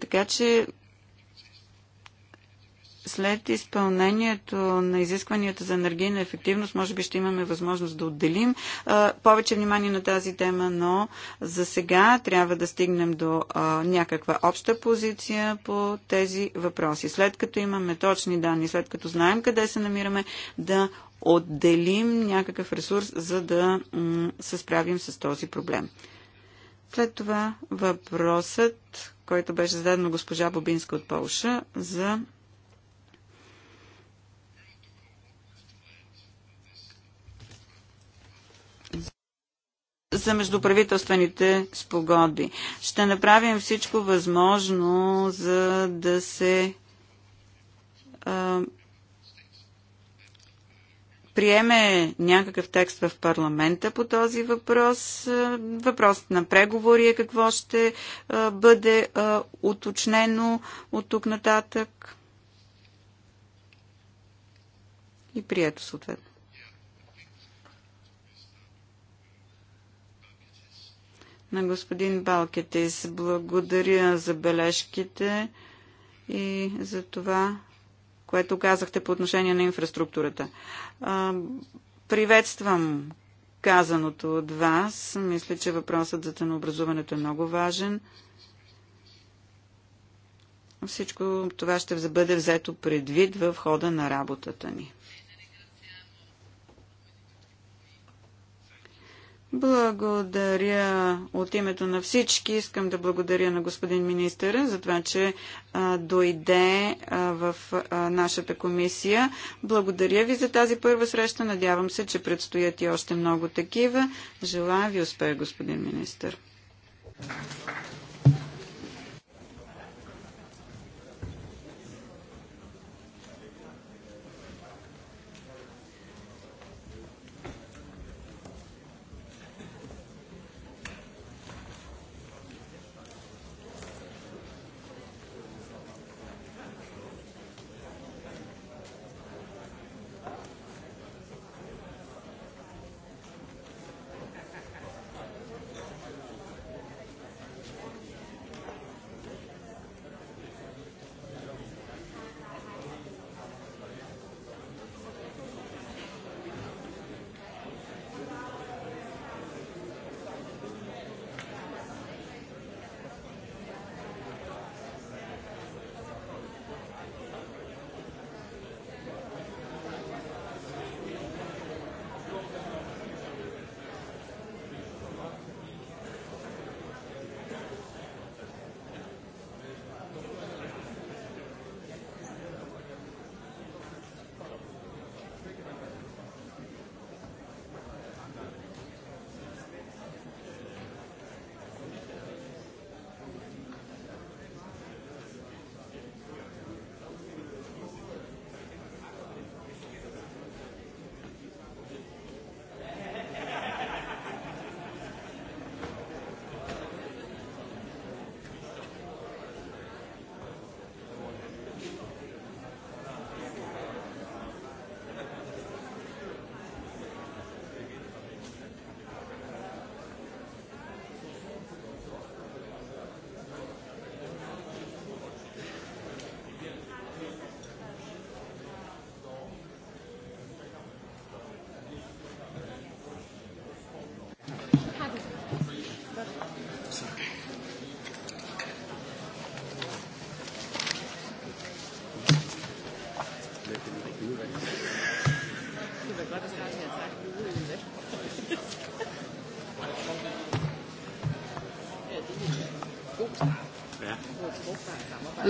B: така че след изпълнението на изискванията за енергийна ефективност, може би ще имаме възможност да отделим а, повече внимание на тази тема, но за сега трябва да стигнем до а, някаква обща позиция по тези въпроси. След като имаме точни данни, след като знаем къде се намираме, да отделим някакъв ресурс, за да се справим с този проблем. След това въпросът, който беше зададен на госпожа Бобинска от Полша за за междуправителствените спогодби. Ще направим всичко възможно, за да се а, приеме някакъв текст в парламента по този въпрос. Въпрос на преговори е какво ще а, бъде а, уточнено от тук нататък и прието съответно. на господин Балкетис. Благодаря за бележките и за това, което казахте по отношение на инфраструктурата. Приветствам казаното от вас. Мисля, че въпросът за ценообразуването е много важен. Всичко това ще бъде взето предвид в хода на работата ни. Благодаря от името на всички. Искам да благодаря на господин министъра за това, че а, дойде а, в а, нашата комисия. Благодаря ви за тази първа среща. Надявам се, че предстоят и още много такива. Желая ви успех, господин министър.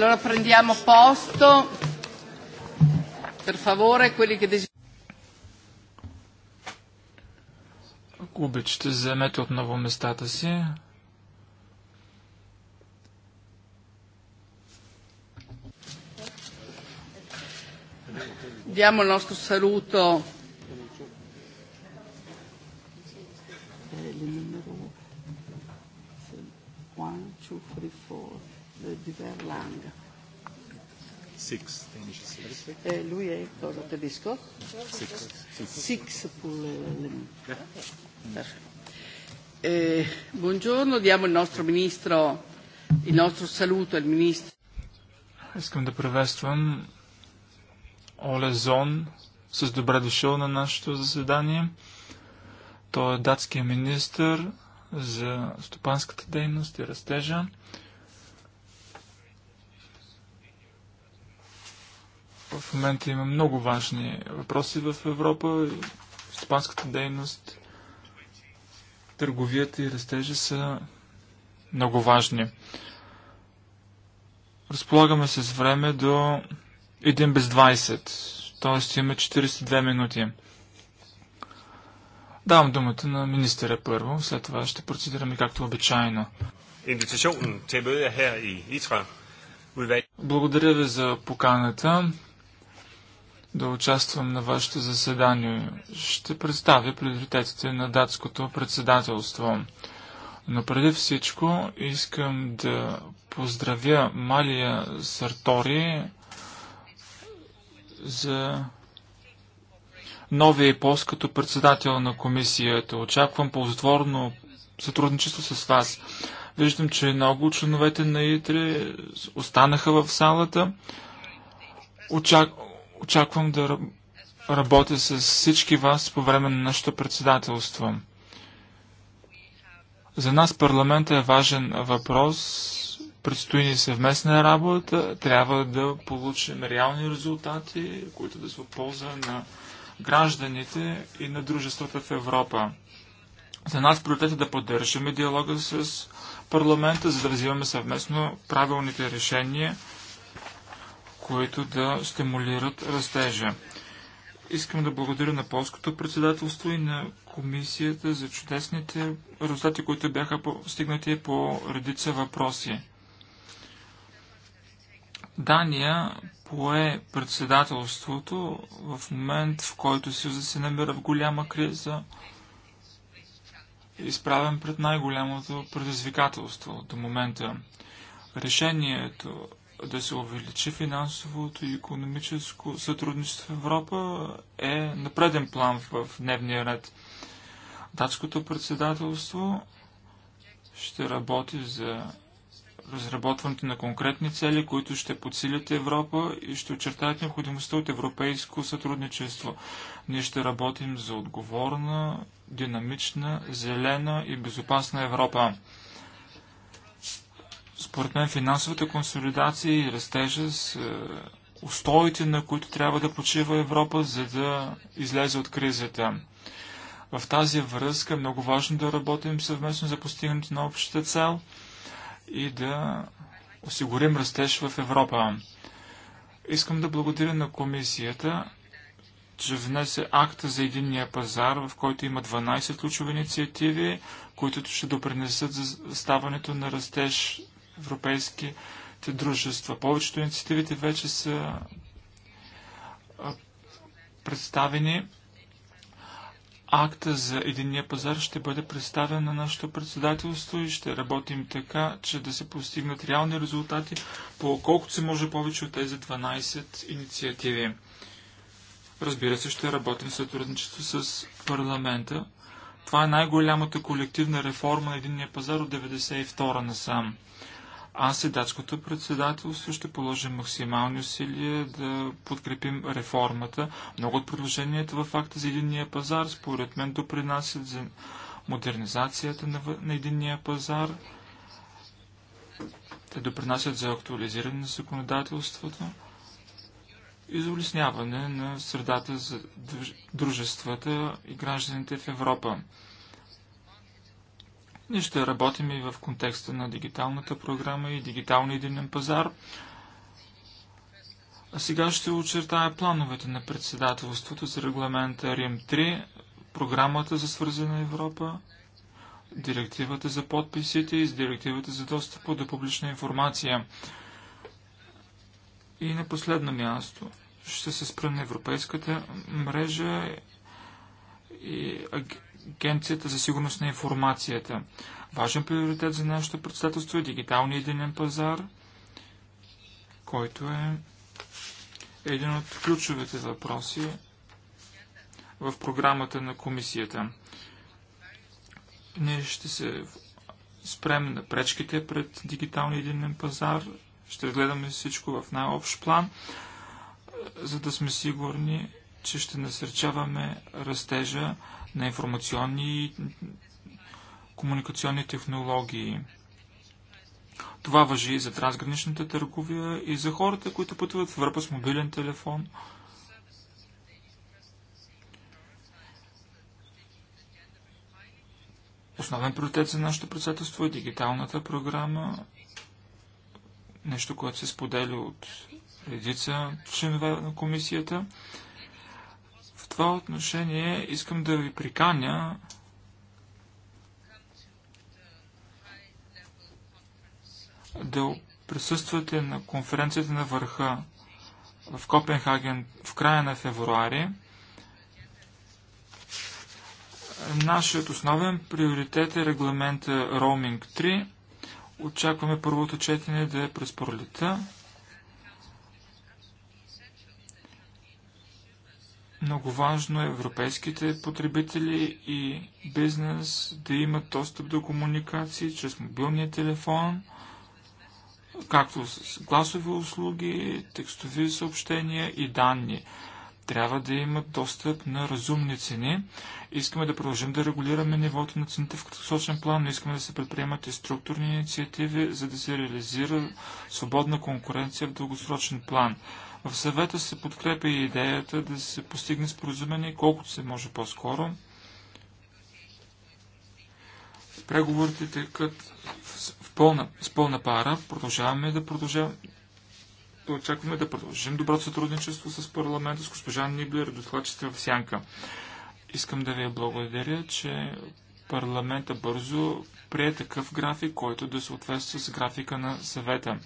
A: Allora prendiamo posto. Per favore, quelli che desiderano.
D: Ако обичате, вземете отново местата си.
A: Diamo il nostro saluto Francisco? Six. Six pour le... le... Perfetto. Eh, buongiorno, diamo il nostro
D: ministro, il nostro saluto al ministro. Искам да приветствам Оле Зон с добре дошъл на нашето заседание. Той е датския министр за стопанската дейност и растежа. В момента има много важни въпроси в Европа. Стопанската дейност, търговията и растежа са много важни. Разполагаме се с време до 1 без 20, т.е. има 42 минути. Давам думата на министъра първо, след това ще процедираме както обичайно. Благодаря ви за поканата да участвам на вашето заседание. Ще представя приоритетите на датското председателство. Но преди всичко искам да поздравя Малия Сартори за новия пост като председател на комисията. Очаквам ползотворно сътрудничество с вас. Виждам, че много членовете на ИТРЕ останаха в салата. Очак... Очаквам да работя с всички вас по време на нашето председателство. За нас парламента е важен въпрос. Предстои ни съвместна работа. Трябва да получим реални резултати, които да се полза на гражданите и на дружествата в Европа. За нас приоритет е да поддържаме диалога с парламента, за да взимаме съвместно правилните решения – които да стимулират растежа. Искам да благодаря на полското председателство и на комисията за чудесните резултати, които бяха постигнати по редица въпроси. Дания пое председателството в момент, в който Съюза се намира в голяма криза, изправен пред най-голямото предизвикателство до момента. Решението да се увеличи финансовото и економическо сътрудничество в Европа е на преден план в дневния ред. Датското председателство ще работи за разработването на конкретни цели, които ще подсилят Европа и ще очертаят необходимостта от европейско сътрудничество. Ние ще работим за отговорна, динамична, зелена и безопасна Европа. Според мен финансовата консолидация и растежа с е, устоите, на които трябва да почива Европа, за да излезе от кризата. В тази връзка е много важно да работим съвместно за постигането на общата цел и да осигурим растеж в Европа. Искам да благодаря на комисията, че внесе акта за единния пазар, в който има 12 ключови инициативи, които ще допринесат за ставането на растеж европейските дружества. Повечето инициативите вече са представени. Акта за единния пазар ще бъде представен на нашето председателство и ще работим така, че да се постигнат реални резултати по колкото се може повече от тези 12 инициативи. Разбира се, ще работим в сътрудничество с парламента. Това е най-голямата колективна реформа на единния пазар от 1992 насам. Аз и датското председателство ще положим максимални усилия да подкрепим реформата. Много от предложенията във факта за единния пазар, според мен, допринасят за модернизацията на, на единния пазар. Те допринасят за актуализиране на законодателството и за улесняване на средата за дружествата и гражданите в Европа. Ние ще работим и в контекста на дигиталната програма и дигиталния единен пазар. А сега ще очертая плановете на председателството за регламента Рим 3, програмата за свързана Европа, директивата за подписите и с директивата за достъп до публична информация. И на последно място ще се спра на Европейската мрежа и аг... Агенцията за сигурност на информацията. Важен приоритет за нашето председателство е дигиталния единен пазар, който е един от ключовите въпроси в програмата на комисията. Ние ще се спрем на пречките пред дигиталния единен пазар, ще гледаме всичко в най-общ план, за да сме сигурни, че ще насърчаваме растежа на информационни и комуникационни технологии. Това въжи и за трансграничната търговия и за хората, които пътуват в Европа с мобилен телефон. Основен приоритет за нашето председателство е дигиталната програма, нещо, което се споделя от редица членове на комисията това отношение искам да ви приканя да присъствате на конференцията на върха в Копенхаген в края на февруари. Нашият основен приоритет е регламента Roaming 3. Очакваме първото четене да е през пролета. Много важно е европейските потребители и бизнес да имат достъп до комуникации чрез мобилния телефон, както с гласови услуги, текстови съобщения и данни. Трябва да имат достъп на разумни цени. Искаме да продължим да регулираме нивото на цените в краткосрочен план, но искаме да се предприемат и структурни инициативи, за да се реализира свободна конкуренция в дългосрочен план. В съвета се подкрепя и идеята да се постигне споразумение колкото се може по-скоро. Преговорите текат в пълна, с пълна пара. Продължаваме да продължаваме да очакваме да продължим доброто сътрудничество с парламента, с госпожа Ниблер, сте в Сянка. Искам да ви благодаря, че парламента бързо прие такъв график, който да съответства с графика на съвета.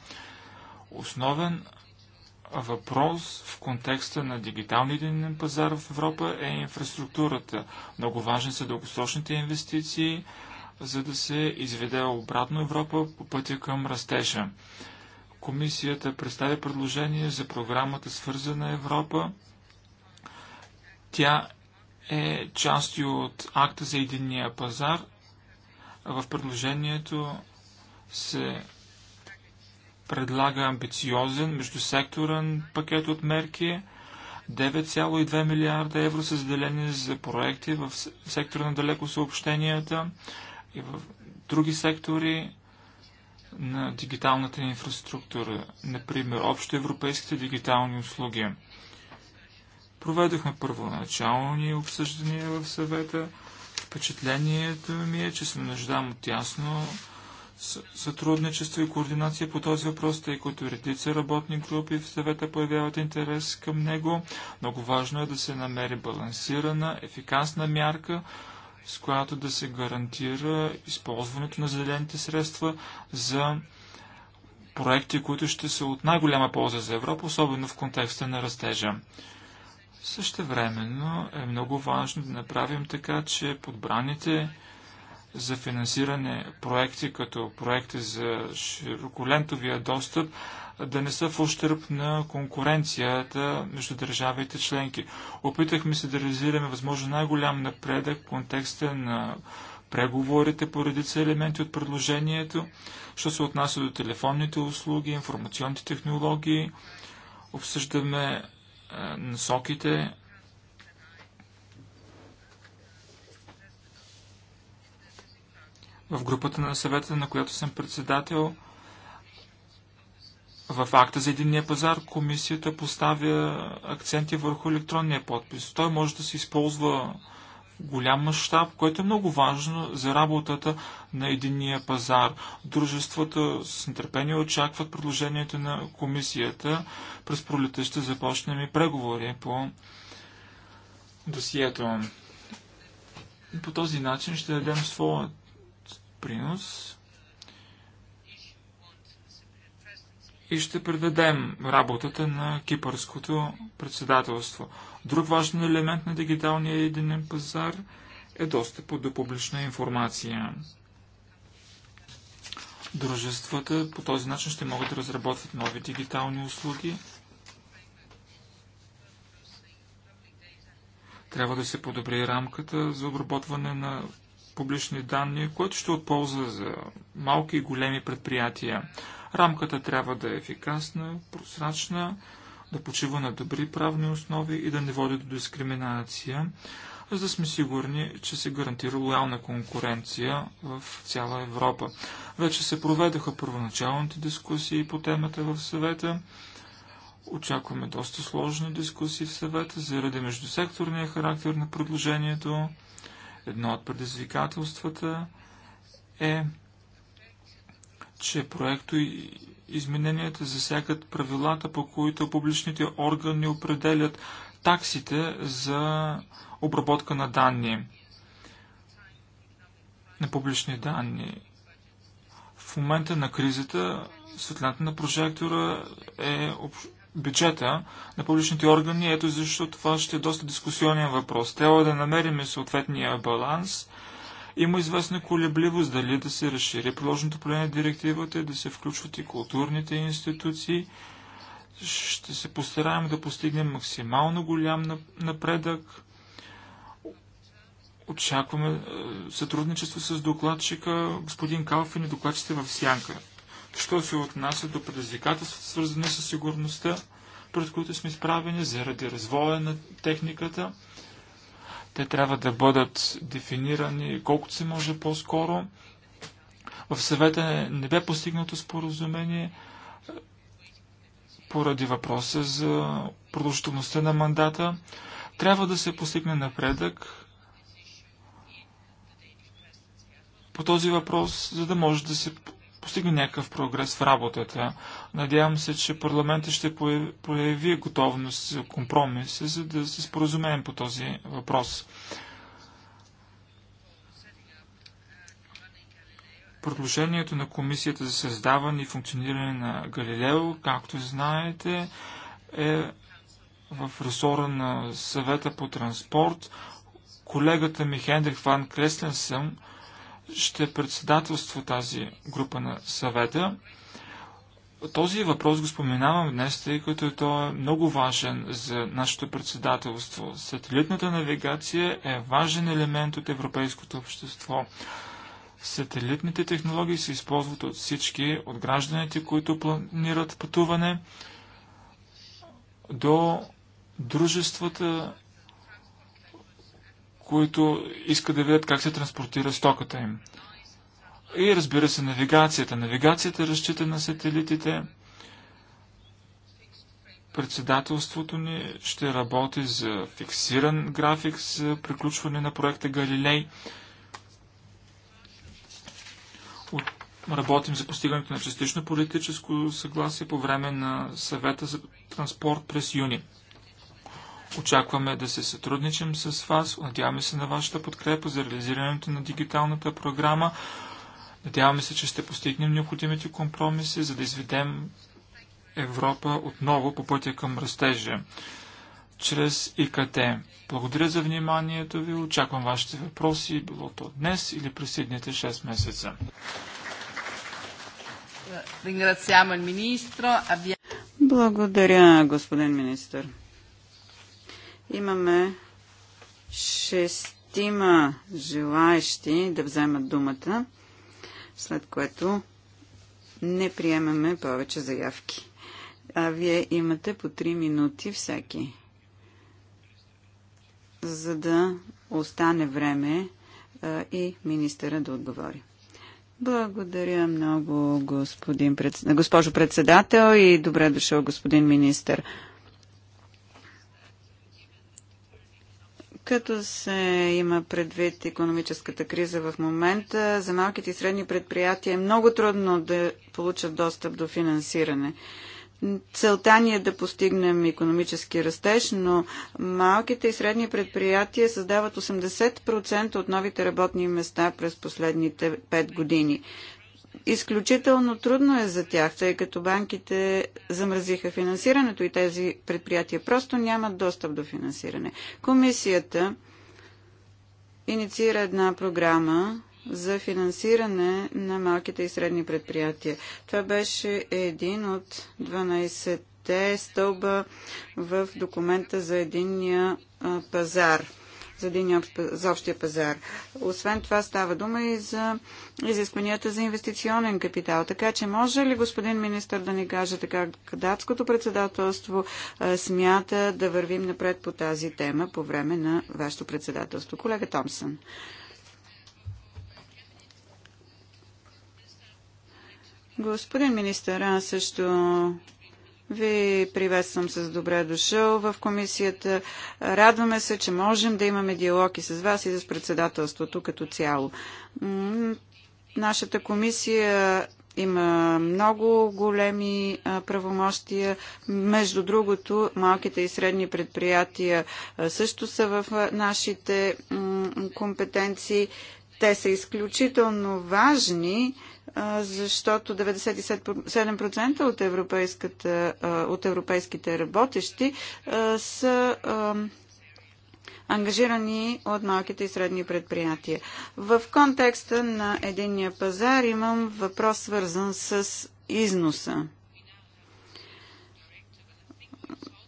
D: Основен въпрос в контекста на дигиталния единен пазар в Европа е инфраструктурата. Много важни са дългосрочните инвестиции, за да се изведе обратно Европа по пътя към растежа. Комисията представя предложение за програмата Свързана Европа. Тя е част от акта за единния пазар. В предложението се предлага амбициозен междусекторен пакет от мерки. 9,2 милиарда евро са заделени за проекти в сектора на далеко съобщенията и в други сектори на дигиталната инфраструктура, например общо европейските дигитални услуги. Проведохме първоначални обсъждания в съвета. Впечатлението ми е, че се нуждам от ясно сътрудничество и координация по този въпрос, тъй като редица работни групи в съвета появяват интерес към него. Много важно е да се намери балансирана, ефикасна мярка, с която да се гарантира използването на зелените средства за проекти, които ще са от най-голяма полза за Европа, особено в контекста на растежа. времено е много важно да направим така, че подбраните за финансиране проекти, като проекти за широколентовия достъп, да не са в ущърп на конкуренцията между държавите членки. Опитахме се да реализираме възможно най-голям напредък в контекста на преговорите по редица елементи от предложението, що се отнася до телефонните услуги, информационните технологии. Обсъждаме е, насоките в групата на съвета, на която съм председател. В акта за единния пазар комисията поставя акценти върху електронния подпис. Той може да се използва в голям мащаб, което е много важно за работата на единния пазар. Дружествата с нетърпение очакват предложението на комисията. През пролета ще започнем и преговори по досието. По този начин ще дадем своят принос и ще предадем работата на кипърското председателство. Друг важен елемент на дигиталния единен пазар е достъп до публична информация. Дружествата по този начин ще могат да разработват нови дигитални услуги. Трябва да се подобри рамката за обработване на публични данни, което ще отползва за малки и големи предприятия. Рамката трябва да е ефикасна, прозрачна, да почива на добри правни основи и да не води до дискриминация, за да сме сигурни, че се гарантира лоялна конкуренция в цяла Европа. Вече се проведоха първоначалните дискусии по темата в съвета. Очакваме доста сложни дискусии в съвета заради междусекторния характер на предложението. Едно от предизвикателствата е, че проекто и измененията засягат правилата, по които публичните органи определят таксите за обработка на данни, на публични данни. В момента на кризата светлината на прожектора е бюджета на публичните органи. Ето защо това ще е доста дискусионен въпрос. Трябва да намерим съответния баланс. Има известна колебливост дали да се разшири приложното поле на директивата, да се включват и културните институции. Ще се постараем да постигнем максимално голям напредък. Очакваме е, сътрудничество с докладчика господин Калфин и е докладчите в Сянка. Що се отнася до предизвикателствата, свързани с сигурността, пред които сме изправени заради развоя на техниката, те трябва да бъдат дефинирани колкото се може по-скоро. В съвета не, не бе постигнато споразумение поради въпроса за продължителността на мандата. Трябва да се постигне напредък по този въпрос, за да може да се постигне някакъв прогрес в работата. Надявам се, че парламентът ще прояви готовност за компромис, за да се споразумеем по този въпрос. Предложението на Комисията за създаване и функциониране на Галилео, както знаете, е в ресора на съвета по транспорт. Колегата ми Хендрик Ван Креслен съм, ще председателства тази група на съвета. Този въпрос го споменавам днес, тъй като той е много важен за нашето председателство. Сателитната навигация е важен елемент от европейското общество. Сателитните технологии се използват от всички, от гражданите, които планират пътуване, до дружествата, които искат да видят как се транспортира стоката им. И разбира се, навигацията. Навигацията е разчита на сателитите. Председателството ни ще работи за фиксиран график за приключване на проекта Галилей. От... Работим за постигането на частично политическо съгласие по време на съвета за транспорт през юни. Очакваме да се сътрудничим с вас. Надяваме се на вашата подкрепа за реализирането на дигиталната програма. Надяваме се, че ще постигнем необходимите компромиси, за да изведем Европа отново по пътя към растежа чрез ИКТ. Благодаря за вниманието ви. Очаквам вашите въпроси, било то днес или през следните 6 месеца.
B: Благодаря, господин министр. Имаме шестима желаещи да вземат думата, след което не приемаме повече заявки. А вие имате по 3 минути всеки, за да остане време и министъра да отговори. Благодаря много, господин, госпожо председател и добре дошъл, господин министър. Като се има предвид економическата криза в момента, за малките и средни предприятия е много трудно да получат достъп до финансиране. Целта ни е да постигнем економически растеж, но малките и средни предприятия създават 80% от новите работни места през последните 5 години изключително трудно е за тях, тъй като банките замразиха финансирането и тези предприятия просто нямат достъп до финансиране. Комисията инициира една програма за финансиране на малките и средни предприятия. Това беше един от 12-те стълба в документа за единния пазар за, един за общия пазар. Освен това става дума и за изискванията за инвестиционен капитал. Така че може ли господин министр да ни каже така датското председателство смята да вървим напред по тази тема по време на вашето председателство? Колега Томсън. Господин министър, аз също ви приветствам с добре дошъл в комисията. Радваме се, че можем да имаме диалог и с вас и с председателството като цяло. Нашата комисия има много големи правомощия. Между другото, малките и средни предприятия също са в нашите компетенции. Те са изключително важни защото 97% от, от европейските работещи са ангажирани от малките и средни предприятия. В контекста на единния пазар имам въпрос свързан с износа.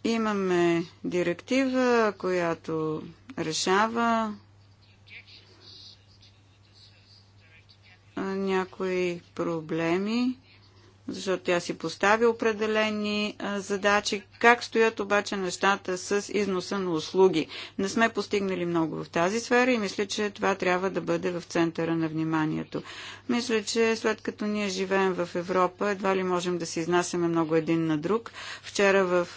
B: Имаме директива, която решава някои проблеми, защото тя си постави определени задачи. Как стоят обаче нещата с износа на услуги? Не сме постигнали много в тази сфера и мисля, че това трябва да бъде в центъра на вниманието. Мисля, че след като ние живеем в Европа, едва ли можем да се изнасяме много един на друг. Вчера в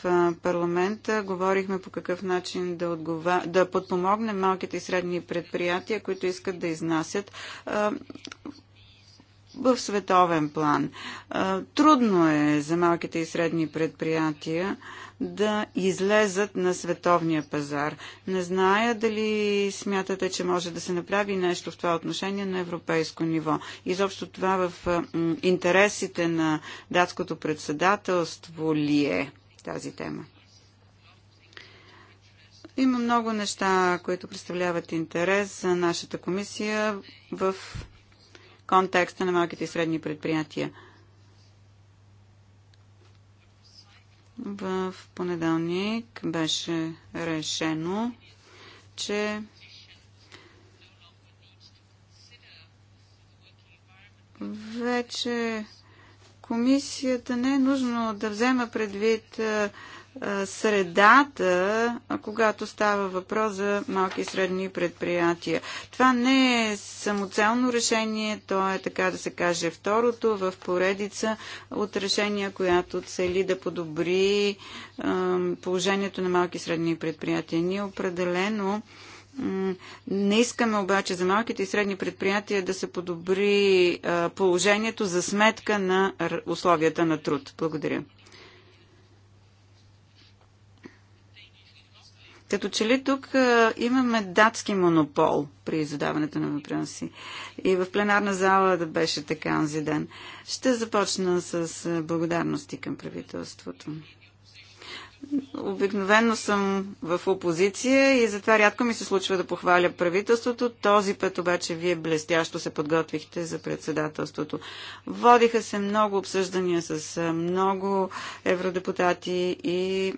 B: парламента говорихме по какъв начин да, отгова... да подпомогнем малките и средни предприятия, които искат да изнасят в световен план. Трудно е за малките и средни предприятия да излезат на световния пазар. Не зная дали смятате, че може да се направи нещо в това отношение на европейско ниво. Изобщо това в интересите на датското председателство ли е тази тема? Има много неща, които представляват интерес за нашата комисия в контекста на малките и средни предприятия. В понеделник беше решено, че вече комисията не е нужно да взема предвид средата, когато става въпрос за малки и средни предприятия. Това не е самоцелно решение, то е така да се каже второто в поредица от решения, която цели да подобри положението на малки и средни предприятия. Ние определено не искаме обаче за малките и средни предприятия да се подобри положението за сметка на условията на труд. Благодаря. Като че ли тук имаме датски монопол при задаването на въпроси. И в пленарна зала да беше така онзи ден. Ще започна с благодарности към правителството. Обикновено съм в опозиция и затова рядко ми се случва да похваля правителството. Този път обаче вие блестящо се подготвихте за председателството. Водиха се много обсъждания с много евродепутати и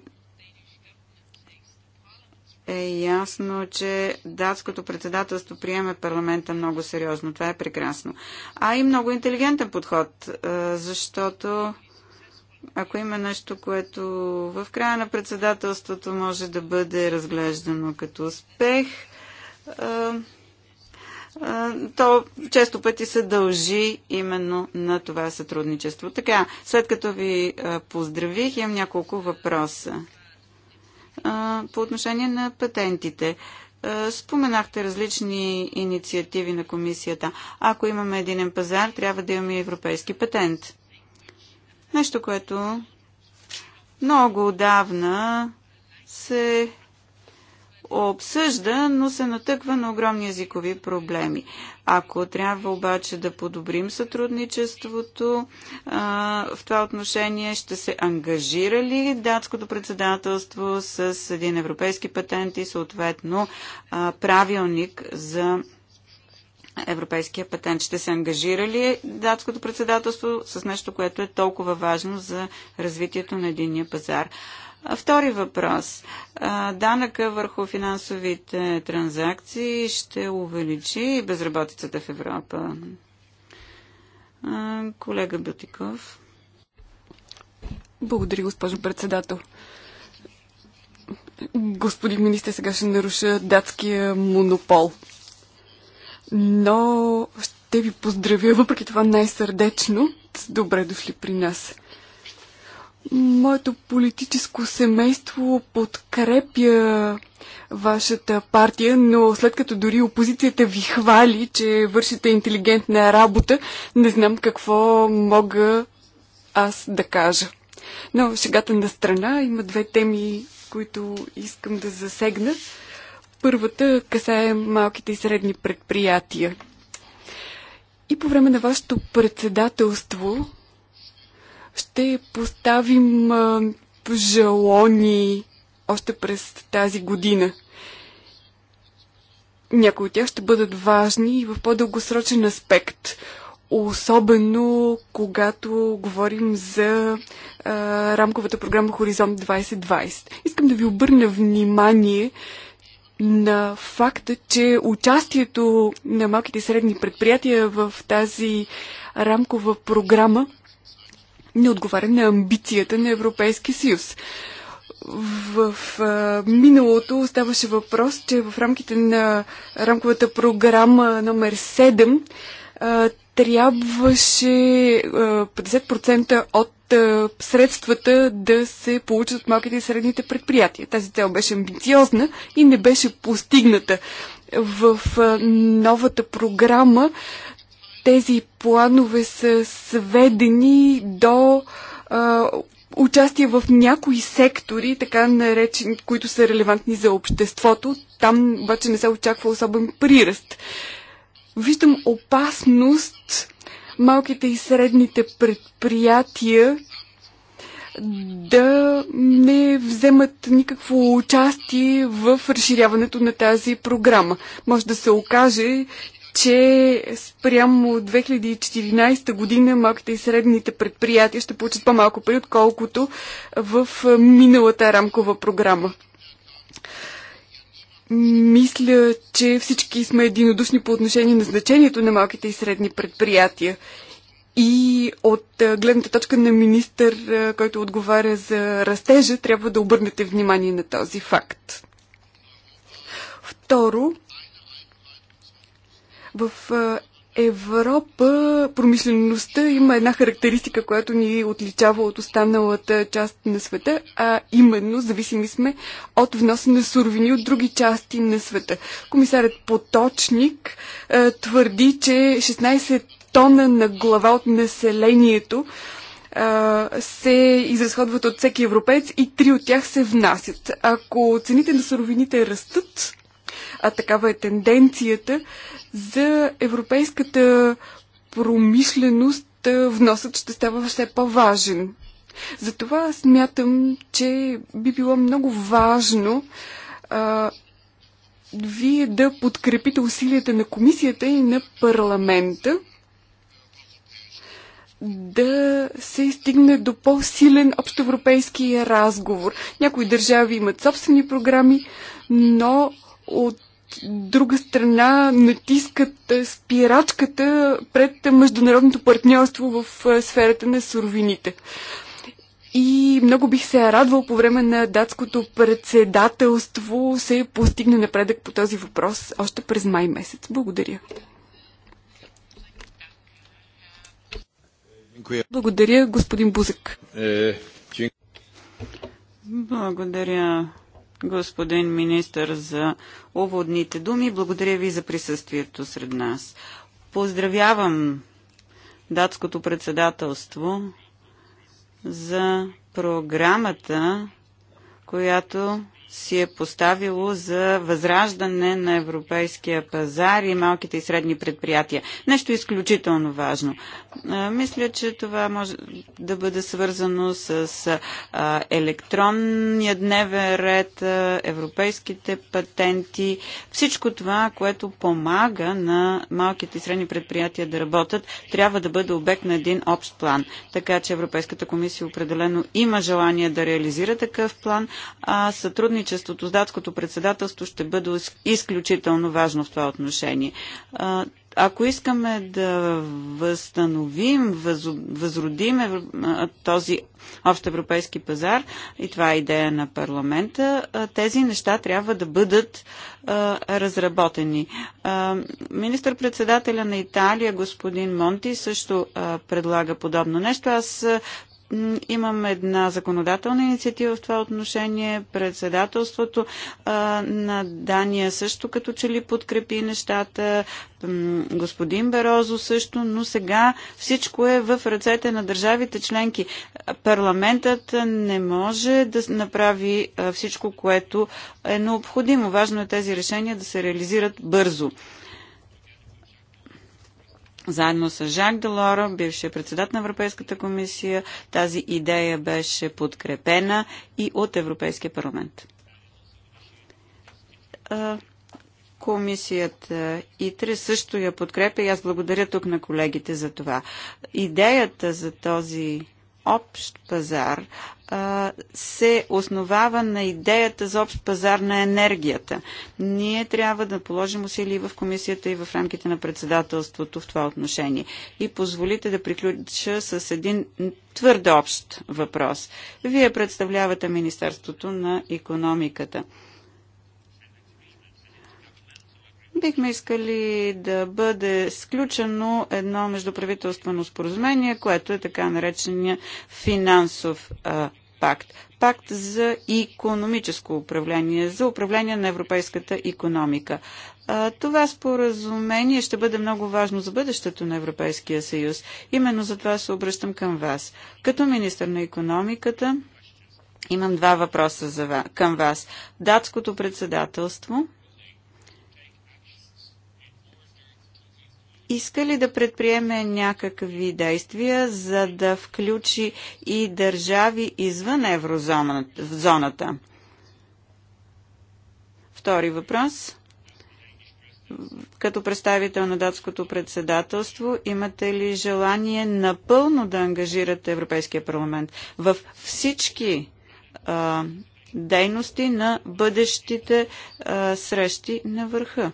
B: е ясно, че датското председателство приеме парламента много сериозно. Това е прекрасно. А и много интелигентен подход, е, защото ако има нещо, което в края на председателството може да бъде разглеждано като успех, е, е, то често пъти се дължи именно на това сътрудничество. Така, след като ви поздравих, имам няколко въпроса по отношение на патентите. Споменахте различни инициативи на комисията. Ако имаме единен пазар, трябва да имаме европейски патент. Нещо, което много отдавна се обсъжда, но се натъква на огромни езикови проблеми. Ако трябва обаче да подобрим сътрудничеството а, в това отношение, ще се ангажира ли датското председателство с един европейски патент и съответно а, правилник за европейския патент? Ще се ангажира ли датското председателство с нещо, което е толкова важно за развитието на единния пазар? Втори въпрос. Данъка върху финансовите транзакции ще увеличи безработицата в Европа. Колега Бютиков.
C: Благодаря, госпожо председател. Господин министр, сега ще наруша датския монопол. Но ще ви поздравя, въпреки това най-сърдечно. Добре дошли при нас. Моето политическо семейство подкрепя вашата партия, но след като дори опозицията ви хвали, че вършите интелигентна работа, не знам какво мога аз да кажа. Но шегата на страна има две теми, които искам да засегна. Първата касае малките и средни предприятия. И по време на вашето председателство ще поставим жалони още през тази година. Някои от тях ще бъдат важни и в по-дългосрочен аспект. Особено когато говорим за а, рамковата програма Хоризонт 2020. Искам да ви обърна внимание, на факта, че участието на малките и средни предприятия в тази рамкова програма не отговаря на амбицията на Европейския съюз. В а, миналото ставаше въпрос, че в рамките на рамковата програма номер 7 а, трябваше а, 50% от а, средствата да се получат от малките и средните предприятия. Тази цел беше амбициозна и не беше постигната. В а, новата програма а, тези планове са сведени до а, участие в някои сектори, така наречени, които са релевантни за обществото. Там обаче не се очаква особен приръст. Виждам опасност малките и средните предприятия да не вземат никакво участие в разширяването на тази програма. Може да се окаже, че спрямо 2014 година малките и средните предприятия ще получат по-малко пари, отколкото в миналата рамкова програма. Мисля, че всички сме единодушни по отношение на значението на малките и средни предприятия. И от гледната точка на министър, който отговаря за растежа, трябва да обърнете внимание на този факт. Второ, в Европа промишлеността има една характеристика, която ни отличава от останалата част на света, а именно зависими сме от вноса на суровини от други части на света. Комисарят Поточник твърди, че 16 тона на глава от населението се изразходват от всеки европеец и три от тях се внасят. Ако цените на суровините растат, а такава е тенденцията, за европейската промишленост вносът ще става все по-важен. Затова смятам, че би било много важно а, вие да подкрепите усилията на комисията и на парламента да се стигне до по-силен общоевропейски разговор. Някои държави имат собствени програми, но от друга страна натискат е, спирачката пред международното партньорство в е, сферата на суровините. И много бих се радвал по време на датското председателство се постигне напредък по този въпрос още през май месец. Благодаря. Благодаря, господин Бузък.
D: Е,
B: Благодаря, господин министър, за уводните думи. Благодаря ви за присъствието сред нас. Поздравявам датското председателство за програмата, която си е поставило за възраждане на европейския пазар и малките и средни предприятия. Нещо изключително важно. Мисля, че това може да бъде свързано с електронния дневен ред, европейските патенти, всичко това, което помага на малките и средни предприятия да работят, трябва да бъде обект на един общ план. Така че Европейската комисия определено има желание да реализира такъв план, а сътрудни сътрудничеството с датското председателство ще бъде изключително важно в това отношение. Ако искаме да възстановим, възродим този общ европейски пазар, и това е идея на парламента, тези неща трябва да бъдат разработени. Министър-председателя на Италия, господин Монти, също предлага подобно нещо. Аз Имам една законодателна инициатива в това отношение. Председателството на Дания също като че ли подкрепи нещата. Господин Берозо също, но сега всичко е в ръцете на държавите членки. Парламентът не може да направи всичко, което е необходимо. Важно е тези решения да се реализират бързо заедно с Жак Делора, бившия председател на Европейската комисия, тази идея беше подкрепена и от Европейския парламент. Комисията ИТРЕ също я подкрепя и аз благодаря тук на колегите за това. Идеята за този общ пазар се основава на идеята за общ пазар на енергията. Ние трябва да положим усилия и в комисията, и в рамките на председателството в това отношение. И позволите да приключа с един твърде общ въпрос. Вие представлявате Министерството на економиката. Бихме искали да бъде сключено едно междуправителствено споразумение, което е така наречения финансов а, пакт. Пакт за економическо управление, за управление на европейската економика. А, това споразумение ще бъде много важно за бъдещето на Европейския съюз. Именно за това се обръщам към вас. Като министър на економиката, имам два въпроса за, към вас. Датското председателство – иска ли да предприеме някакви действия, за да включи и държави извън еврозоната? Втори въпрос. Като представител на датското председателство, имате ли желание напълно да ангажирате Европейския парламент в всички а, дейности на бъдещите а, срещи на върха?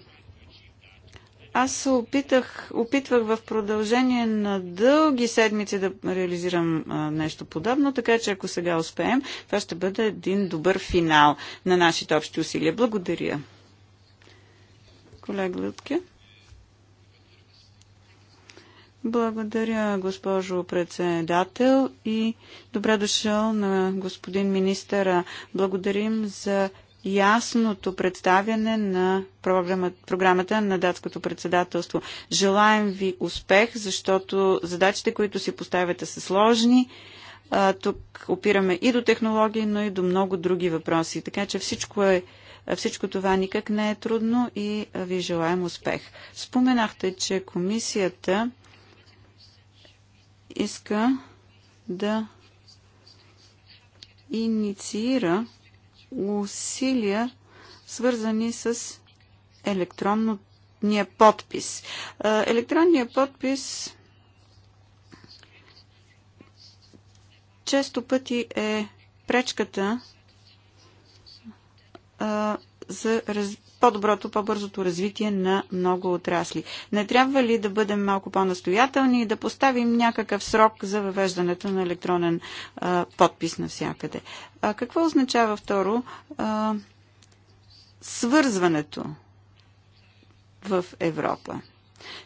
B: Аз се опитах, опитвах в продължение на дълги седмици да реализирам а, нещо подобно, така че ако сега успеем, това ще бъде един добър финал на нашите общи усилия. Благодаря. Колега Лютке. Благодаря, госпожо председател и добре дошъл на господин министъра. Благодарим за ясното представяне на програмата на датското председателство. Желаем ви успех, защото задачите, които си поставяте са сложни. А, тук опираме и до технологии, но и до много други въпроси. Така че всичко, е, всичко това никак не е трудно и ви желаем успех. Споменахте, че комисията иска да инициира усилия, свързани с електронния подпис. Електронния подпис често пъти е пречката за раз по-доброто, по-бързото развитие на много отрасли. Не трябва ли да бъдем малко по-настоятелни и да поставим някакъв срок за въвеждането на електронен а, подпис навсякъде? А, какво означава второ а, свързването в Европа?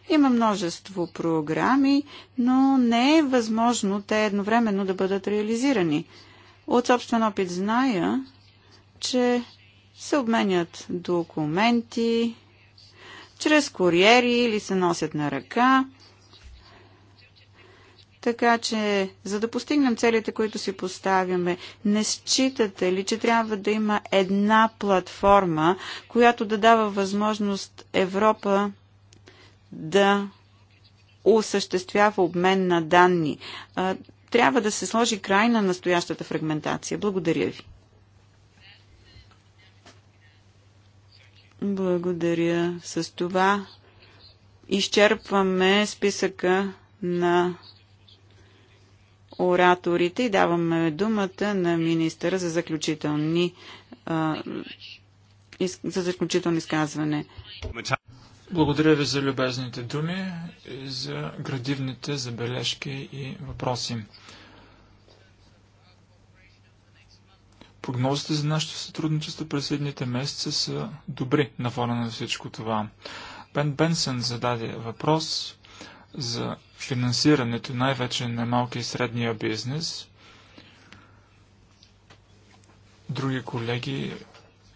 B: Има множество програми, но не е възможно те едновременно да бъдат реализирани. От собствен опит зная, че се обменят документи чрез куриери или се носят на ръка. Така че, за да постигнем целите, които си поставяме, не считате ли, че трябва да има една платформа, която да дава възможност Европа да осъществява обмен на данни? Трябва да се сложи край на настоящата фрагментация. Благодаря ви. Благодаря. С това изчерпваме списъка на ораторите и даваме думата на министъра за заключителни за заключително изказване.
D: Благодаря ви за любезните думи и за градивните забележки и въпроси. Прогнозите за нашето сътрудничество през следните месеца са добри на фона на всичко това. Бен Бенсън зададе въпрос за финансирането най-вече на малки и средния бизнес. Други колеги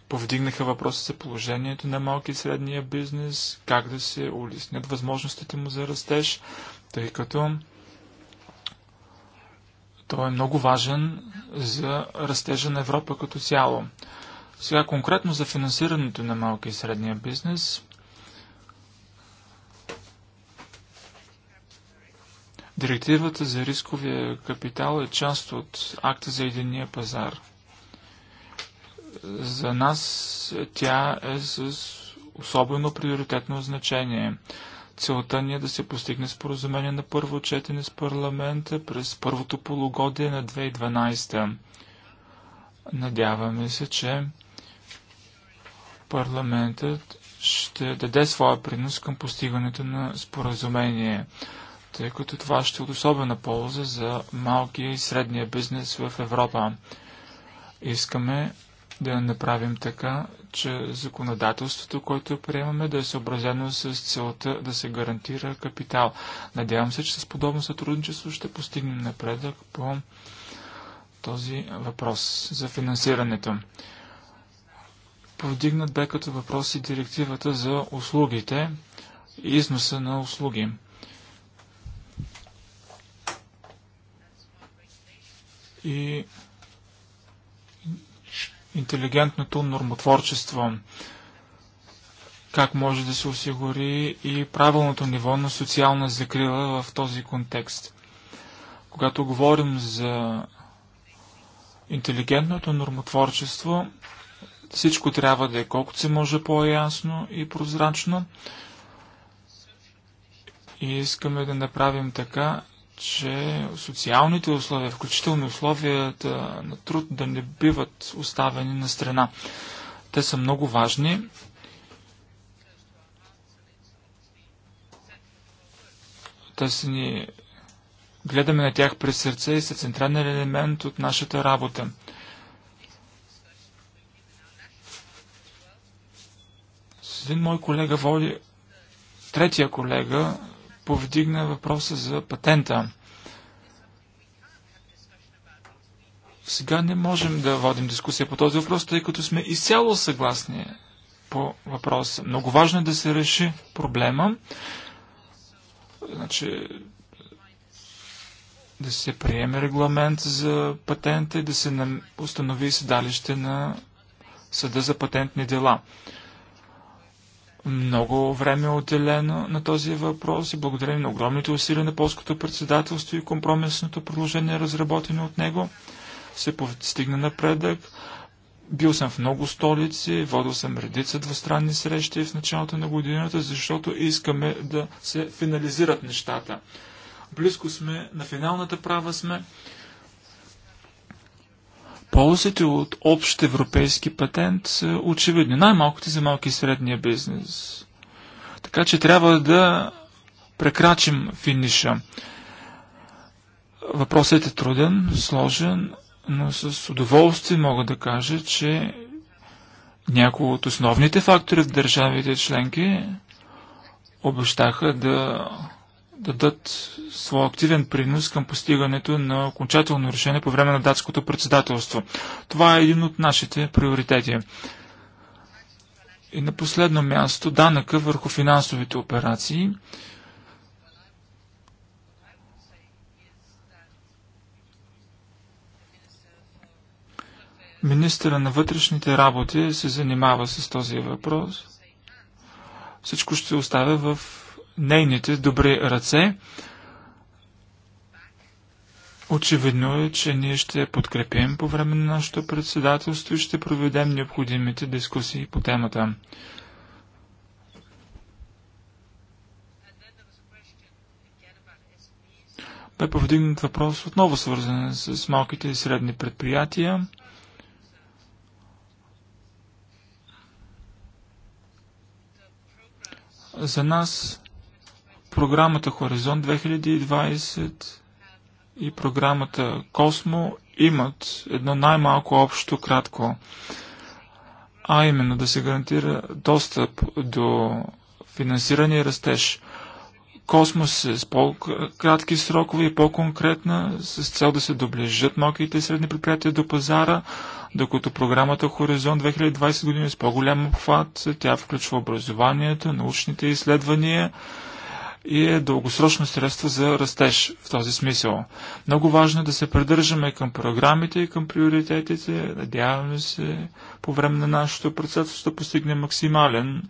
D: повдигнаха въпроса за положението на малки и средния бизнес, как да се улеснят възможностите му за растеж, тъй като той е много важен за растежа на Европа като цяло. Сега конкретно за финансирането на малки и средния бизнес. Директивата за рисковия капитал е част от акта за единия пазар. За нас тя е с особено приоритетно значение – Целта ни е да се постигне споразумение на първо четене с парламента през първото полугодие на 2012. Надяваме се, че парламентът ще даде своя принос към постигането на споразумение, тъй като това ще е от особена полза за малкия и средния бизнес в Европа. Искаме да направим така, че законодателството, което приемаме, да е съобразено с целта да се гарантира капитал. Надявам се, че с подобно сътрудничество ще постигнем напредък по този въпрос за финансирането. Повдигнат бе като въпрос и директивата за услугите и износа на услуги. И интелигентното нормотворчество. Как може да се осигури и правилното ниво на социална закрила в този контекст. Когато говорим за интелигентното нормотворчество, всичко трябва да е колкото се може по-ясно и прозрачно. И искаме да направим така, че социалните условия, включително условията на труд, да не биват оставени на страна. Те са много важни. Те са ни... Гледаме на тях през сърце и са централен елемент от нашата работа. С един мой колега води, третия колега, повдигна въпроса за патента. Сега не можем да водим дискусия по този въпрос, тъй като сме изцяло съгласни по въпроса. Много важно е да се реши проблема. Значи, да се приеме регламент за патента и да се установи седалище на съда за патентни дела много време е отделено на този въпрос и благодарение на огромните усилия на полското председателство и компромисното предложение, разработено от него, се постигна напредък. Бил съм в много столици, водил съм редица двустранни срещи в началото на годината, защото искаме да се финализират нещата. Близко сме, на финалната права сме. Ползите от общ европейски патент са очевидни. Най-малкото за малки и средния бизнес. Така че трябва да прекрачим финиша. Въпросът е труден, сложен, но с удоволствие мога да кажа, че някои от основните фактори в държавите членки обещаха да дадат своя активен принос към постигането на окончателно решение по време на датското председателство. Това е един от нашите приоритети. И на последно място данъка върху финансовите операции. Министъра на вътрешните работи се занимава с този въпрос. Всичко ще оставя в нейните добри ръце. Очевидно е, че ние ще подкрепим по време на нашето председателство и ще проведем необходимите дискусии по темата. Бе повдигнат въпрос отново свързан с малките и средни предприятия. За нас програмата Хоризонт 2020 и програмата Космо имат едно най-малко общо кратко, а именно да се гарантира достъп до финансиране и растеж. Космос е с по-кратки срокове и по-конкретна, с цел да се доближат малките и средни предприятия до пазара, докато програмата Хоризонт 2020 година е с по-голям обхват. Тя включва образованието, научните изследвания, и е дългосрочно средство за растеж в този смисъл. Много важно е да се придържаме към програмите и към приоритетите. Надяваме се по време на нашето председателство да постигне максимален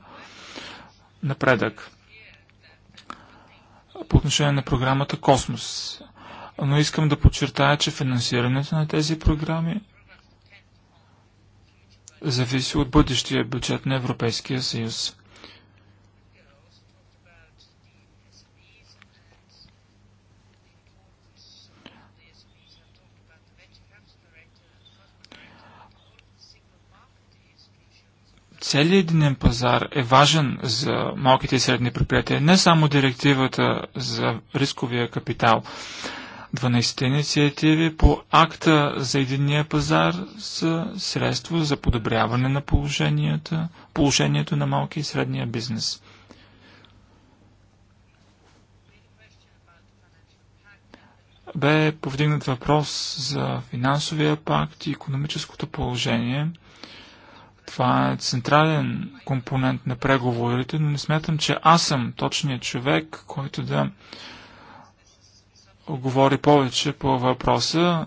D: напредък. По отношение на програмата Космос. Но искам да подчертая, че финансирането на тези програми зависи от бъдещия бюджет на Европейския съюз. Целият единен пазар е важен за малките и средни предприятия, не само директивата за рисковия капитал. 12 инициативи по акта за единния пазар са средство за подобряване на положението, положението на малки и средния бизнес. Бе повдигнат въпрос за финансовия пакт и економическото положение – това е централен компонент на преговорите, но не смятам, че аз съм точният човек, който да говори повече по въпроса.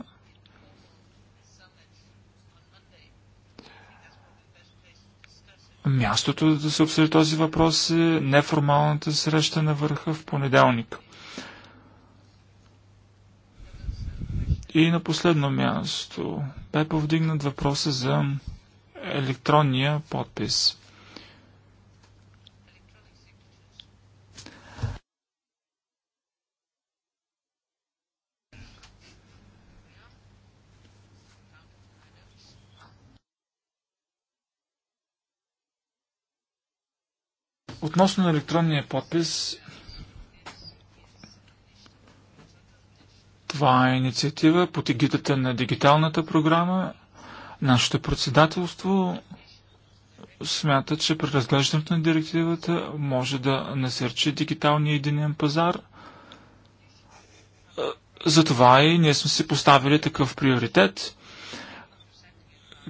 D: Мястото да се обсъди този въпрос е неформалната среща на върха в понеделник. И на последно място бе повдигнат въпроса за електронния подпис. Относно на електронния подпис, това е инициатива под егидата на дигиталната програма Нашето председателство смята, че при разглеждането на директивата може да насърчи дигиталния единен пазар. Затова и ние сме си поставили такъв приоритет.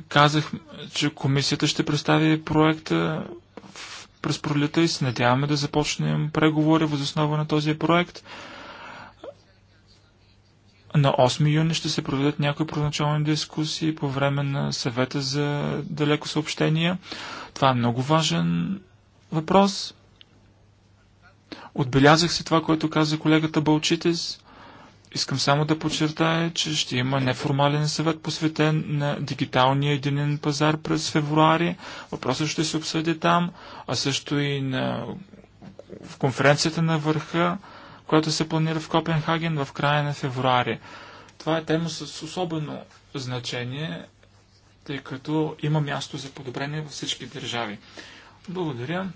D: Казах, че комисията ще представи проекта през пролета и се надяваме да започнем преговори възоснова основа на този проект. На 8 юни ще се проведат някои проначални дискусии по време на съвета за далеко съобщения. Това е много важен въпрос. Отбелязах си това, което каза колегата Балчитес. Искам само да подчертая, че ще има неформален съвет, посветен на дигиталния единен пазар през февруари. Въпросът ще се обсъди там, а също и на... в конференцията на върха която се планира в Копенхаген в края на февруари. Това е тема с особено значение, тъй като има място за подобрение във всички държави. Благодаря.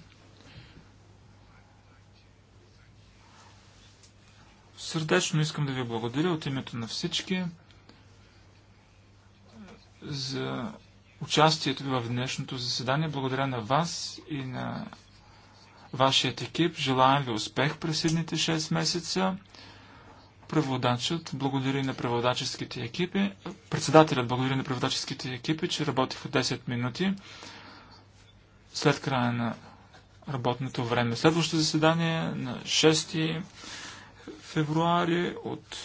D: Сърдечно искам да ви благодаря от името на всички за участието ви в днешното заседание. Благодаря на вас и на вашият екип. Желаем ви успех през едните 6 месеца. Преводачът благодари на преводаческите екипи. Председателят благодари на преводаческите екипи, че работиха 10 минути след края на работното време. Следващото заседание на 6 февруари от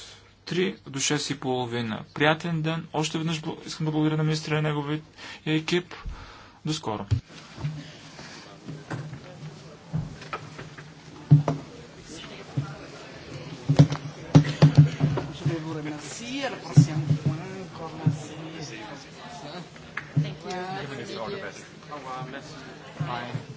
D: 3 до 6.30. Приятен ден. Още веднъж искам да благодаря на министра и неговия екип. До скоро.
C: lo possiamo fare ancora Thank you. Even if you order better.
A: Oh wow, that's fine.